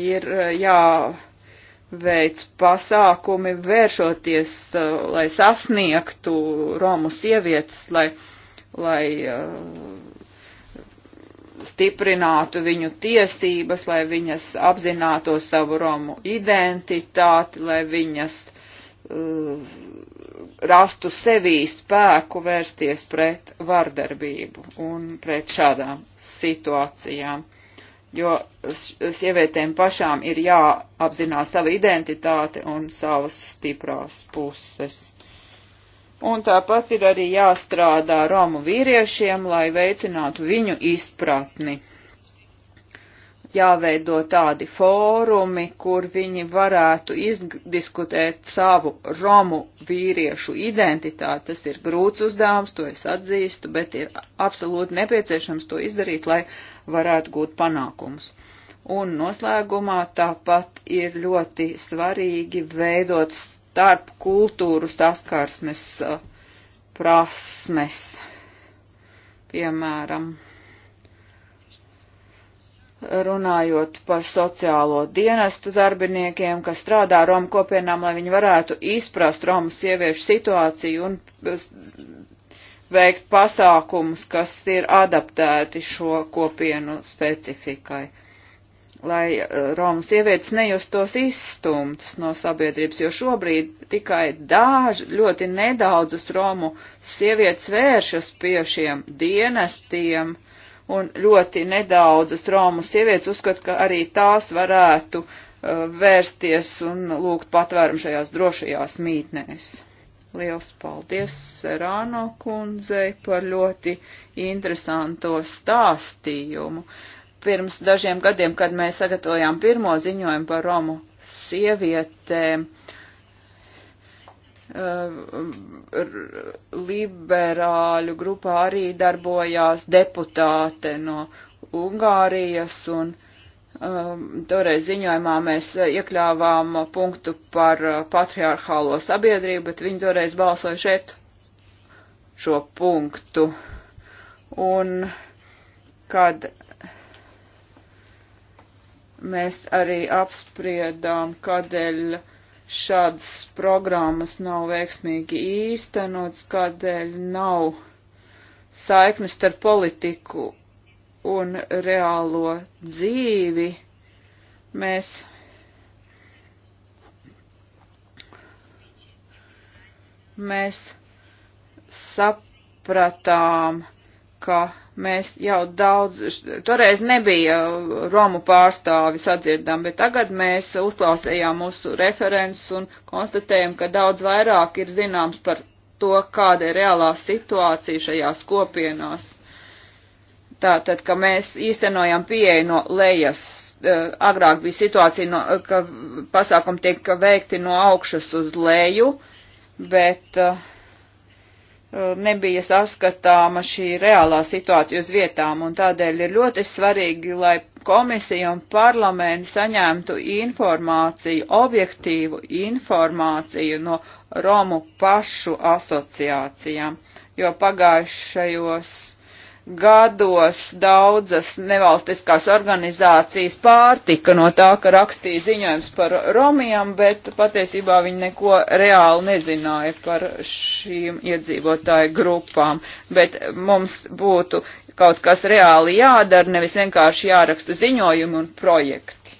ir uh, jāveic pasākumi vēršoties, uh, lai sasniegtu Romu sievietes, lai, lai stiprinātu viņu tiesības, lai viņas apzinātu savu Romu identitāti, lai viņas Uh, rastu sevī spēku vērsties pret vardarbību un pret šādām situācijām. Jo sievietēm pašām ir jāapzinās sava identitāte un savas stiprās puses. Un tāpat ir arī jāstrādā Romu vīriešiem, lai veicinātu viņu izpratni jāveido tādi fórumi, kur viņi varētu izdiskutēt savu romu vīriešu identitāti. Tas ir grūts uzdevums, to es atzīstu, bet ir absolūti nepieciešams to izdarīt, lai varētu gūt panākumus. Un noslēgumā tāpat ir ļoti svarīgi veidot starp kultūru saskarsmes uh, prasmes, piemēram runājot par sociālo dienestu darbiniekiem, kas strādā Romu kopienām, lai viņi varētu izprast Romu sieviešu situāciju un veikt pasākumus, kas ir adaptēti šo kopienu specifikai. Lai e, Romu sievietes nejustos izstumtas no sabiedrības, jo šobrīd tikai daži, ļoti nedaudzas Romu sievietes vēršas pie šiem dienestiem, uh, un ļoti nedaudzas Romu sievietes uzskata, ka arī tās varētu uh, vērsties un lūgt patvērumu šajās drošajās mītnēs. Liels paldies Serāno kundzei par ļoti interesanto stāstījumu. Pirms dažiem gadiem, kad mēs sagatavojām pirmo ziņojumu par Romu sievietēm, uh, Uh, liberāļu grupā arī darbojās deputāte no Ungārijas, un um, toreiz ziņojumā mēs iekļāvām punktu par uh, patriarchālo sabiedrību, bet viņi toreiz balsoja šeit šo punktu. Un kad mēs arī apspriedām, kādēļ šādas programmas nav veiksmīgi īstenots, kādēļ nav saiknes ar politiku un reālo dzīvi. Mēs mēs sapratām, ka mēs jau daudz, toreiz nebija Romu pārstāvi sadzirdam, bet tagad mēs uzklausījām mūsu referents un konstatējam, ka daudz vairāk ir zināms par to, kāda ir reālā situācija šajās kopienās. Tātad, ka mēs īstenojam pieeju no lejas. Eh, agrāk bija situācija, no, ka pasākumi tiek veikti no augšas uz leju, bet uh, nebija saskatāma šī reālā situācija uz vietām, un tādēļ ir ļoti svarīgi, lai komisija un parlamenti saņemtu informāciju, objektīvu informāciju no Romu pašu asociācijām, jo pagājušajos gados daudzas nevalstiskās organizācijas pārtika no tā, ka rakstīja ziņojums par Romijam, bet patiesībā viņi neko reāli nezināja par šīm iedzīvotāju grupām. Bet mums būtu kaut kas reāli jādara, nevis vienkārši jāraksta ziņojumi un projekti.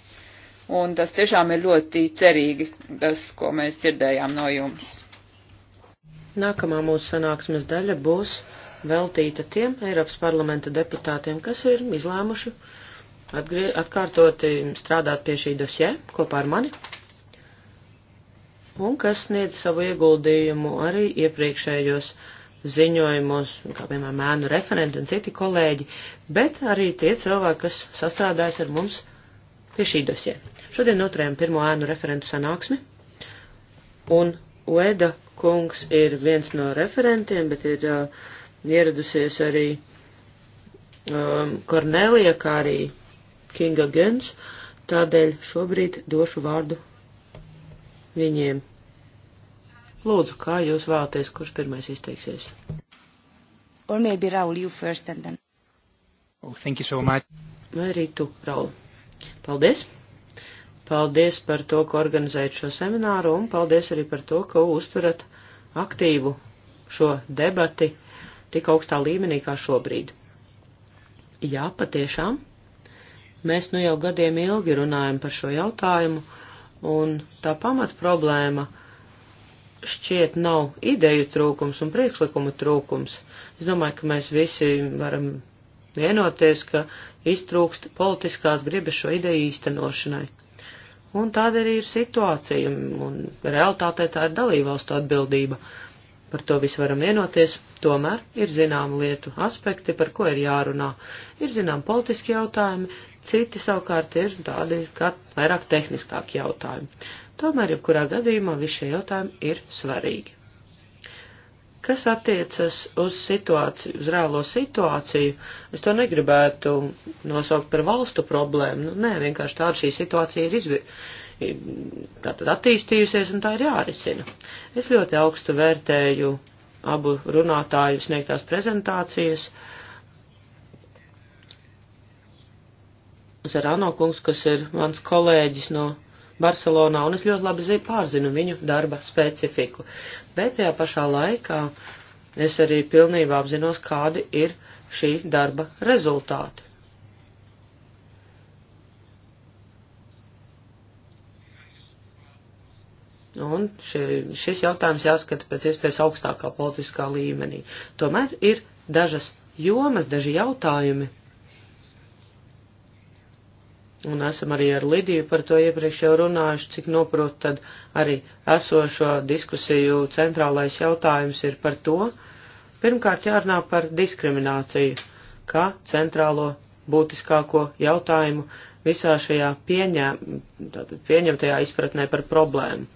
Un tas tiešām ir ļoti cerīgi, tas, ko mēs dzirdējām no jums. Nākamā mūsu sanāksmes daļa būs veltīta tiem Eiropas parlamenta deputātiem, kas ir izlēmuši atgrie, atkārtoti strādāt pie šī dosjē kopā ar mani un kas sniedz savu ieguldījumu arī iepriekšējos ziņojumos, kā piemēram mēnu referenti un citi kolēģi, bet arī tie cilvēki, kas sastrādājas ar mums pie šī dosie. Šodien noturējam pirmo ēnu referentu sanāksmi, un Ueda kungs ir viens no referentiem, bet ir uh, ieradusies arī um, Kornelija, kā arī Kinga Gens, tādēļ šobrīd došu vārdu viņiem. Lūdzu, kā jūs vēlaties, kurš pirmais izteiksies? Or maybe Raul, you first and then. Oh, thank you so much. Vai arī tu, Raul. Paldies! Paldies par to, ka organizējat šo semināru un paldies arī par to, ka uzturat aktīvu šo debati tik augstā līmenī kā šobrīd. Jā, patiešām. Mēs nu jau gadiem ilgi runājam par šo jautājumu, un tā pamats problēma šķiet nav ideju trūkums un priekšlikumu trūkums. Es domāju, ka mēs visi varam vienoties, ka iztrūkst politiskās gribas šo ideju īstenošanai. Un tāda arī ir situācija, un realitātē tā ir dalībvalstu atbildība. Uh, par to visu varam vienoties, tomēr ir zināma lietu aspekti, par ko ir jārunā. Ir zinām politiski jautājumi, citi savukārt ir tādi, kā vairāk tehniskāki jautājumi. Tomēr, jebkurā gadījumā, visi šie jautājumi ir svarīgi. Kas attiecas uz situāciju, uz reālo situāciju, es to negribētu nosaukt par valstu problēmu. Nu, nē, vienkārši tāda šī situācija ir izvirzīta tātad attīstījusies un tā ir jārisina. Es ļoti augstu vērtēju abu runātāju sniegtās prezentācijas. Zerano kungs, kas ir mans kolēģis no Barcelonā, un es ļoti labi zinu, pārzinu viņu darba specifiku. Bet tajā pašā laikā es arī pilnībā apzinos, kādi ir šī darba rezultāti. Un še, šis jautājums jāskata pēc iespējas augstākā politiskā līmenī. Tomēr ir dažas jomas, daži jautājumi. Un esam arī ar Lidiju par to iepriekš jau runājuši, cik noprot, tad arī esošo diskusiju centrālais jautājums ir par to. Pirmkārt jārunā par diskrimināciju, kā centrālo būtiskāko jautājumu visā šajā pieņem, pieņemtajā izpratnē par problēmu.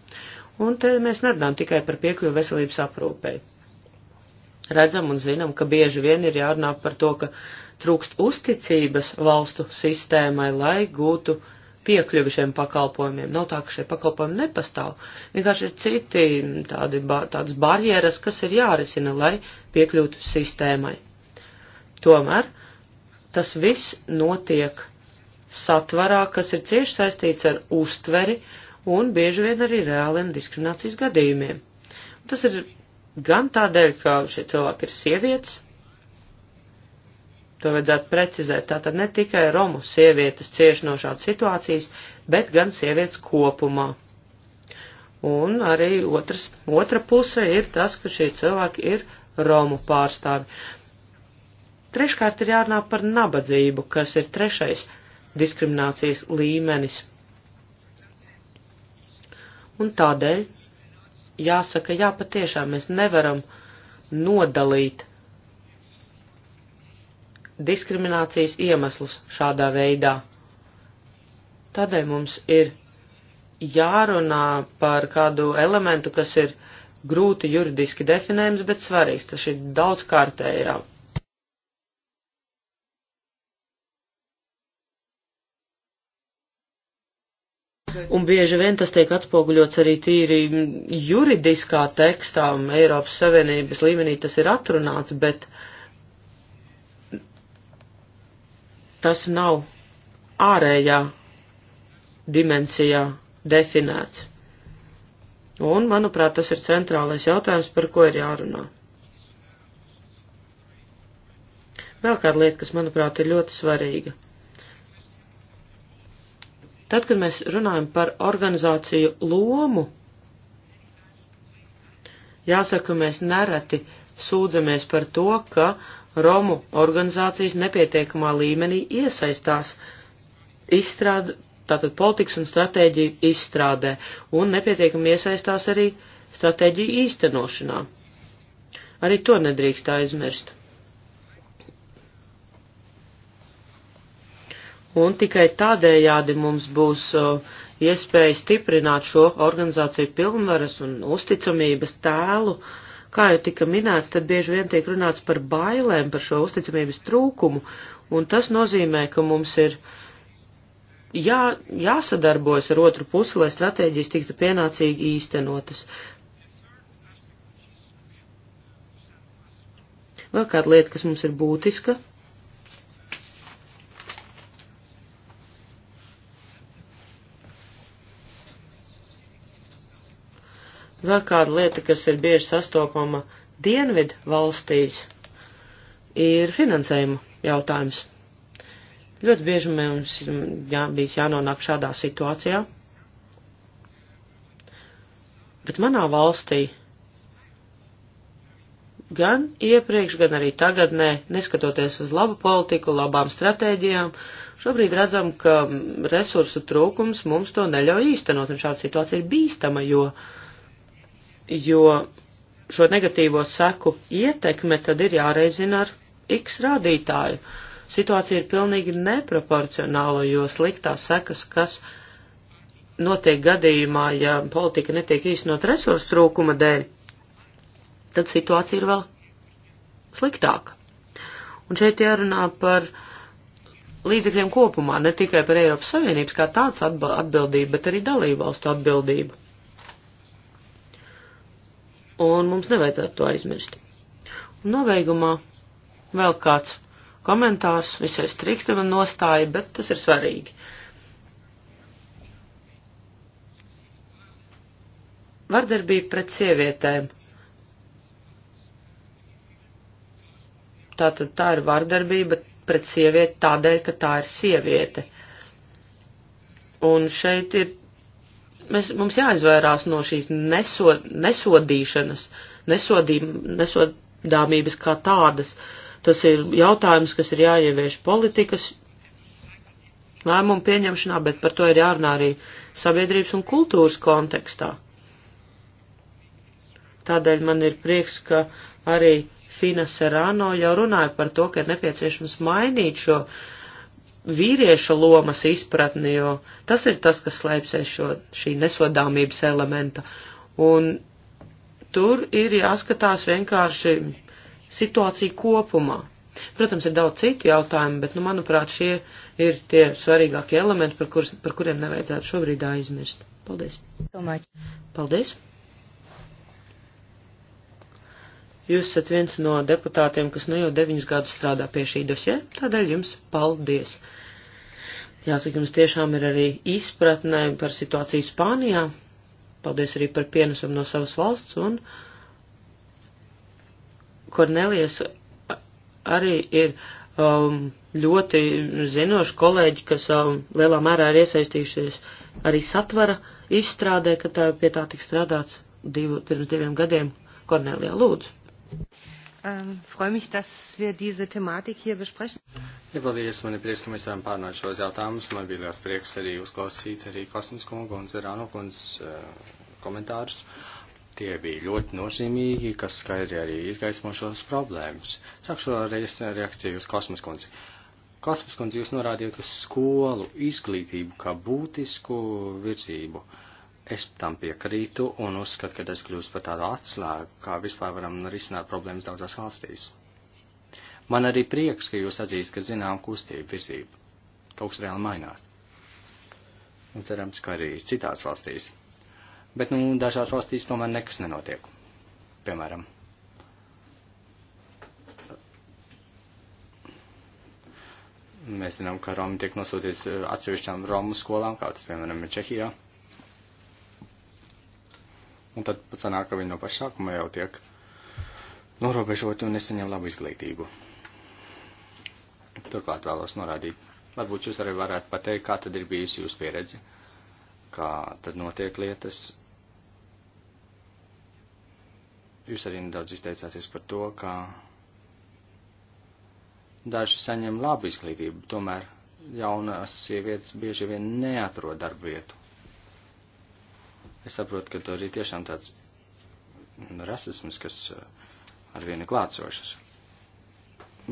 Un te mēs nerunājam tikai par piekļuvu veselības aprūpei. Redzam un zinām, ka bieži vien ir jārunā par to, ka trūkst uzticības valstu sistēmai, lai gūtu piekļuvi šiem pakalpojumiem. Nav tā, ka šie pakalpojumi nepastāv. Vienkārši ir citi tādi, tādas barjeras, kas ir jārisina, lai piekļūtu sistēmai. Tomēr tas viss notiek satvarā, kas ir cieši saistīts ar uztveri un bieži vien arī reāliem diskriminācijas gadījumiem. Tas ir gan tādēļ, ka šie cilvēki ir sievietes, to vajadzētu precizēt, tātad ne tikai romu sievietes cieši no šādas situācijas, bet gan sievietes kopumā. Un arī otrs, otra puse ir tas, ka šie cilvēki ir romu pārstāvi. Treškārt ir jārunā par nabadzību, kas ir trešais diskriminācijas līmenis. Un tādēļ jāsaka, jā, patiešām mēs nevaram nodalīt diskriminācijas iemeslus šādā veidā. Tādēļ mums ir jārunā par kādu elementu, kas ir grūti juridiski definējams, bet svarīgs. Tas ir daudzkārtējā Un bieži vien tas tiek atspoguļots arī tīri juridiskā tekstā, Eiropas Savienības līmenī tas ir atrunāts, bet tas nav ārējā dimensijā definēts. Un, manuprāt, tas ir centrālais jautājums, par ko ir jārunā. Vēl kāda lieta, kas, manuprāt, ir ļoti svarīga. Tad, kad mēs runājam par organizāciju lomu, jāsaka, mēs nereti sūdzamies par to, ka Romu organizācijas nepietiekamā līmenī iesaistās izstrād, tātad politikas un stratēģiju izstrādē un nepietiekami iesaistās arī stratēģiju īstenošanā. Arī to nedrīkst aizmirst. un tikai tādējādi mums būs uh, iespēja stiprināt šo organizāciju pilnvaras un uzticamības tēlu. Kā jau tika minēts, tad bieži vien tiek runāts par bailēm, par šo uzticamības trūkumu, un tas nozīmē, ka mums ir jā, jāsadarbojas ar otru pusi, lai stratēģijas tiktu pienācīgi īstenotas. Vēl kāda lieta, kas mums ir būtiska, Vēl kāda lieta, kas ir bieži sastopama dienvidu valstīs, ir finansējuma jautājums. Ļoti bieži mums jā, bijis jānonāk šādā situācijā. Bet manā valstī gan iepriekš, gan arī tagadnē, ne, neskatoties uz labu politiku, labām stratēģijām, šobrīd redzam, ka resursu trūkums mums to neļauj īstenot, un šāda situācija ir bīstama, jo uh, jo šo negatīvo seku ietekme tad ir jāreizina ar X rādītāju. Situācija ir pilnīgi neproporcionāla, jo sliktās sekas, kas notiek gadījumā, ja politika netiek īstenot resursu trūkuma dēļ, tad situācija ir vēl sliktāka. Un šeit jārunā par līdzekļiem kopumā, ne tikai par Eiropas Savienības kā tāds atbildību, bet arī dalību valstu atbildību un mums nevajadzētu to aizmirst. Un nobeigumā vēl kāds komentārs, visai strikta man nostāja, bet tas ir svarīgi. Vardarbība pret sievietēm. Tātad tā ir vardarbība pret sievieti tādēļ, ka tā ir sieviete. Un šeit ir mēs, mums jāizvairās no šīs neso, nesodīšanas, nesodī, nesodāmības kā tādas. Tas ir jautājums, kas ir jāievieš politikas lēmumu pieņemšanā, bet par to ir jārunā arī sabiedrības un kultūras kontekstā. Tādēļ man ir prieks, ka arī Fina Serrano jau runāja par to, ka ir nepieciešams mainīt šo uh, vīrieša lomas izpratni, jo tas ir tas, kas slēpsies šo, šī nesodāmības elementa. Un tur ir jāskatās vienkārši situācija kopumā. Protams, ir daudz citu jautājumu, bet, nu, manuprāt, šie ir tie svarīgākie elementi, par, kur, par kuriem nevajadzētu šobrīd aizmirst. Paldies! Paldies! Jūs esat viens no deputātiem, kas ne nu jau deviņus gadus strādā pie šī dosē, tādēļ jums paldies. Jāsaka, jums tiešām ir arī izpratnē par situāciju Spānijā. Paldies arī par pienesumu no savas valsts un Kornelijas arī ir um, ļoti zinoši kolēģi, kas um, lielā mērā ir iesaistījušies arī satvara izstrādē, ka tā, pie tā tik strādāts divu, pirms diviem gadiem Kornelijā Lūdzu. Um, freue mich, dass wir diese Thematik hier besprechen. Ja, paldies, man ir prieks, ka mēs varam pārnāt šos jautājumus. Man bija liels prieks arī uzklausīt arī Kosmas kungu un Zerāno kundas uh, komentārus. Tie bija ļoti nozīmīgi, kas skaidri arī izgaismo šos problēmas. Sākšu ar reakciju uz Kosmas kundzi. Kosmas kundzi, jūs norādījāt uz skolu izglītību kā būtisku virzību. Uh, Es tam piekrītu un uzskatu, ka tas kļūst par tādu atslēgu, kā vispār varam nu risināt problēmas daudzās valstīs. Man arī prieks, ka jūs atzīst, ka zinām kustību virzību. Kaut kas reāli mainās. Un cerams, ka arī citās valstīs. Bet, nu, dažās valstīs tomēr nekas nenotiek. Piemēram, mēs zinām, ka Romi tiek nosūtīts eh, atsevišķām Romu skolām, kā tas, piemēram, ir Čehijā. Un tad sanāk, ka viņi no paša sākuma jau tiek norobežoti un nesaņem labu izglītību. Turklāt vēlos norādīt, varbūt jūs arī varētu pateikt, kā tad ir bijusi jūsu pieredze, kā tad notiek lietas. Jūs arī nedaudz izteicāties par to, ka daži saņem labu izglītību, tomēr jaunas sievietes bieži vien neatrod darbu vietu. Es saprotu, ka tur ir tiešām tāds rasisms, kas uh, ar vienu klātsošas.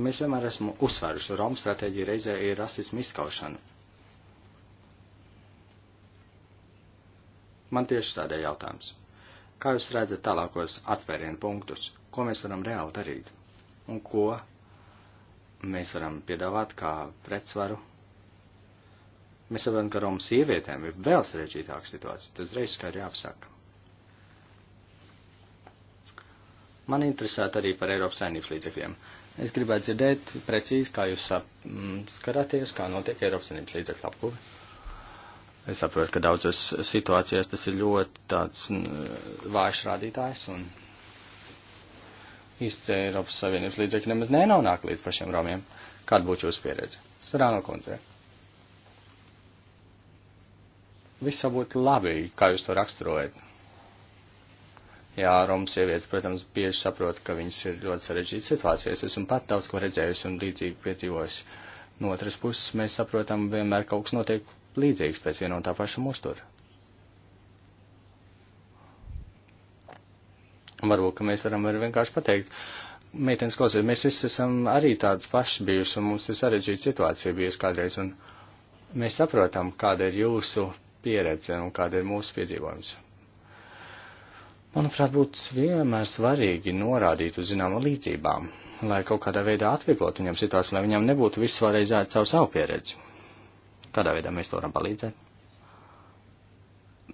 Mēs vienmēr esmu uzsvēruši, Romas stratēģija reizē ir rasismu izskaušana. Man tieši tādēļ jautājums. Kā jūs redzat tālākos atspērienu punktus, ko mēs varam reāli darīt un ko mēs varam piedāvāt kā pretsvaru Mēs saprotam, ka Romas sievietēm ir vēl sarežģītāka situācija, tad uzreiz skaidri jāapsaka. Man interesētu arī par Eiropas saimnības līdzekļiem. Es gribētu dzirdēt precīzi, kā jūs skatāties, kā notiek Eiropas saimnības līdzekļu apkuve. Es saprotu, ka daudzas situācijās tas ir ļoti tāds vājš rādītājs un īsti Eiropas Savienības līdzekļi nemaz nenonāk līdz pašiem Romiem. Kāda būtu jūsu pieredze? Sarāno koncertu. viss būtu labi, kā jūs to raksturojat. Jā, Romas sievietes, protams, bieži saprot, ka viņas ir ļoti sarežģītas situācijas. Es esmu pat daudz ko redzējusi un līdzīgi piedzīvojusi. No otras puses, mēs saprotam, vienmēr kaut kas notiek līdzīgs pēc viena un tā paša mustura. Varbūt, ka mēs varam arī vienkārši pateikt, meitenes klausies, mēs visi esam arī tāds pašs bijuši un mums ir sarežģīta situācija bijusi kādreiz. Un mēs saprotam, kāda ir jūsu pieredze un kāda ir mūsu piedzīvojums. Manuprāt, būtu vienmēr svarīgi norādīt uz zināmu līdzībām, lai kaut kādā veidā atvieglot viņam situāciju, lai viņam nebūtu viss vēlreiz jāiet caur savu pieredzi. Kādā veidā mēs to varam palīdzēt?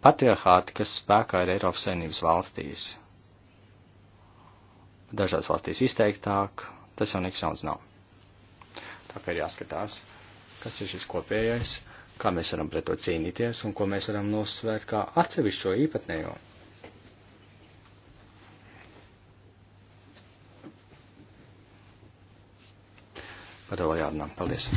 Patriarchāti, kas spēkā ir Eiropas saimnības valstīs, dažās valstīs izteiktāk, tas jau nekas jauns nav. Tā kā ir jāskatās, kas ir šis kopējais kā mēs varam pret to cīnīties un ko mēs varam nosvērt kā atsevišķo īpatnējo. Par to jārunā. Paldies!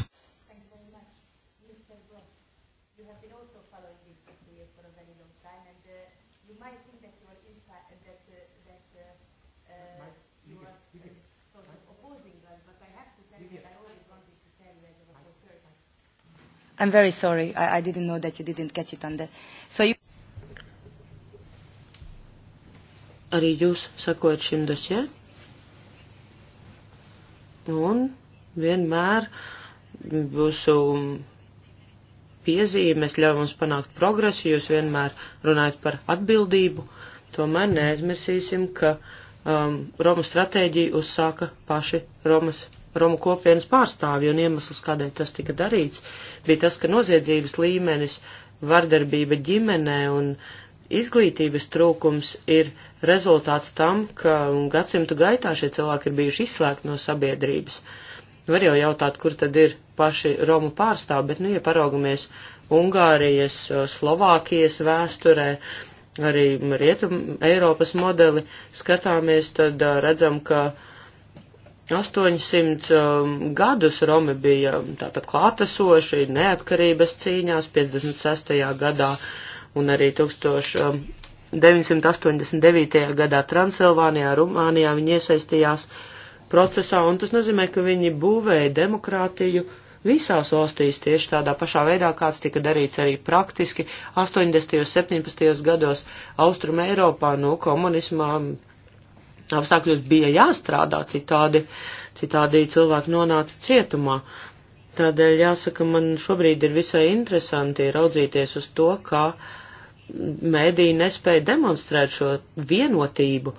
I'm very sorry. I, I didn't know that you didn't catch it on the... So you... Arī jūs sakojat šim dosē. Un vienmēr jūsu piezīmes ļauj mums panākt progresu, jūs vienmēr runājat par atbildību. Tomēr neaizmirsīsim, ka um, Romas stratēģiju uzsāka paši Romas Romu kopienas pārstāvju, un iemesls, kādēļ tas tika darīts, bija tas, ka noziedzības līmenis, vardarbība ģimenē un izglītības trūkums ir rezultāts tam, ka gadsimtu gaitā šie cilvēki ir bijuši izslēgti no sabiedrības. Var jau jautāt, kur tad ir paši Romu pārstāvi, bet, nu, ja paraugamies Ungārijas, Slovākijas vēsturē, arī Rietum Eiropas modeli skatāmies, tad redzam, ka uh, 800 um, gadus Romi bija um, tātad klātesoši neatkarības cīņās 56. gadā un arī 1989. Um, gadā Transilvānijā, Rumānijā viņi iesaistījās procesā, un tas nozīmē, ka viņi būvēja demokrātiju visās valstīs tieši tādā pašā veidā, kāds tika darīts arī praktiski 80. un 17. gados Austrum Eiropā, nu, komunismā apstākļos bija jāstrādā, citādi, citādi cilvēki nonāca cietumā. Tādēļ jāsaka, man šobrīd ir visai interesanti raudzīties uz to, kā mēdī nespēja demonstrēt šo vienotību,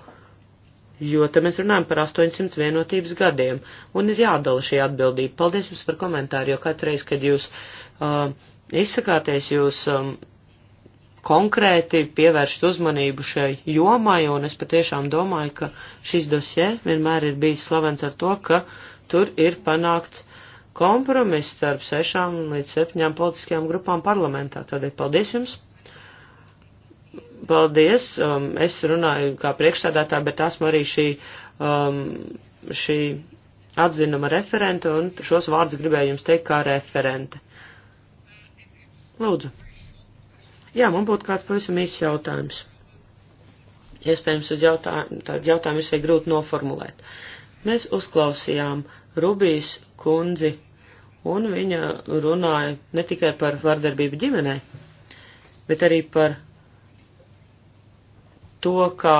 jo te mēs runājam par 800 vienotības gadiem, un ir jādala šī atbildība. Paldies jums par komentāru, jo katreiz, kad jūs uh, izsakāties, jūs um, konkrēti pievērst uzmanību šai jomai, un es patiešām domāju, ka šis dosie vienmēr ir bijis slavens ar to, ka tur ir panākts kompromiss starp sešām līdz septiņām politiskajām grupām parlamentā. Tādēļ paldies jums! Paldies! Um, es runāju kā priekšstādātā, bet esmu arī šī, um, šī atzinuma referente, un šos vārdus gribēju jums teikt kā referente. Lūdzu! Jā, man būtu kāds pavisam īsts jautājums. Iespējams, uz jautājumu, tādu jautājumu visai grūti noformulēt. Mēs uzklausījām Rubijas kundzi, un viņa runāja ne tikai par vardarbību ģimenē, bet arī par to, kā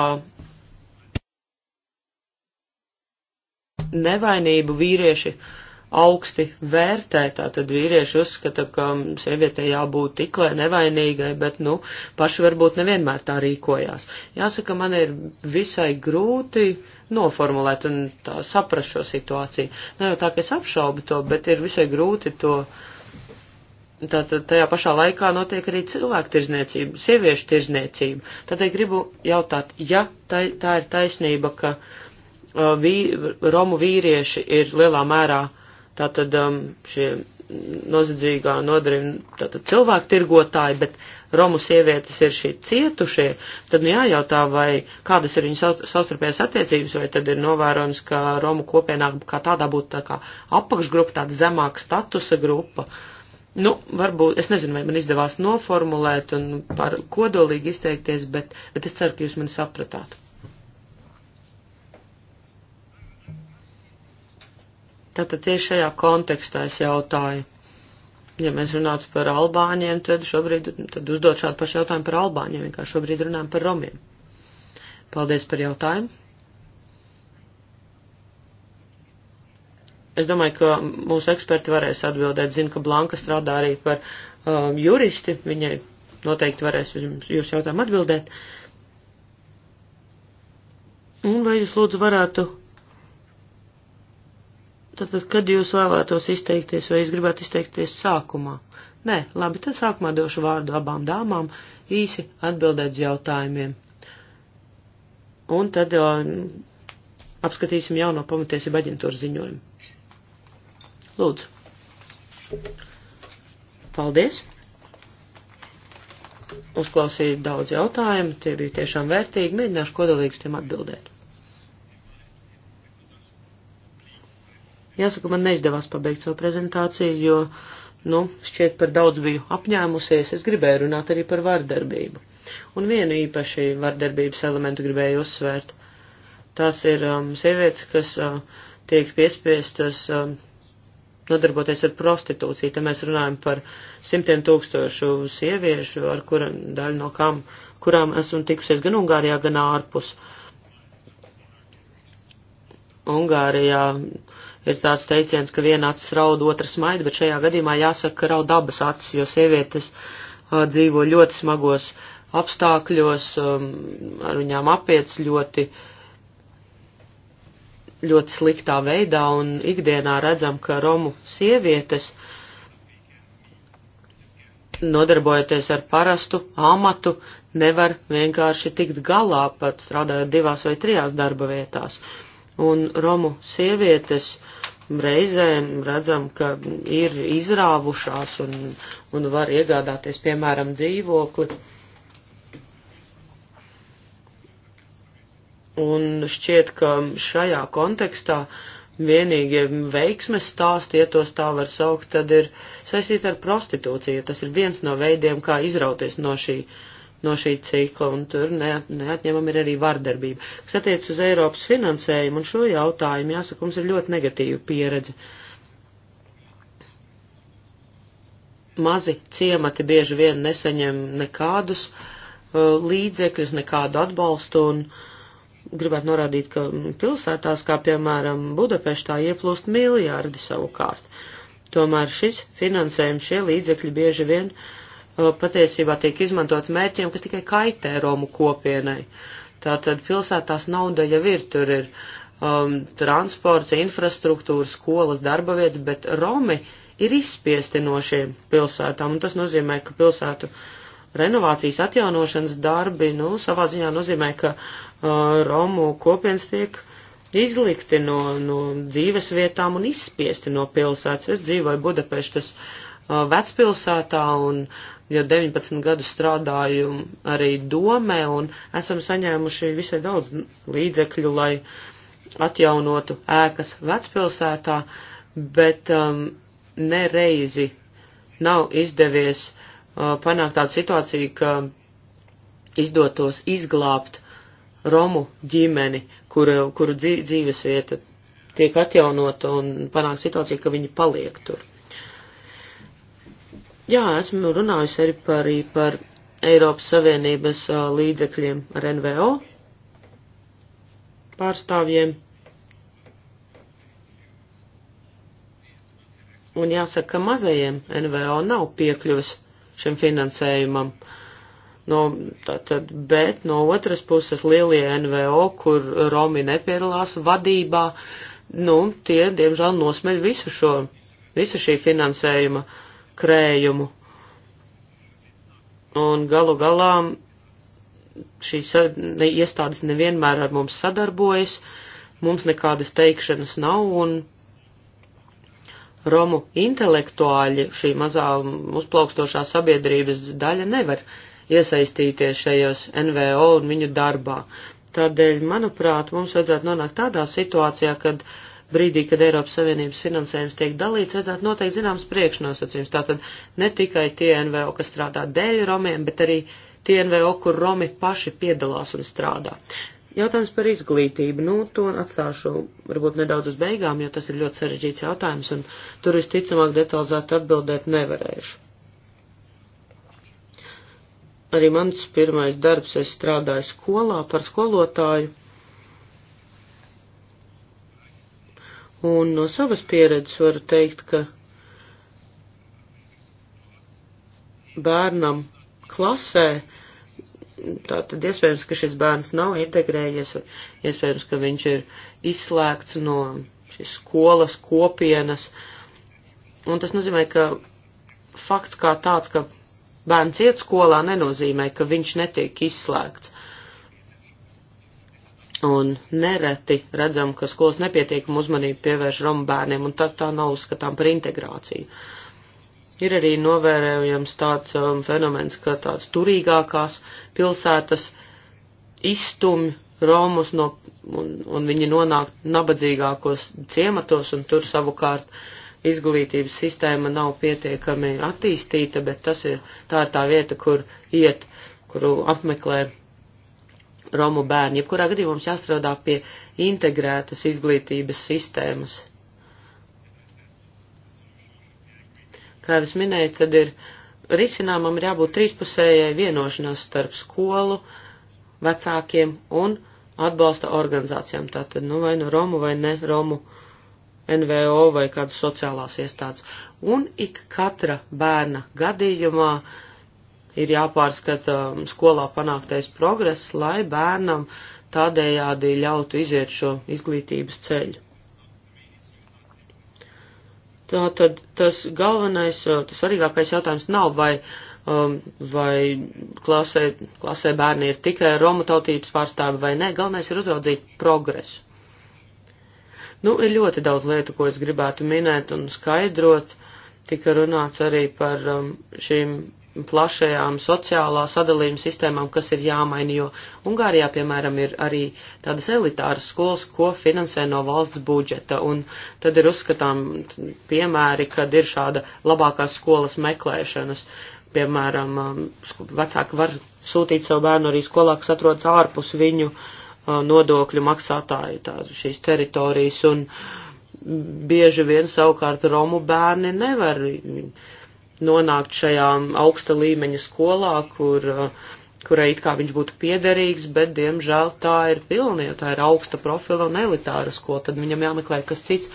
nevainību vīrieši uh, augsti vērtē, tātad vīrieši uzskata, ka sievietē jābūt tiklai nevainīgai, bet, nu, paši varbūt nevienmēr tā rīkojās. Jāsaka, man ir visai grūti noformulēt un tā saprast šo situāciju. Ne nu, jau tā, ka es apšaubu to, bet ir visai grūti to. Tātad tajā pašā laikā notiek arī cilvēku tirzniecība, sieviešu tirzniecība. Tātad gribu jautāt, ja tā, tā ir taisnība, ka uh, vī, romu vīrieši ir lielā mērā uh, Tātad um, šie noziedzīgā nodarījuma, tātad cilvēku tirgotāji, bet Romu sievietes ir šie cietušie, tad nu jājautā, vai kādas ir viņu savstarpējās attiecības, vai tad ir novērojams, ka Romu kopienā kā tādā būtu tā kā apakšgrupa, tāda zemāka statusa grupa. Nu, varbūt, es nezinu, vai man izdevās noformulēt un par kodolīgi izteikties, bet, bet es ceru, ka jūs mani sapratāt. Tātad tieši šajā kontekstā es jautāju. Ja mēs runātu par albāņiem, tad šobrīd tad uzdot šādu pašu jautājumu par albāņiem, vienkārši šobrīd runājam par romiem. Paldies par jautājumu. Es domāju, ka mūsu eksperti varēs atbildēt. Zinu, ka Blanka strādā arī par um, juristi. Viņai noteikti varēs jums, jūs jautājumu atbildēt. Un vai jūs lūdzu varētu Tātad, kad jūs vēlētos izteikties, vai jūs gribētu izteikties sākumā? Nē, labi, tad sākumā došu vārdu abām dāmām īsi atbildēt uz jautājumiem. Un tad uh, apskatīsim jauno pamatiesību aģentūras ziņojumu. Lūdzu. Paldies. Uzklausīju daudz jautājumu, tie bija tiešām vērtīgi, mēģināšu kodolīgus tiem atbildēt. Jāsaka, man neizdevās pabeigt savu prezentāciju, jo, nu, šķiet par daudz biju apņēmusies, es gribēju runāt arī par vardarbību. Un vienu īpaši vardarbības elementu gribēju uzsvērt. Tās ir um, sievietes, kas uh, tiek piespiestas um, nodarboties ar prostitūciju. Te mēs runājam par simtiem tūkstošu sieviešu, ar kuram daļu no kam, kurām esmu tikusies gan Ungārijā, gan ārpus. Ungārijā ir tāds teiciens, ka viena acis raud, otra smaida, bet šajā gadījumā jāsaka, ka raud abas acis, jo sievietes uh, dzīvo ļoti smagos apstākļos, um, ar viņām apiec ļoti, ļoti sliktā veidā, un ikdienā redzam, ka romu sievietes, nodarbojoties ar parastu amatu, nevar vienkārši tikt galā, pat strādājot divās vai trijās darba vietās. Uh, un romu sievietes reizēm redzam, ka ir izrāvušās un, un var iegādāties, piemēram, dzīvokli. Un šķiet, ka šajā kontekstā vienīgie veiksmes stāsti, ja tos tā var saukt, tad ir saistīti ar prostitūciju. Tas ir viens no veidiem, kā izrauties no šī uh, no šī cikla, un tur neatņemam ir arī vardarbība. Kas attiec uz Eiropas finansējumu, un šo jautājumu, jāsaka, mums ir ļoti negatīva pieredze. Mazi ciemati bieži vien nesaņem nekādus uh, līdzekļus, nekādu atbalstu, un gribētu norādīt, ka pilsētās, kā piemēram Budapeštā, ieplūst miljārdi savukārt. Tomēr šis finansējums, šie līdzekļi bieži vien uh, patiesībā tiek izmantots mērķiem, kas tikai kaitē Romu kopienai. Tātad pilsētās nauda jau ir, tur ir um, transports, infrastruktūra, skolas, darba vietas, bet Romi ir izspiesti no šiem pilsētām, un tas nozīmē, ka pilsētu renovācijas atjaunošanas darbi, nu, savā ziņā nozīmē, ka uh, Romu kopienas tiek izlikti no, no dzīves vietām un izspiesti no pilsētas. Es dzīvoju Budapeštas uh, vecpilsētā un jau 19 gadus strādāju arī domē un esam saņēmuši visai daudz līdzekļu, lai atjaunotu ēkas vecpilsētā, bet um, nereizi nav izdevies uh, panākt tādu situāciju, ka izdotos izglābt Romu ģimeni, kuru, kuru dzīves vieta tiek atjaunota un panākt situāciju, ka viņi paliek tur. Jā, esmu runājusi arī par, arī par Eiropas Savienības līdzekļiem ar NVO pārstāvjiem. Un jāsaka, ka mazajiem NVO nav piekļuvis šim finansējumam. No, tātad, bet no otras puses lielie NVO, kur Romi nepiedalās vadībā, nu, tie, diemžēl, nosmeļ visu šo, visu šī finansējuma uh, krējumu. Un galu galā šīs ne, iestādes nevienmēr ar mums sadarbojas, mums nekādas teikšanas nav, un Romu intelektuāļi, šī mazā uzplaukstošā sabiedrības daļa nevar iesaistīties šajos NVO un viņu darbā. Tādēļ, manuprāt, mums vajadzētu nonākt tādā situācijā, kad uh, brīdī, kad Eiropas Savienības finansējums tiek dalīts, vajadzētu noteikt zināms priekšnosacījums. Tātad ne tikai tie NVO, kas strādā dēļ Romiem, bet arī tie NVO, kur Romi paši piedalās un strādā. Jautājums par izglītību. Nu, to atstāšu varbūt nedaudz uz beigām, jo tas ir ļoti sarežģīts jautājums, un tur visticamāk detalizēti atbildēt nevarēšu. Arī mans pirmais darbs, es strādāju skolā par skolotāju Un no savas pieredzes varu teikt, ka bērnam klasē, tā tad iespējams, ka šis bērns nav integrējies, vai iespējams, ka viņš ir izslēgts no šīs skolas kopienas. Un tas nozīmē, ka fakts kā tāds, ka bērns iet skolā, nenozīmē, ka viņš netiek izslēgts. Un nereti redzam, ka skolas nepietiekam uzmanību pievērš Romu bērniem, un tad tā nav uzskatām par integrāciju. Ir arī novērējams tāds um, fenomens, ka tāds turīgākās pilsētas izstumj Romus no, un, un viņi nonāk nabadzīgākos ciematos, un tur savukārt izglītības sistēma nav pietiekami attīstīta, bet tas ir tā ir tā vieta, kur iet, kuru apmeklē Romu bērni. Jebkurā gadījumā mums jāstrādā pie integrētas izglītības sistēmas. Kā jau es minēju, tad ir risinājumam ir jābūt trīspusējai vienošanās starp skolu, vecākiem un atbalsta organizācijām. Tātad, nu, vai nu no Romu vai ne Romu NVO vai kādas sociālās iestādes. Un ik katra bērna gadījumā uh, ir jāpārskata um, skolā panāktais progress, lai bērnam tādējādi ļautu iziet šo izglītības ceļu. Tātad tas galvenais, uh, tas svarīgākais jautājums nav, vai, um, vai klasē, klasē bērni ir tikai Romu tautības pārstāvi vai nē, galvenais ir uzraudzīt progresu. Nu, ir ļoti daudz lietu, ko es gribētu minēt un skaidrot. Tika runāts arī par um, šīm plašajām sociālā sadalījuma sistēmām, kas ir jāmaina, jo Ungārijā, piemēram, ir arī tādas elitāras skolas, ko finansē no valsts budžeta, un tad ir uzskatām piemēri, kad ir šāda labākās skolas meklēšanas. Piemēram, um, vecāki var sūtīt savu bērnu arī skolā, kas atrodas ārpus viņu uh, nodokļu maksātāju tā, šīs teritorijas, un bieži vien savukārt Romu bērni nevar nonākt šajā augsta līmeņa skolā, kur, kurai it kā viņš būtu piederīgs, bet, diemžēl, tā ir pilna, jo tā ir augsta profila un elitāra skola, tad viņam jāmeklē kas cits.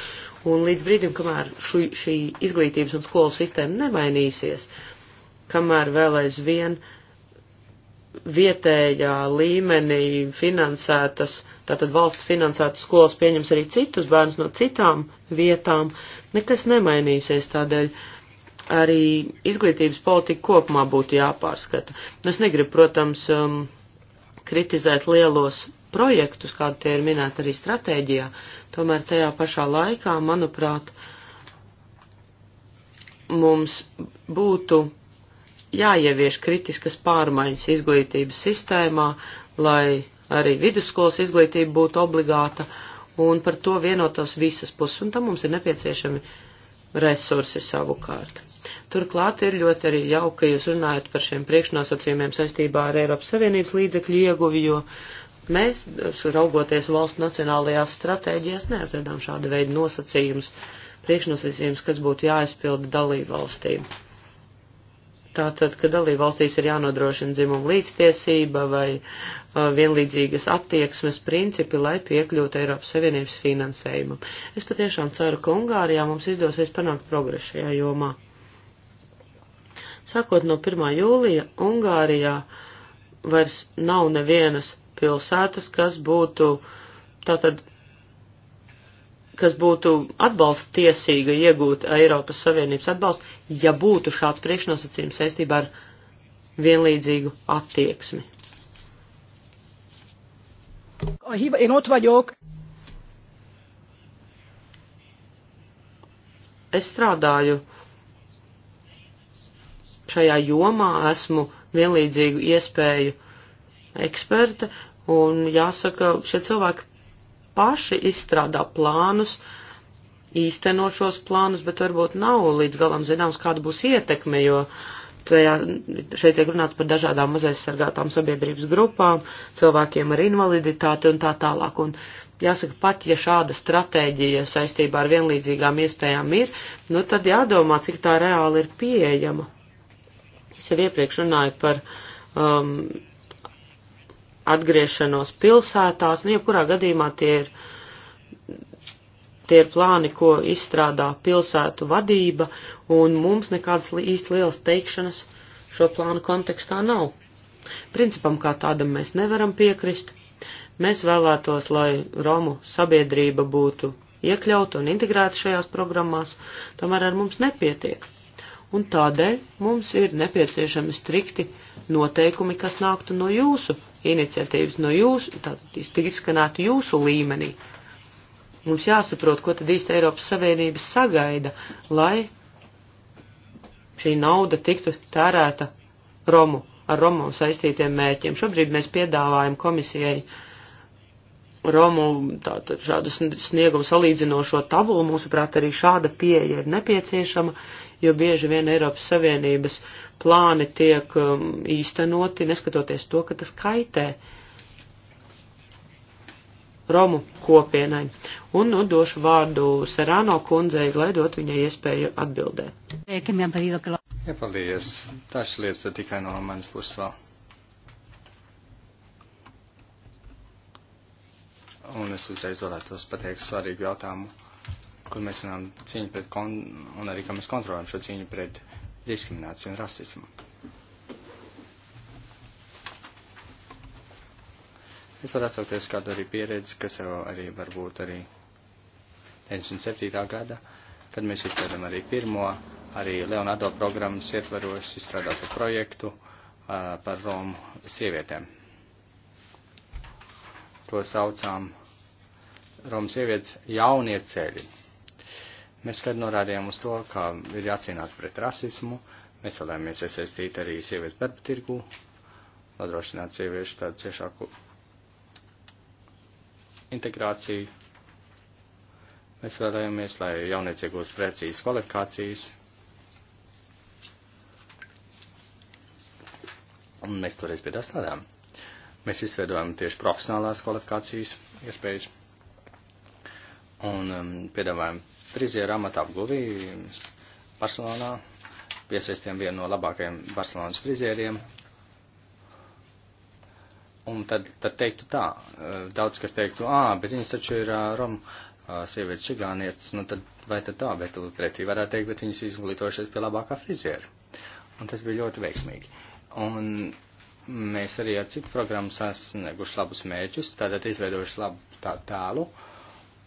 Un līdz brīdim, kamēr šu, šī izglītības un skolu sistēma nemainīsies, kamēr vēl aizvien vietējā līmenī finansētas, tātad valsts finansētas skolas pieņems arī citus bērnus no citām vietām, nekas nemainīsies tādēļ arī izglītības politika kopumā būtu jāpārskata. Es negribu, protams, um, kritizēt lielos projektus, kādi tie ir minēti arī stratēģijā, tomēr tajā pašā laikā, manuprāt, mums būtu jāievieš kritiskas pārmaiņas izglītības sistēmā, lai arī vidusskolas izglītība būtu obligāta, un par to vienotās visas puses, un tam mums ir nepieciešami resursi savukārt. Turklāt ir ļoti arī jauki, ka jūs runājat par šiem priekšnosacījumiem saistībā ar Eiropas Savienības līdzekļu ieguvi, jo mēs, raugoties valsts nacionālajās stratēģijās, neatradām šāda veida nosacījumus, priekšnosacījumus, kas būtu jāizpilda dalību valstīm. Tātad, ka dalībvalstīs ir jānodrošina dzimuma līdztiesība vai uh, vienlīdzīgas attieksmes principi, lai piekļūtu Eiropas Savienības finansējumam. Es patiešām ceru, ka Ungārijā mums izdosies panākt progresu šajā jomā. Sākot no 1. jūlija, Ungārijā vairs nav nevienas pilsētas, kas būtu tātad kas būtu atbalsta tiesīga iegūt Eiropas Savienības atbalstu, ja būtu šāds priekšnosacījums saistībā ar vienlīdzīgu attieksmi. Én ott vagyok. Es strādāju šajā jomā, esmu vienlīdzīgu iespēju eksperte, un jāsaka, šie cilvēki paši izstrādā plānus, īsteno šos plānus, bet varbūt nav līdz galam zināms, kāda būs ietekme, jo tajā, šeit tiek runāts par dažādām mazaizsargātām sabiedrības grupām, cilvēkiem ar invaliditāti un tā tālāk. Un jāsaka, pat ja šāda stratēģija saistībā ar vienlīdzīgām iespējām ir, nu tad jādomā, cik tā reāli ir pieejama. Es jau iepriekš runāju par um, atgriešanos pilsētās, un nu, jebkurā gadījumā tie ir, tie ir plāni, ko izstrādā pilsētu vadība, un mums nekādas īsti lielas teikšanas šo plānu kontekstā nav. Principam kā tādam mēs nevaram piekrist. Mēs vēlētos, lai Romu sabiedrība būtu iekļauta un integrēta šajās programmās, tomēr ar mums nepietiek un tādēļ mums ir nepieciešami strikti noteikumi, kas nāktu no jūsu iniciatīvas, no jūsu, tātad izskanētu jūsu līmenī. Mums jāsaprot, ko tad īsti Eiropas Savienības sagaida, lai šī nauda tiktu tērēta Romu, ar Romu saistītiem mērķiem. Šobrīd mēs piedāvājam komisijai Romu tātad šādu sniegumu salīdzinošo tabulu. Mūsuprāt, arī šāda pieeja ir nepieciešama, jo bieži vien Eiropas Savienības plāni tiek um, īstenoti, neskatoties to, ka tas kaitē Romu kopienai. Un nu, došu vārdu Serāno kundzei, lai dot viņai iespēju atbildēt. Eh, Jā, paldies. Tās lietas tikai no manas puses vēl. Un es uzreiz vēlētos pateikt svarīgu jautājumu kur mēs runājam cīņu pret, kon, un arī, kā mēs kontrolējam šo cīņu pret diskrimināciju un rasismu. Es varu atsaukties kādu arī pieredzi, kas jau arī varbūt arī 97. gada, kad mēs izstrādājam arī pirmo, arī Leonardo programmas ietvaros izstrādātu projektu uh, par Romu sievietēm. To saucām Romas sievietes jaunie ceļi. Mēs skaidri norādījām uz to, ka ir jācīnās pret rasismu, mēs vēlamies iesaistīt arī sievietes darba tirgu, nodrošināt sieviešu tādu ciešāku integrāciju. Mēs vēlamies, lai jaunieci iegūst precīzas kvalifikācijas. Un mēs toreiz pie tā strādājām. Mēs izveidojam tieši profesionālās kvalifikācijas iespējas un um, piedāvājam friziera amata apguvī Barcelonā, piesaistījām vienu no labākajiem Barcelonas frizieriem. Un tad, tad teiktu tā, eh, daudz kas teiktu, ā, bet viņas taču ir Roma sievietes čigānietes, nu tad vai tad tā, bet pretī varētu teikt, bet viņas izglītojušies pie labākā friziera. Un tas bija ļoti veiksmīgi. Un mēs arī ar citu programmu sasnieguši labus mērķus, tātad izveidojuši labu tā tēlu.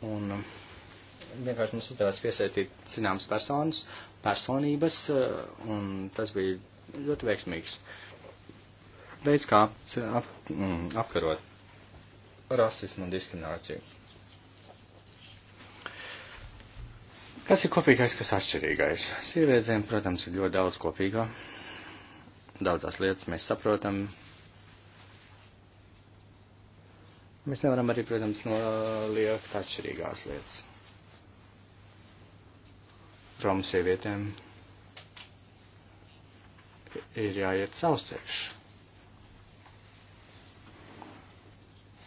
Un, uh, vienkārši mums izdevās piesaistīt zināmas personas, personības, eh, un tas bija ļoti veiksmīgs veids, kā ap, ap, mm, apkarot rasismu un diskrimināciju. Kas ir kopīgais, kas atšķirīgais? Sievietēm, protams, ir ļoti daudz kopīgā. Daudzās lietas mēs saprotam. Mēs nevaram arī, protams, noliekt atšķirīgās lietas. Romu sievietēm ir jāiet savs ceļš.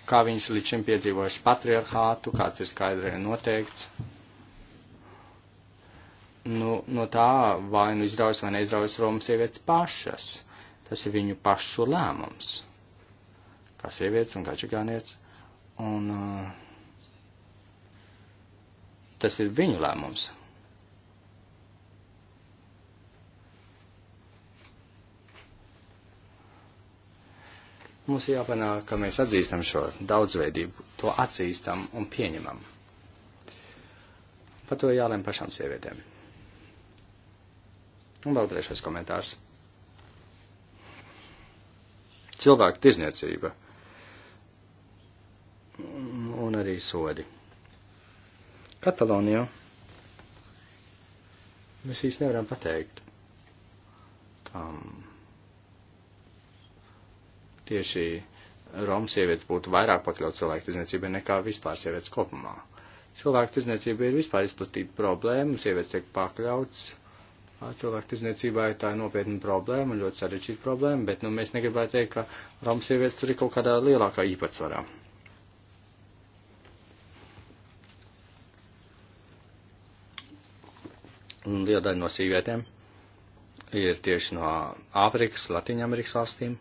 Kā viņas līdz šim piedzīvojuši patriarchātu, kāds ir skaidri noteikts. Nu, no tā vai nu izraujas vai neizraujas Romas sievietes pašas. Tas ir viņu pašu lēmums. Kā sievietes un kā čigānietes. Un uh, tas ir viņu lēmums. Mums ir jāpanāk, ka mēs atzīstam šo daudzveidību, to atzīstam un pieņemam. Par to jālem pašām sievietēm. Un vēl trešais komentārs. Cilvēku tirzniecība un arī sodi. Katalonijā mēs īsti nevaram pateikt, kam um, tieši Romas sievietes būtu vairāk pakļauts cilvēku tirzniecībai nekā vispār sievietes kopumā. Cilvēku tirzniecība ir vispār izplatīta problēma, sievietes tiek pakļauts cilvēku tirzniecībai, tā ir nopietna problēma, ļoti sarežģīta problēma, bet nu, mēs negribētu teikt, ka Romas sievietes tur ir kaut kādā lielākā īpatsvarā. Un liela daļa no sīvietēm ir tieši no Āfrikas, Latīņamerikas valstīm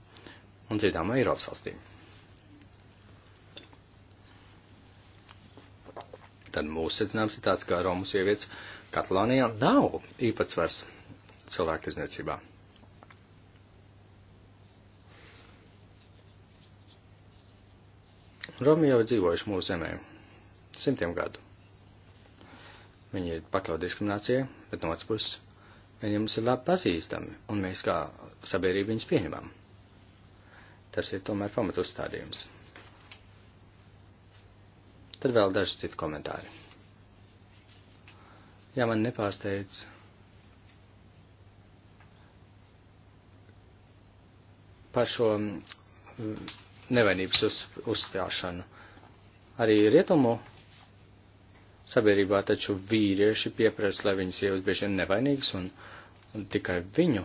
un citām Eiropas valstīm. Tad mūsu secinājums ir tāds, ka Romu sievietes Katalānijā nav īpatsvars cilvēku tirzniecībā. Romi jau ir dzīvojuši mūsu zemē simtiem gadu. Viņi ir pakļauti diskriminācijai, bet no otras puses viņiem ir labi pazīstami, un mēs kā sabiedrība viņus pieņemam. Tas ir tomēr pamat uzstādījums. Tad vēl daži citi komentāri. Jā, man nepārsteidz. Par šo mm, nevainības uz, uzstāšanu. Arī rietumu sabiedrībā taču vīrieši pieprasa, lai viņas ievas bieži vien nevainīgas un, un tikai viņu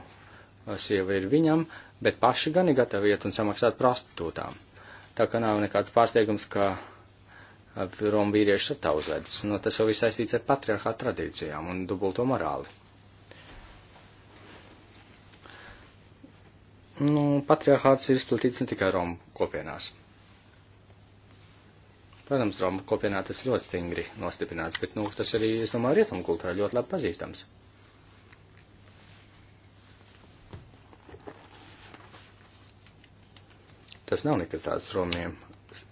sieva ir viņam, bet paši gan ir gatavi iet un samaksāt prostitūtām. Tā kā nav nekāds pārsteigums, ka Roma vīrieši ir tā uzvedas. Nu, tas jau viss saistīts ar patriarchātu tradīcijām un dubulto morāli. Nu, patriarchāts ir izplatīts ne tikai Roma kopienās. Protams, Roma kopienā tas ļoti stingri nostiprināts, bet, nu, tas arī, es domāju, rietumu kultūrā ļoti labi pazīstams. Tas nav nekas tāds romiem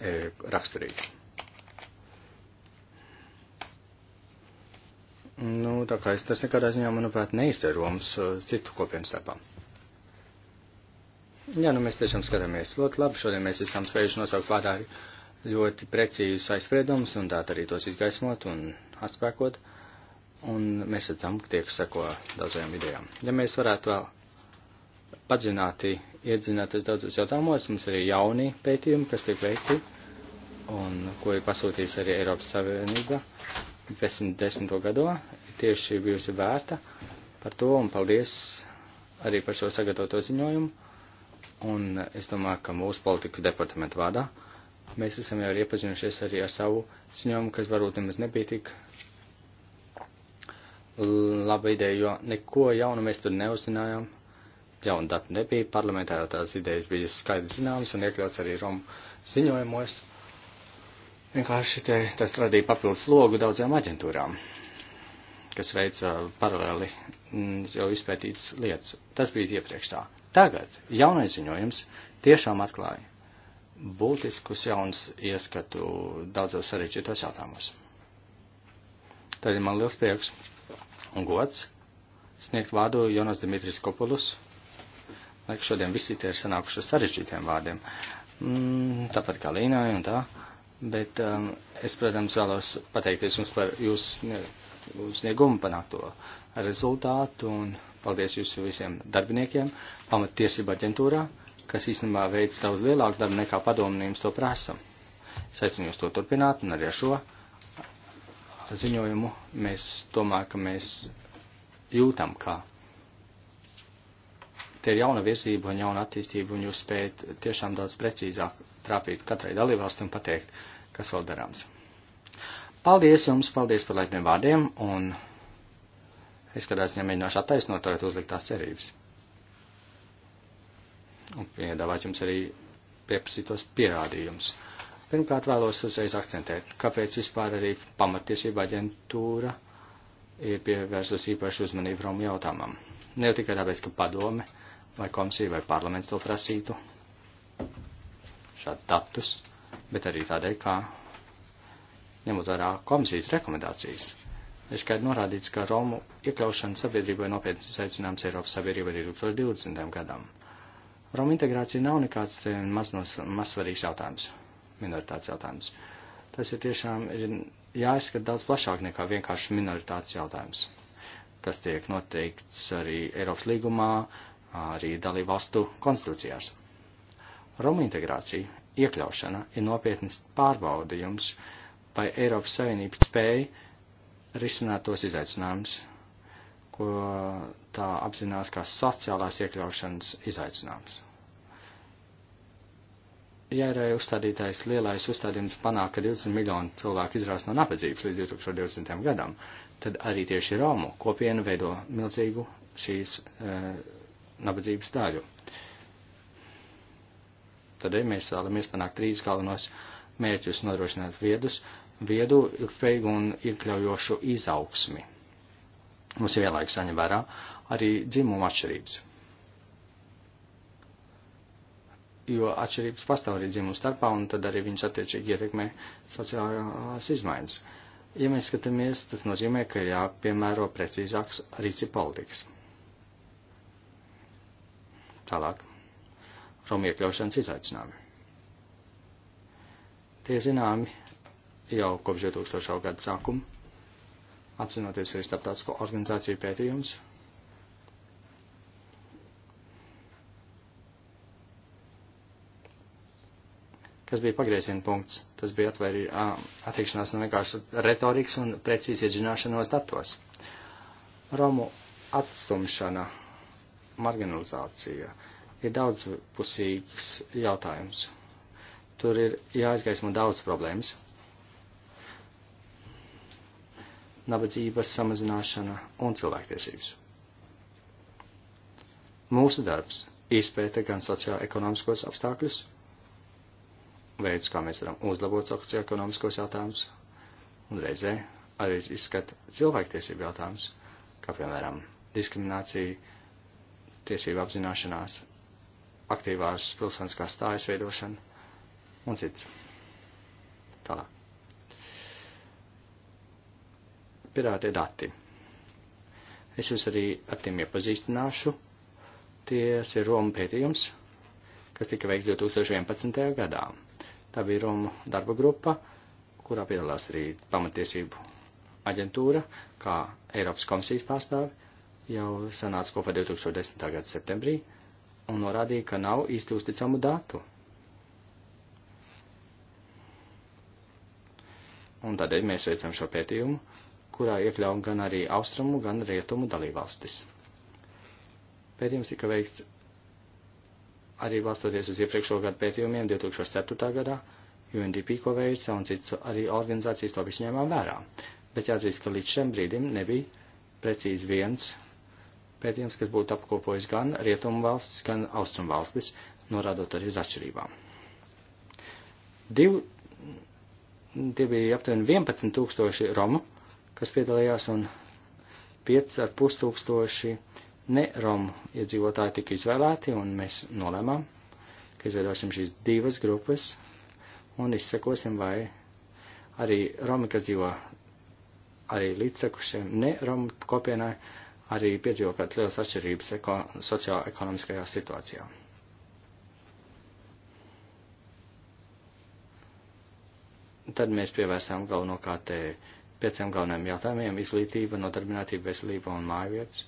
e, raksturīgs. Nu, tā kā es tas nekādā ziņā, manuprāt, neizcer Romas e, citu kopienu starpām. Jā, nu mēs tiešām skatāmies ļoti labi. Šodien mēs esam spējuši nosaukt vārdā ļoti precīzus aizspriedumus un tā arī tos izgaismot un atspēkot. Un mēs redzam, ka tiek seko daudzajām idejām. Ja mēs varētu vēl padzināti iedzināties daudzos jautājumos. Mums arī jauni pētījumi, kas tiek veikti un ko ir pasūtījusi arī Eiropas Savienība 2010. gado. Tieši bijusi vērta par to un paldies arī par šo sagatavoto ziņojumu. Un es domāju, ka mūsu politikas departamentu vārdā mēs esam jau iepazinušies arī ar savu ziņojumu, kas varbūt nemaz nebija tik laba ideja, jo neko jaunu mēs tur neuzinājām jaunu datu nebija. Parlamentā jau tās idejas bija skaidri zināmas un iekļauts arī Romu ziņojumos. Vienkārši te, tas radīja papildus logu daudzām aģentūrām, kas veica paralēli mm, jau izpētītas lietas. Tas bija iepriekš tā. Tagad jaunais ziņojums tiešām atklāja būtiskus jauns ieskatu daudzos sarežģītos jautājumos. Tad ir man liels prieks un gods sniegt vārdu Jonas Dimitris Kopulus, Laik šodien visi tie ir sanākuši sarežģītiem vārdiem. Mm, tāpat kā Līnai un tā. Bet um, es, protams, vēlos pateikties jums par jūsu sniegumu panākto rezultātu un paldies jūsu visiem darbiniekiem pamatiesība aģentūrā, kas īstenībā veids daudz lielāku darbu nekā padomnījums to prasa. Es aicinu jūs to turpināt un arī ar šo ziņojumu mēs domāju, ka mēs jūtam, kā te ir jauna virzība un jauna attīstība, un jūs spējat tiešām daudz precīzāk trāpīt katrai dalībvalsti un pateikt, kas vēl darāms. Paldies jums, paldies par laipniem vārdiem, un es kādā ziņā mēģināšu attaisnot tagad uzliktās cerības. Un piedāvāt jums arī pieprasītos pierādījumus. Pirmkārt, vēlos uzreiz akcentēt, kāpēc vispār arī pamatiesība aģentūra ir pievērsus īpašu uzmanību Romu jautājumam. Ne jau tikai tāpēc, ka padome vai komisija vai parlaments to prasītu šādu datus, bet arī tādēļ, kā ņemot vērā komisijas rekomendācijas. Ir skaidri norādīts, ka Romu iekļaušana sabiedrībai nopietnas izaicinājums Eiropas sabiedrībai arī 2020. gadam. Romu integrācija nav nekāds maznos, mazsvarīgs jautājums, minoritāts jautājums. Tas ir tiešām ir jāizskat daudz plašāk nekā vienkārši minoritāts jautājums, kas tiek noteikts arī Eiropas līgumā, arī dalībvalstu konstitūcijās. Romu integrācija, iekļaušana ir nopietnas pārbaudījums, vai Eiropas Savienība spēja risināt tos izaicinājumus, ko tā apzinās kā sociālās iekļaušanas izaicinājums. Jērai uzstādītais lielais uzstādījums panāk, ka 20 miljonu cilvēku izrās no nabadzības līdz 2020. gadam, tad arī tieši Romu kopienu veido milzīgu šīs. Uh, nabadzības daļu. Tādēļ mēs vēlamies panākt trīs galvenos mērķus - nodrošināt viedus, viedu, ilgspējīgu un iekļaujošu izaugsmi. Mums ir vienlaikus jāņem vērā arī dzimuma atšķirības. Jo atšķirības pastāv arī dzimumu starpā, un tad arī viņas attiecīgi ietekmē sociālās izmaiņas. Ja mēs skatāmies, tas nozīmē, ka jāpiemēro precīzāks rīci politikas. Tālāk. Romu iekļaušanas izaicinājumi. Tie zināmi jau kopš 2000. gada sākuma, apzinoties arī starptautisko organizāciju pētījums. Kas bija pagrieziena punkts, tas bija atvairī, attiekšanās no vienkārši retorikas un precīzi iedzināšanos datos. Romu atstumšana marginalizācija ir daudzpusīgs jautājums. Tur ir jāizgaismo daudz problēmas. Nabadzības samazināšana un cilvēktiesības. Mūsu darbs izpēta gan sociālo-ekonomiskos apstākļus, veids, kā mēs varam uzlabot sociālo-ekonomiskos jautājumus, un reizē arī izskata cilvēktiesību jautājumus, kā piemēram diskriminācija, tiesību apzināšanās, aktīvās pilsoniskās stājas veidošana un cits. Tālāk. Pirātie dati. Es jūs arī ar tiem iepazīstināšu. Ties ir Roma pētījums, kas tika veikts 2011. gadā. Tā bija Roma darba grupa, kurā piedalās arī pamatiesību aģentūra, kā Eiropas komisijas pārstāvi, jau sanāca kopā 2010. gada septembrī un norādīja, ka nav īsti uzticamu datu. Un tādēļ mēs veicam šo pētījumu, kurā iekļaujam gan arī austrumu, gan rietumu dalībvalstis. Pētījums tika veikts arī balstoties uz iepriekšo gadu pētījumiem 2004. gadā, UNDP, ko veica, un cits arī organizācijas to visu ņēmām vērā. Bet jāatzīst, ka līdz šim brīdim nebija precīzi viens pētījums, kas būtu apkopojis gan rietumu valstis, gan austrumu valstis, norādot arī uz atšķirībām. Div, tie bija aptuveni 11 tūkstoši romu, kas piedalījās, un 5,5 tūkstoši ne romu iedzīvotāji tika izvēlēti, un mēs nolēmām, ka izveidosim šīs divas grupas un izsekosim, vai arī romi, kas dzīvo arī līdzsekušiem ne romu kopienai, uh, arī piedzīvo kādas lielas atšķirības eko, sociālo-ekonomiskajā situācijā. Tad mēs pievērsām galvenokārt pieciem galvenajiem jautājumiem - izglītība, nodarbinātība, veselība un mājvietas.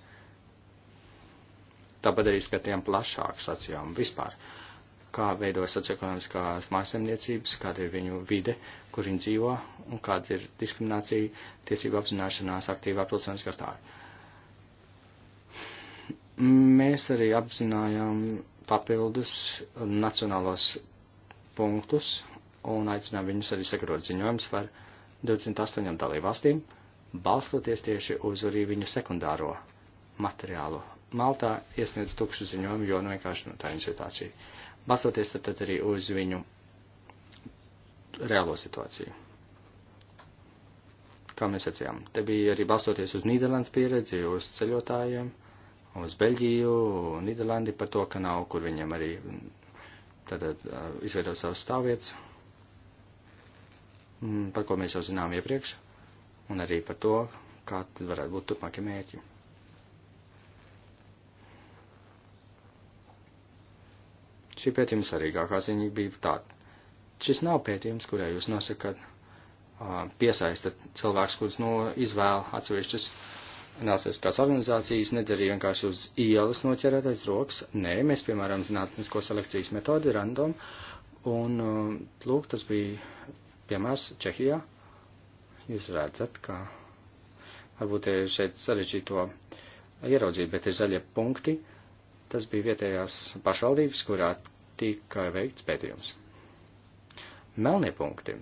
Tāpat arī skatījām plašāk sociālu vispār, kā veidojas socioekonomiskās mājasemniecības, kāda ir viņu vide, kur viņi dzīvo un kāda ir diskriminācija, tiesība apzināšanās, aktīvā pilsoniskā stāvokļa Mēs arī apzinājām papildus nacionālos punktus un aicinām viņus arī sagatavot ziņojums par 28 dalībvalstīm, balstoties tieši uz arī viņu sekundāro materiālu. Maltā iesniedz tukšu ziņojumu, jo nu vienkārši no nu tā viņa situācija. Balstoties tad, tad arī uz viņu reālo situāciju. Kā mēs sacījām, te bija arī balstoties uz Nīderlandes pieredzi, uz ceļotājiem, uz Beļģiju, Nīderlandi par to, ka nav, kur viņam arī tātad mm, izveido savas stāvvietas, mm, par ko mēs jau zinām iepriekš, un arī par to, kā tad varētu būt turpmākie mērķi. Šī pētījuma svarīgākā ziņa bija tāda. Šis nav pētījums, kurā jūs nosakat, piesaistat cilvēks, kurus no izvēla atsevišķas nāciskās organizācijas nedarīja vienkārši uz ielas noķerētais rokas. Nē, mēs, piemēram, zinātnisko selekcijas metodi random, un, um, lūk, tas bija piemērs Čehijā. Jūs redzat, ka varbūt ir šeit sarežģīto ieraudzīt, bet ir zaļie punkti. Tas bija vietējās pašvaldības, kurā tika veikts pētījums. Melnie punkti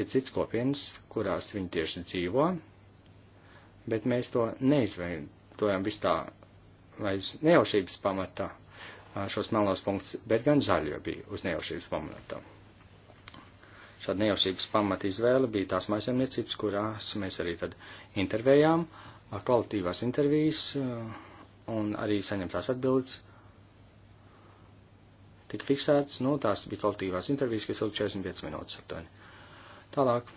ir cits kopienas, kurās viņi tieši dzīvo, bet mēs to neizveidojam vis tā, lai uz nejaušības pamata šos melnos punktus, bet gan zaļo bija uz nejaušības pamata. Šāda nejaušības pamata izvēle bija tās mājasemniecības, kurās mēs arī tad intervējām, kvalitīvās intervijas un arī saņemtās atbildes tika fiksēts, nu, tās bija kvalitīvās intervijas, kas ilga 45 minūtes aptuveni. Tālāk,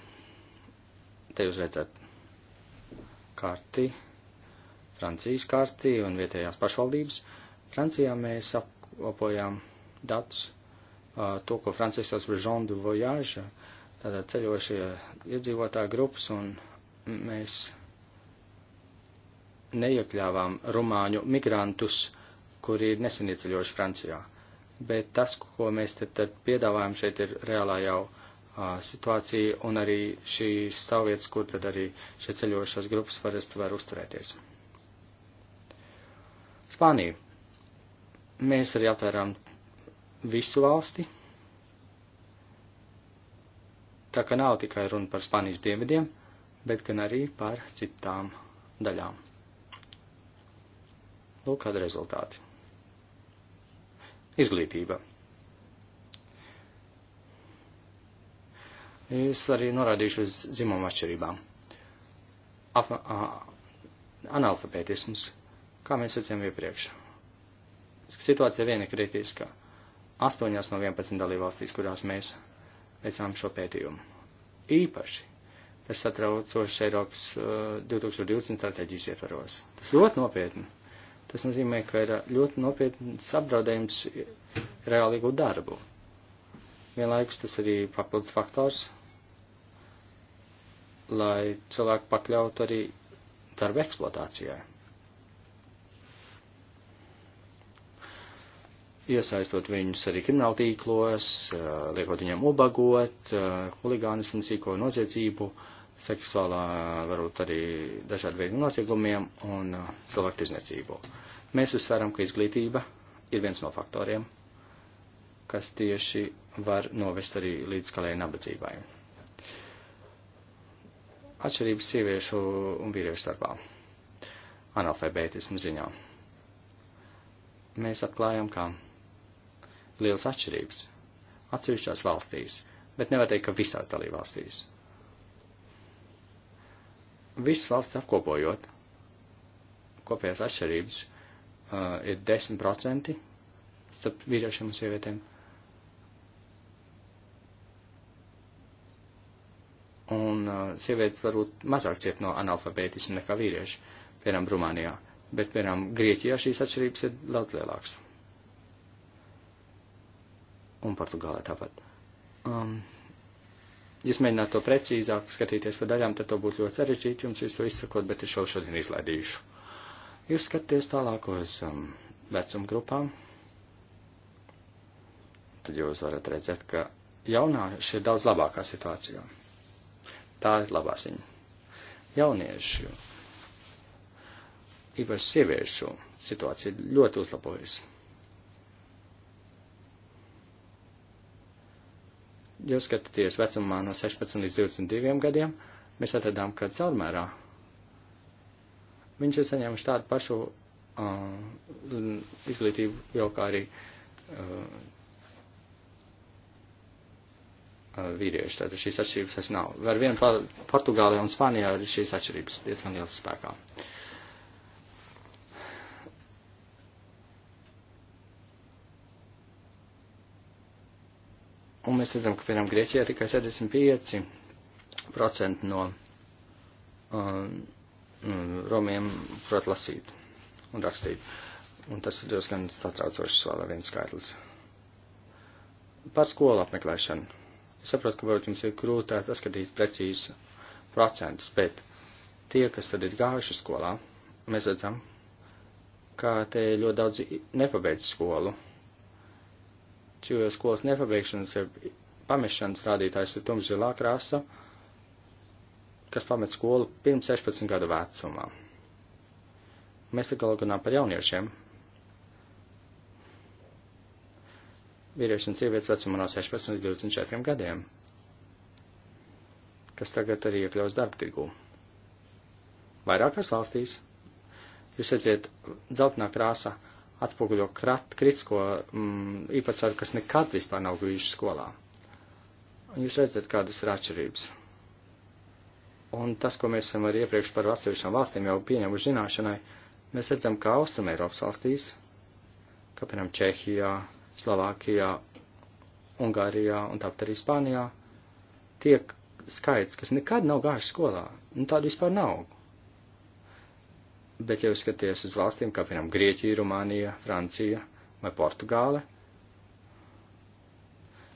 te jūs redzat, karti, Francijas karti un vietējās pašvaldības. Francijā mēs apkopojām datus, to, ko Francijas sauc par žondu vojāžu, tātad ceļošie iedzīvotāju grupas, un mēs neiekļāvām rumāņu migrantus, kuri ir nesen ieceļojuši Francijā. Bet tas, ko mēs tad, tad piedāvājam šeit, ir reālā jau uh, situāciju un arī šīs stāvvietas, kur tad arī šie ceļojušās grupas parasti var uzturēties. Spānija. Mēs arī aptvērām visu valsti. Tā ka nav tikai runa par Spānijas dienvidiem, bet gan arī par citām daļām. Lūk, kāda rezultāti. Izglītība. Es arī norādīšu uz dzimumu atšķirībām. Af, a, analfabētisms, kā mēs sacījām iepriekš. Situācija viena kritiska. Astoņās no 11 dalībvalstīs, kurās mēs veicām šo pētījumu. Īpaši tas satraucoši Eiropas uh, 2020 stratēģijas ietvaros. Tas ļoti nopietni. Tas nozīmē, ka ir ļoti nopietns apdraudējums reāli iegūt darbu. Vienlaikus tas arī papildus faktors, lai cilvēku pakļautu arī darba eksploatācijai. Iesaistot viņus arī krimināla tīklos, eh, liekot viņiem ubagot, eh, huligānismu, sīko noziedzību, seksuālā, varbūt arī dažādu veidu noziegumiem un eh, cilvēku tirzniecību. Mēs uzsveram, ka izglītība ir viens no faktoriem, kas tieši var novest arī līdz kalēju nabadzībai. Atšķirības sieviešu un vīriešu starpā. Analfabētismu ziņā. Mēs atklājam, ka liels atšķirības atsevišķās valstīs, bet nevar teikt, ka visās dalībvalstīs. Visas valsts apkopojot, kopējās atšķirības uh, ir 10% starp vīriešiem un sievietēm. un uh, sievietes varbūt mazāk ciet no analfabētismu nekā vīrieši, piemēram, Rumānijā, bet, piemēram, Grieķijā šīs atšķirības ir daudz lielākas. Un Portugālē tāpat. Um, jūs mēģināt to precīzāk skatīties pa daļām, tad to būtu ļoti sarežģīti jums visu izsakot, bet es šo šodien izlaidīšu. Jūs skaties tālāk uz um, vecuma grupām, tad jūs varat redzēt, ka jaunā šī ir daudz labākā situācijā. Tā ir labā ziņa. Jauniešu, īpaši sieviešu situācija ļoti uzlabojas. Ja skatāties vecumā no 16 līdz 22 gadiem, mēs atradām, ka caurmērā viņš ir saņēmuši tādu pašu uh, izglītību jau kā arī uh, Uh, vīrieši. Tātad šīs atšķirības vairs nav. Ar vienu Portugālē un Spānijā ir šīs atšķirības diezgan liels spēkā. Un mēs redzam, ka, piemēram, Grieķijā tikai 75% no um, romiem prot lasīt un rakstīt. Un tas ir diezgan satraucošs vēl viens skaitlis. Par skolu apmeklēšanu. Es saprotu, ka varbūt jums ir grūtāk saskatīt precīzi procentus, bet tie, kas tad ir gājuši skolā, mēs redzam, ka te ļoti daudz nepabeidz skolu. Jo skolas nepabeigšanas ir pamešanas rādītājs ir tumšzilā krāsa, kas pamet skolu pirms 16 gadu vecumā. Mēs te galvenā par jauniešiem, vīriešu un sievietes vecumā no 16 līdz 24 gadiem, kas tagad arī iekļaus darba tirgū. Vairākās valstīs jūs redzat, dzeltenā krāsa atspoguļo krat, kritisko mm, īpatsvaru, kas nekad vispār nav bijuši skolā. Un jūs redzat, kādas ir atšķirības. Un tas, ko mēs esam arī iepriekš par atsevišķām valstīm jau pieņēmuši zināšanai, mēs redzam, ka Austrum Eiropas valstīs, kā piemēram Čehijā, Slovākijā, Ungārijā un tāpat arī Spānijā tiek skaits, kas nekad nav gājuši skolā, nu tādu vispār nav. Bet, ja jūs skaties uz valstīm, kā piemēram Grieķija, Rumānija, Francija vai Portugāle,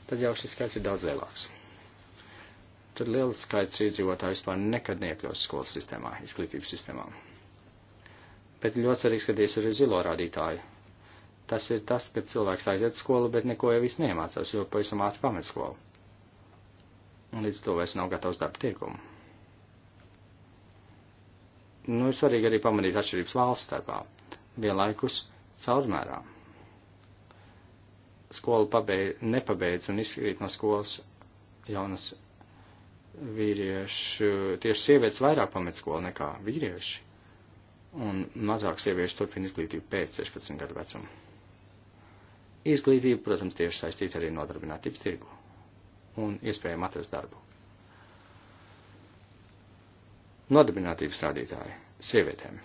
tad jau šis skaits ir daudz lielāks. Tad liels skaits iedzīvotāju vispār nekad neiekļūst skolas sistēmā, izglītības sistēmā. Bet ļoti svarīgi skaties arī zilo rādītāju tas ir tas, ka cilvēks aiziet skolu, bet neko jau viss neiemācās, jo pavisam ātri pamet skolu. Un līdz to vairs nav gatavs darba tiekumu. Nu, ir svarīgi arī pamanīt atšķirības valsts starpā, vienlaikus caurmērā. Skolu pabeidz, nepabeidz un izkrīt no skolas jaunas vīriešu, tieši sievietes vairāk pamet skolu nekā vīrieši, un mazāk sieviešu turpina izglītību pēc 16 gadu vecuma. Izglītība, protams, tieši saistīta arī nodarbinātības tirgu un iespējām atrast darbu. Nodarbinātības rādītāji sievietēm.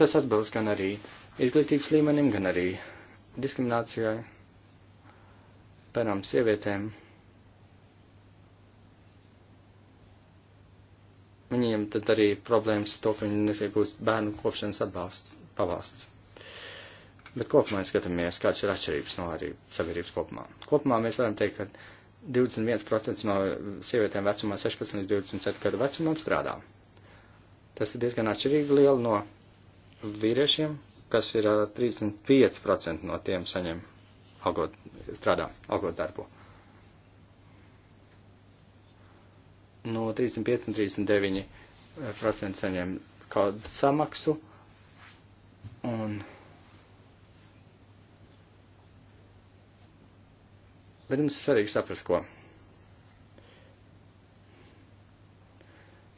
Tas atbilst gan arī izglītības līmenim, gan arī diskriminācijai, pērām sievietēm viņiem tad arī problēmas ar to, ka viņi netiekūst bērnu kopšanas atbalsts, pabalsts. Bet kopumā skatāmies, kādas ir atšķirības no arī sabiedrības kopumā. Kopumā mēs varam teikt, ka 21% no sievietēm vecumā 16 līdz 24 gadu vecumam strādā. Tas ir diezgan atšķirīgi liela no vīriešiem, kas ir 35% no tiem saņem algot, strādā, algot darbu. no 35 un 39% eh, saņem kādu samaksu. Un, bet mums ir svarīgi saprast, ko.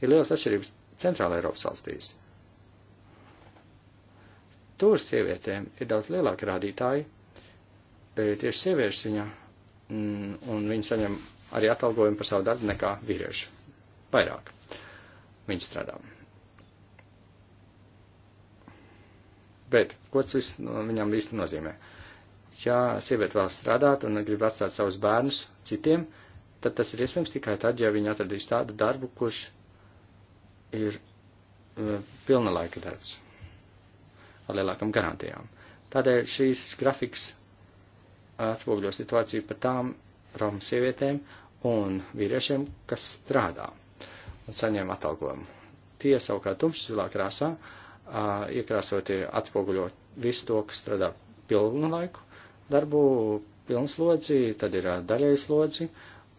Ir liels atšķirības centrāla Eiropas valstīs. Tur sievietēm ir daudz lielāki rādītāji, tieši sieviešu ziņā, mm, un viņi saņem arī atalgojumu par savu darbu nekā vīrieši. Vairāk viņi strādā. Bet, ko tas viss nu, viņam īsti nozīmē? Ja sieviete vēl strādāt un grib atstāt savus bērnus citiem, tad tas ir iespējams tikai tad, ja viņa atradīs tādu darbu, kurš ir uh, pilna laika darbs ar lielākam garantijām. Tādēļ šīs grafiks atspoguļo situāciju par tām Romu sievietēm un vīriešiem, kas strādā un saņem atalgojumu. Tie savukārt tumšzilā krāsā iekrāsoti atspoguļot visu to, kas strādā pilnu laiku, darbu pilnu slodzi, tad ir daļēju slodzi,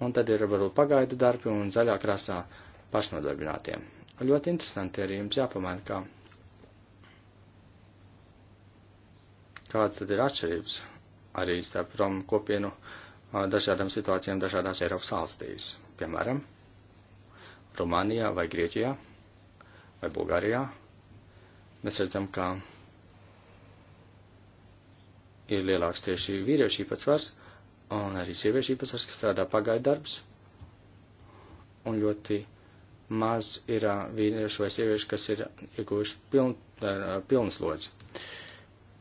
un tad ir varbūt pagaidu darbi un zaļā krāsā pašnodarbinātiem. Ļoti interesanti arī jums jāpamēr, kā kādas tad ir atšķirības arī starp Romu kopienu dažādām situācijām dažādās Eiropas valstīs, piemēram, Rumānijā vai Grieķijā vai Bulgārijā. Mēs redzam, ka ir lielāks tieši vīriešu īpatsvars un arī sieviešu īpatsvars, kas strādā pagaidu darbs, un ļoti maz ir vīriešu vai sieviešu, kas ir ieguvuši piln, pilnas lodzi.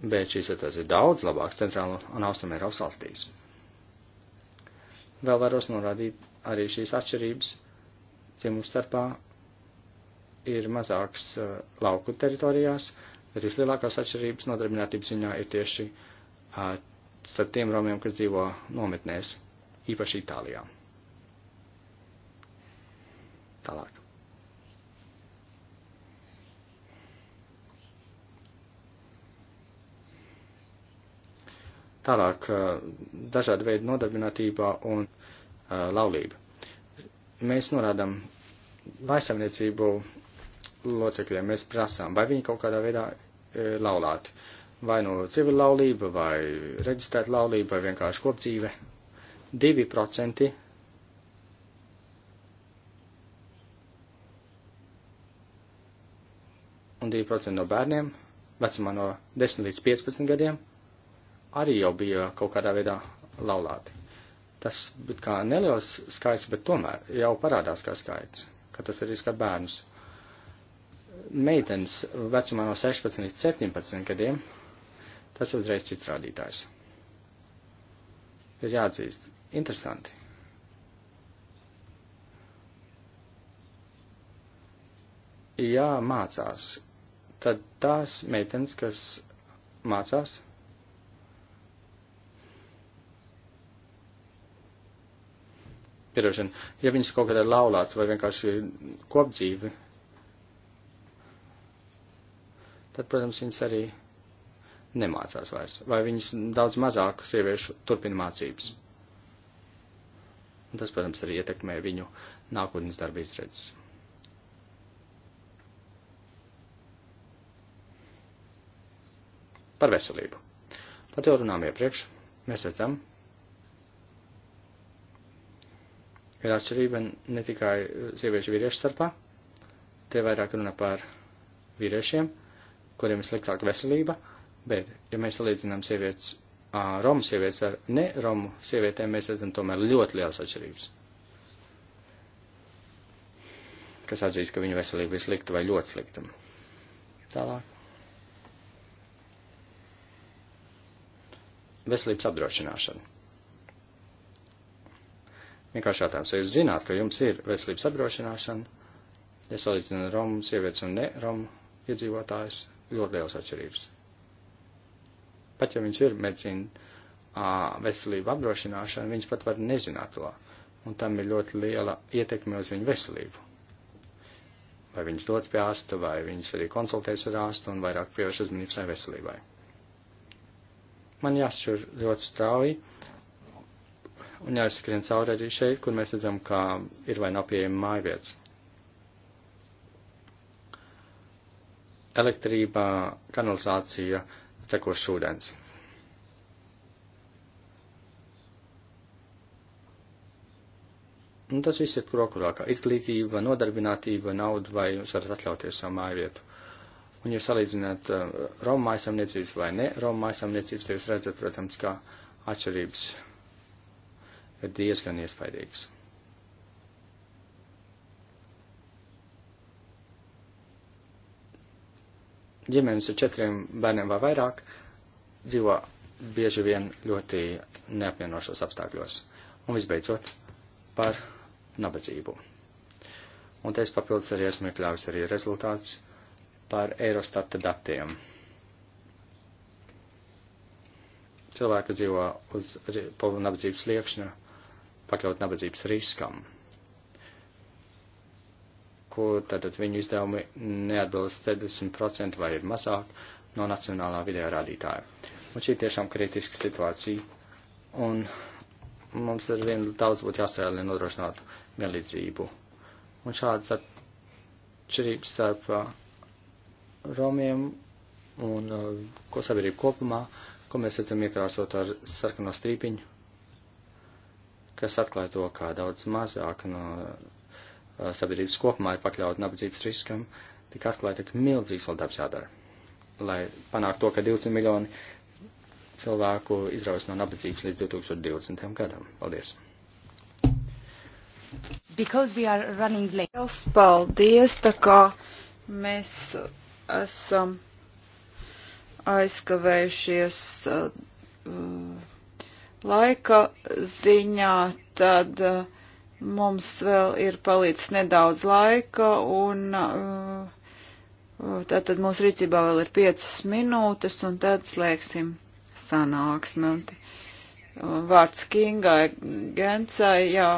Bet šīs ir daudz labāks centrāla un austrumēra valstīs. Vēl varos norādīt arī šīs atšķirības, tie mums starpā ir mazāks uh, lauku teritorijās, bet vislielākās atšķirības nodarbinātības ziņā ir tieši uh, starp tiem romiem, kas dzīvo nometnēs, īpaši Itālijā. Tālāk. Tālāk dažādi veidi nodarbinātībā un laulība. Mēs norādām laisavniecību locekļiem, mēs prasām, vai viņi kaut kādā veidā ir laulāti. Vai nu no civila laulība, vai reģistrēta laulība, vai vienkārši kopdzīve. 2% un 2% no bērniem vecumā no 10 līdz 15 gadiem arī jau bija kaut kādā veidā laulāti. Tas bija kā neliels skaits, bet tomēr jau parādās kā skaits, ka tas arī skar bērnus. Meitenes vecumā no 16 līdz 17 gadiem, tas uzreiz cits rādītājs. Ir jāatzīst, interesanti. Jāmācās, tad tās meitenes, kas mācās, Piedošana, ja viņas kaut kādā ir laulāts vai vienkārši kopdzīve, tad, protams, viņas arī nemācās vairs, vai viņas daudz mazāk sieviešu turpina mācības. Un tas, protams, arī ietekmē viņu nākotnes darba izredzes. Par veselību. Par to runām iepriekš. Mēs redzam, ir atšķirība ne tikai eh, sieviešu vīriešu starpā, te vairāk runa par vīriešiem, kuriem ir sliktāka veselība, bet, ja mēs salīdzinām sievietes, ā, romu sievietes ar ne romu sievietēm, mēs redzam tomēr ļoti liels atšķirības. Kas atzīst, ka viņu veselība ir slikta vai ļoti slikta. Tālāk. Veselības apdrošināšana Vienkārši jautājums, vai jūs zināt, ka jums ir veselības apdrošināšana, ja salīdzina Romu sievietes un ne Romu iedzīvotājus, ļoti liels atšķirības. Pat ja viņš ir medicīna veselība apdrošināšana, viņš pat var nezināt to, un tam ir ļoti liela ietekme uz viņu veselību. Vai viņš dodas pie ārsta, vai viņš arī konsultējas ar ārstu un vairāk pievērš uzmanību savai veselībai. Man jāsšķir ļoti strauji, Un jāizskrien cauri arī šeit, kur mēs redzam, ka ir vai nav pieejama mājvietas. Elektrība, kanalizācija, tekošs ūdens. Nu, tas viss ir prokurākā. Izglītība, nodarbinātība, nauda vai jūs varat atļauties savu māju vietu. Un, ja salīdzināt uh, eh, Romu mājasamniecības vai ne Romu mājasamniecības, tad jūs redzat, protams, kā atšķirības ir diezgan iespaidīgs. Ģimenes ar četriem bērniem vai vairāk dzīvo bieži vien ļoti neapmienošos apstākļos. Un visbeidzot, par nabadzību. Un te es papildus arī esmu iekļāvis arī rezultāts par Eurostata datiem. Cilvēki dzīvo uz nabadzības sliekšņa pakļaut nabadzības riskam, kur tātad viņu izdevumi neatbilst 70% vai ir mazāk no nacionālā vidējā rādītāja. Un šī tiešām kritiska situācija, un mums ar vienu daudz būtu jāsēl, lai nodrošinātu vienlīdzību. Un šāds atšķirības starp uh, romiem un uh, ko sabiedrību kopumā, ko mēs redzam iekrāsot ar sarkano strīpiņu, kas atklāja to, kā daudz mazāk no eh, sabiedrības kopumā ir pakļaut nabadzības riskam, tika atklāja, ka milzīgs vēl darbs jādara, lai panāktu to, ka 20 miljoni cilvēku izraus no nabadzības līdz 2020. gadam. Paldies! Paldies, tā kā mēs esam aizkavējušies. Uh, laika ziņā, tad uh, mums vēl ir palicis nedaudz laika un tātad uh, uh, mūsu rīcībā vēl ir piecas minūtes un tad slēgsim sanāksmi. Vārds Kingai Gencai, jā,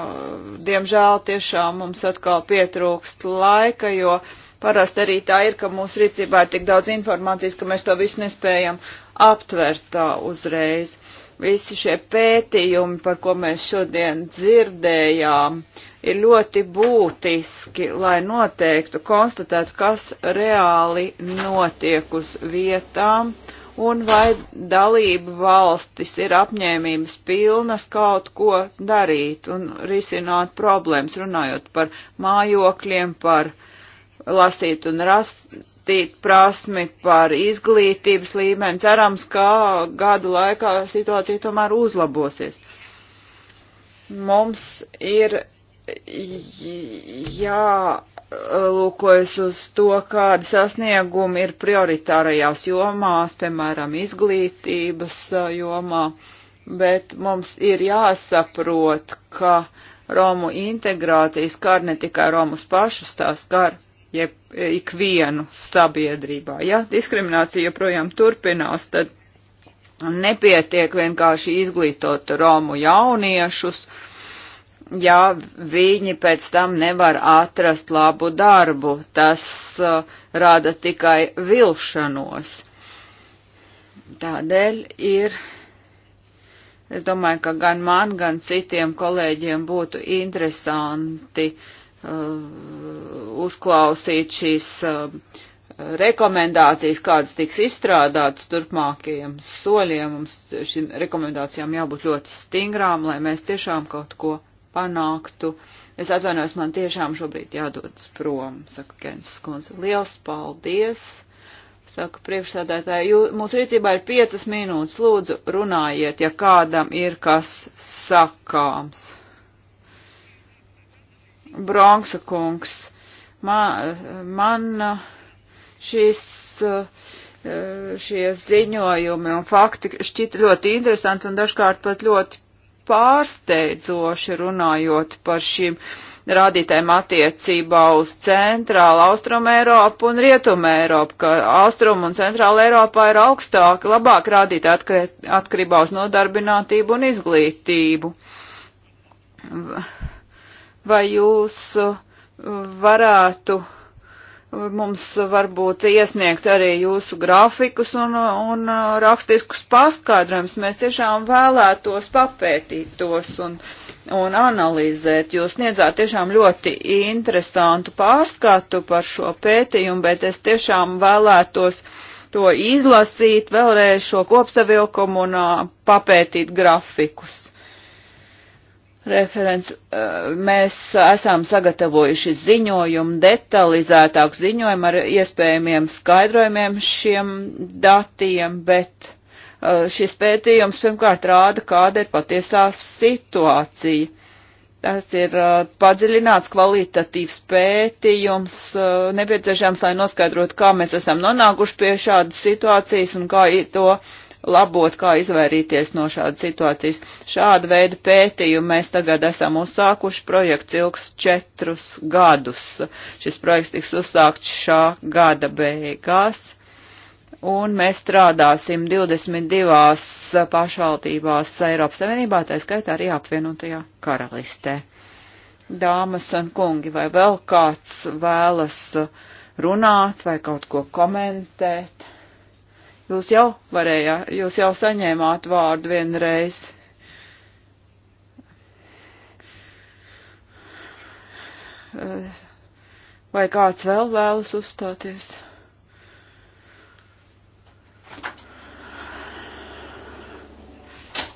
diemžēl tiešām mums atkal pietrūkst laika, jo parasti arī tā ir, ka mūsu rīcībā ir tik daudz informācijas, ka mēs to visu nespējam aptvert tā uzreiz. Uh, Visi šie pētījumi, par ko mēs šodien dzirdējām, ir ļoti būtiski, lai noteiktu, konstatētu, kas reāli notiek uz vietām un vai dalība valstis ir apņēmības pilnas kaut ko darīt un risināt problēmas, runājot par mājokļiem, par lasīt un rast, attīstīt prasmi par izglītības līmeni. Cerams, ka gadu laikā situācija tomēr uzlabosies. Mums ir jālūkojas uz to, kādi sasniegumi ir prioritārajās jomās, piemēram, izglītības jomā, bet mums ir jāsaprot, ka Romu integrācijas skar ne tikai Romus pašus, tā skar jeb e, ikvienu sabiedrībā. Ja diskriminācija joprojām turpinās, tad nepietiek vienkārši izglītot Romu jauniešus, ja viņi pēc tam nevar atrast labu darbu. Tas uh, rada tikai vilšanos. Tādēļ ir. Es domāju, ka gan man, gan citiem kolēģiem būtu interesanti uh, Uh, uzklausīt šīs uh, rekomendācijas, kādas tiks izstrādātas turpmākajiem soļiem. Mums šīm rekomendācijām jābūt ļoti stingrām, lai mēs tiešām kaut ko panāktu. Es atvainojos, man tiešām šobrīd jādodas prom, saka Kensis kundze. Liels paldies! Saka priekšsēdētāji, jūs, mūsu rīcībā ir piecas minūtes, lūdzu runājiet, ja kādam ir kas sakāms. Bronksa kungs. Man, man šis, šie ziņojumi un fakti šķita ļoti interesanti un dažkārt pat ļoti pārsteidzoši runājot par šīm rādītēm attiecībā uz centrālu austrumu Eiropu un rietumu Eiropu, ka austrumu un centrāla Eiropā ir augstāki, labāk rādīti atkarībā uz nodarbinātību un izglītību vai jūs uh, varētu uh, mums varbūt iesniegt arī jūsu grafikus un, uh, un rakstiskus paskaidrojumus. Mēs tiešām vēlētos papētīt tos un, un analizēt. Jūs sniedzāt tiešām ļoti interesantu pārskatu par šo pētījumu, bet es tiešām vēlētos to izlasīt, vēlreiz šo kopsavilkumu un papētīt grafikus. Referents, eh, mēs esam sagatavojuši ziņojumu, detalizētāku ziņojumu ar iespējamiem skaidrojumiem šiem datiem, bet eh, šis pētījums pirmkārt rāda, kāda ir patiesā situācija. Tas ir eh, padziļināts kvalitatīvs pētījums, nepieciešams, lai noskaidrotu, kā mēs esam nonākuši pie šādas situācijas un kā to labot, kā izvairīties no šādas situācijas. Šādu veidu pētījumu mēs tagad esam uzsākuši. Projekts ilgs četrus gadus. Šis projekts tiks uzsākts šā gada beigās. Un mēs strādāsim 22 pašvaldībās Eiropas Savienībā, tā skaitā arī apvienotajā karalistē. Dāmas un kungi, vai vēl kāds vēlas runāt vai kaut ko komentēt? Jūs jau varējāt, jūs jau saņēmāt vārdu vienreiz. Vai kāds vēl vēlas uzstāties?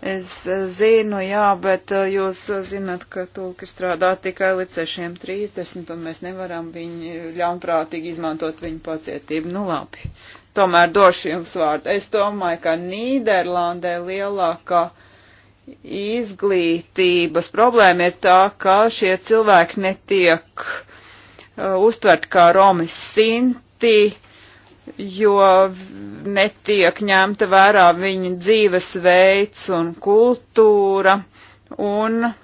Es zinu, jā, bet uh, jūs zinat, ka tulki strādā tikai līdz 6.30 un mēs nevaram viņu ļaunprātīgi izmantot viņu pacietību. Nu labi tomēr došu jums vārdu. Es domāju, ka Nīderlandē lielākā izglītības problēma ir tā, ka šie cilvēki netiek uh, uztvert kā Romas sinti, jo netiek ņemta vērā viņu dzīves veids un kultūra. Un uh,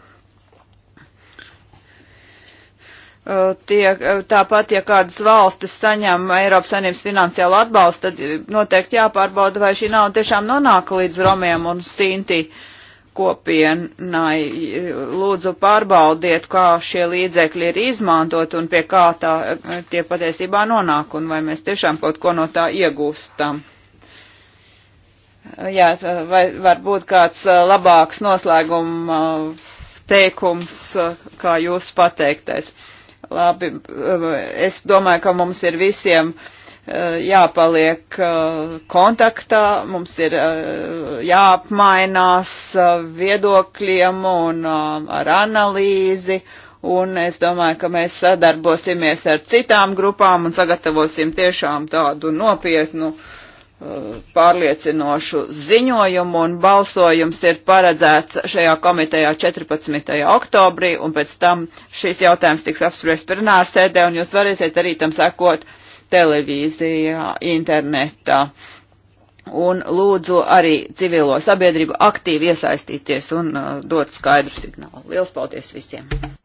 Eh, tiek, eh, tāpat, ja kādas valstis saņem Eiropas saimnības finansiālu atbalstu, tad eh, noteikti jāpārbauda, vai šī nauda tiešām nonāk līdz Romiem un Sinti kopienai. Lūdzu, pārbaudiet, kā šie līdzekļi ir izmantot un pie kā tā, tie patiesībā nonāk un vai mēs tiešām kaut ko no tā iegūstam. Jā, vai varbūt kāds labāks noslēguma teikums, kā jūs pateiktais. Labi, es domāju, ka mums ir visiem eh, jāpaliek eh, kontaktā, mums ir eh, jāapmainās viedokļiem un ar analīzi un es domāju, ka mēs sadarbosimies ar citām grupām un sagatavosim tiešām tādu nopietnu pārliecinošu ziņojumu un balsojums ir paredzēts šajā komitejā 14. oktobrī un pēc tam šīs jautājums tiks apspriests plenārā sēdē un jūs varēsiet arī tam sekot televīzijā, internetā. Un lūdzu arī civilo sabiedrību aktīvi iesaistīties un uh, dot skaidru signālu. Lielas paldies visiem!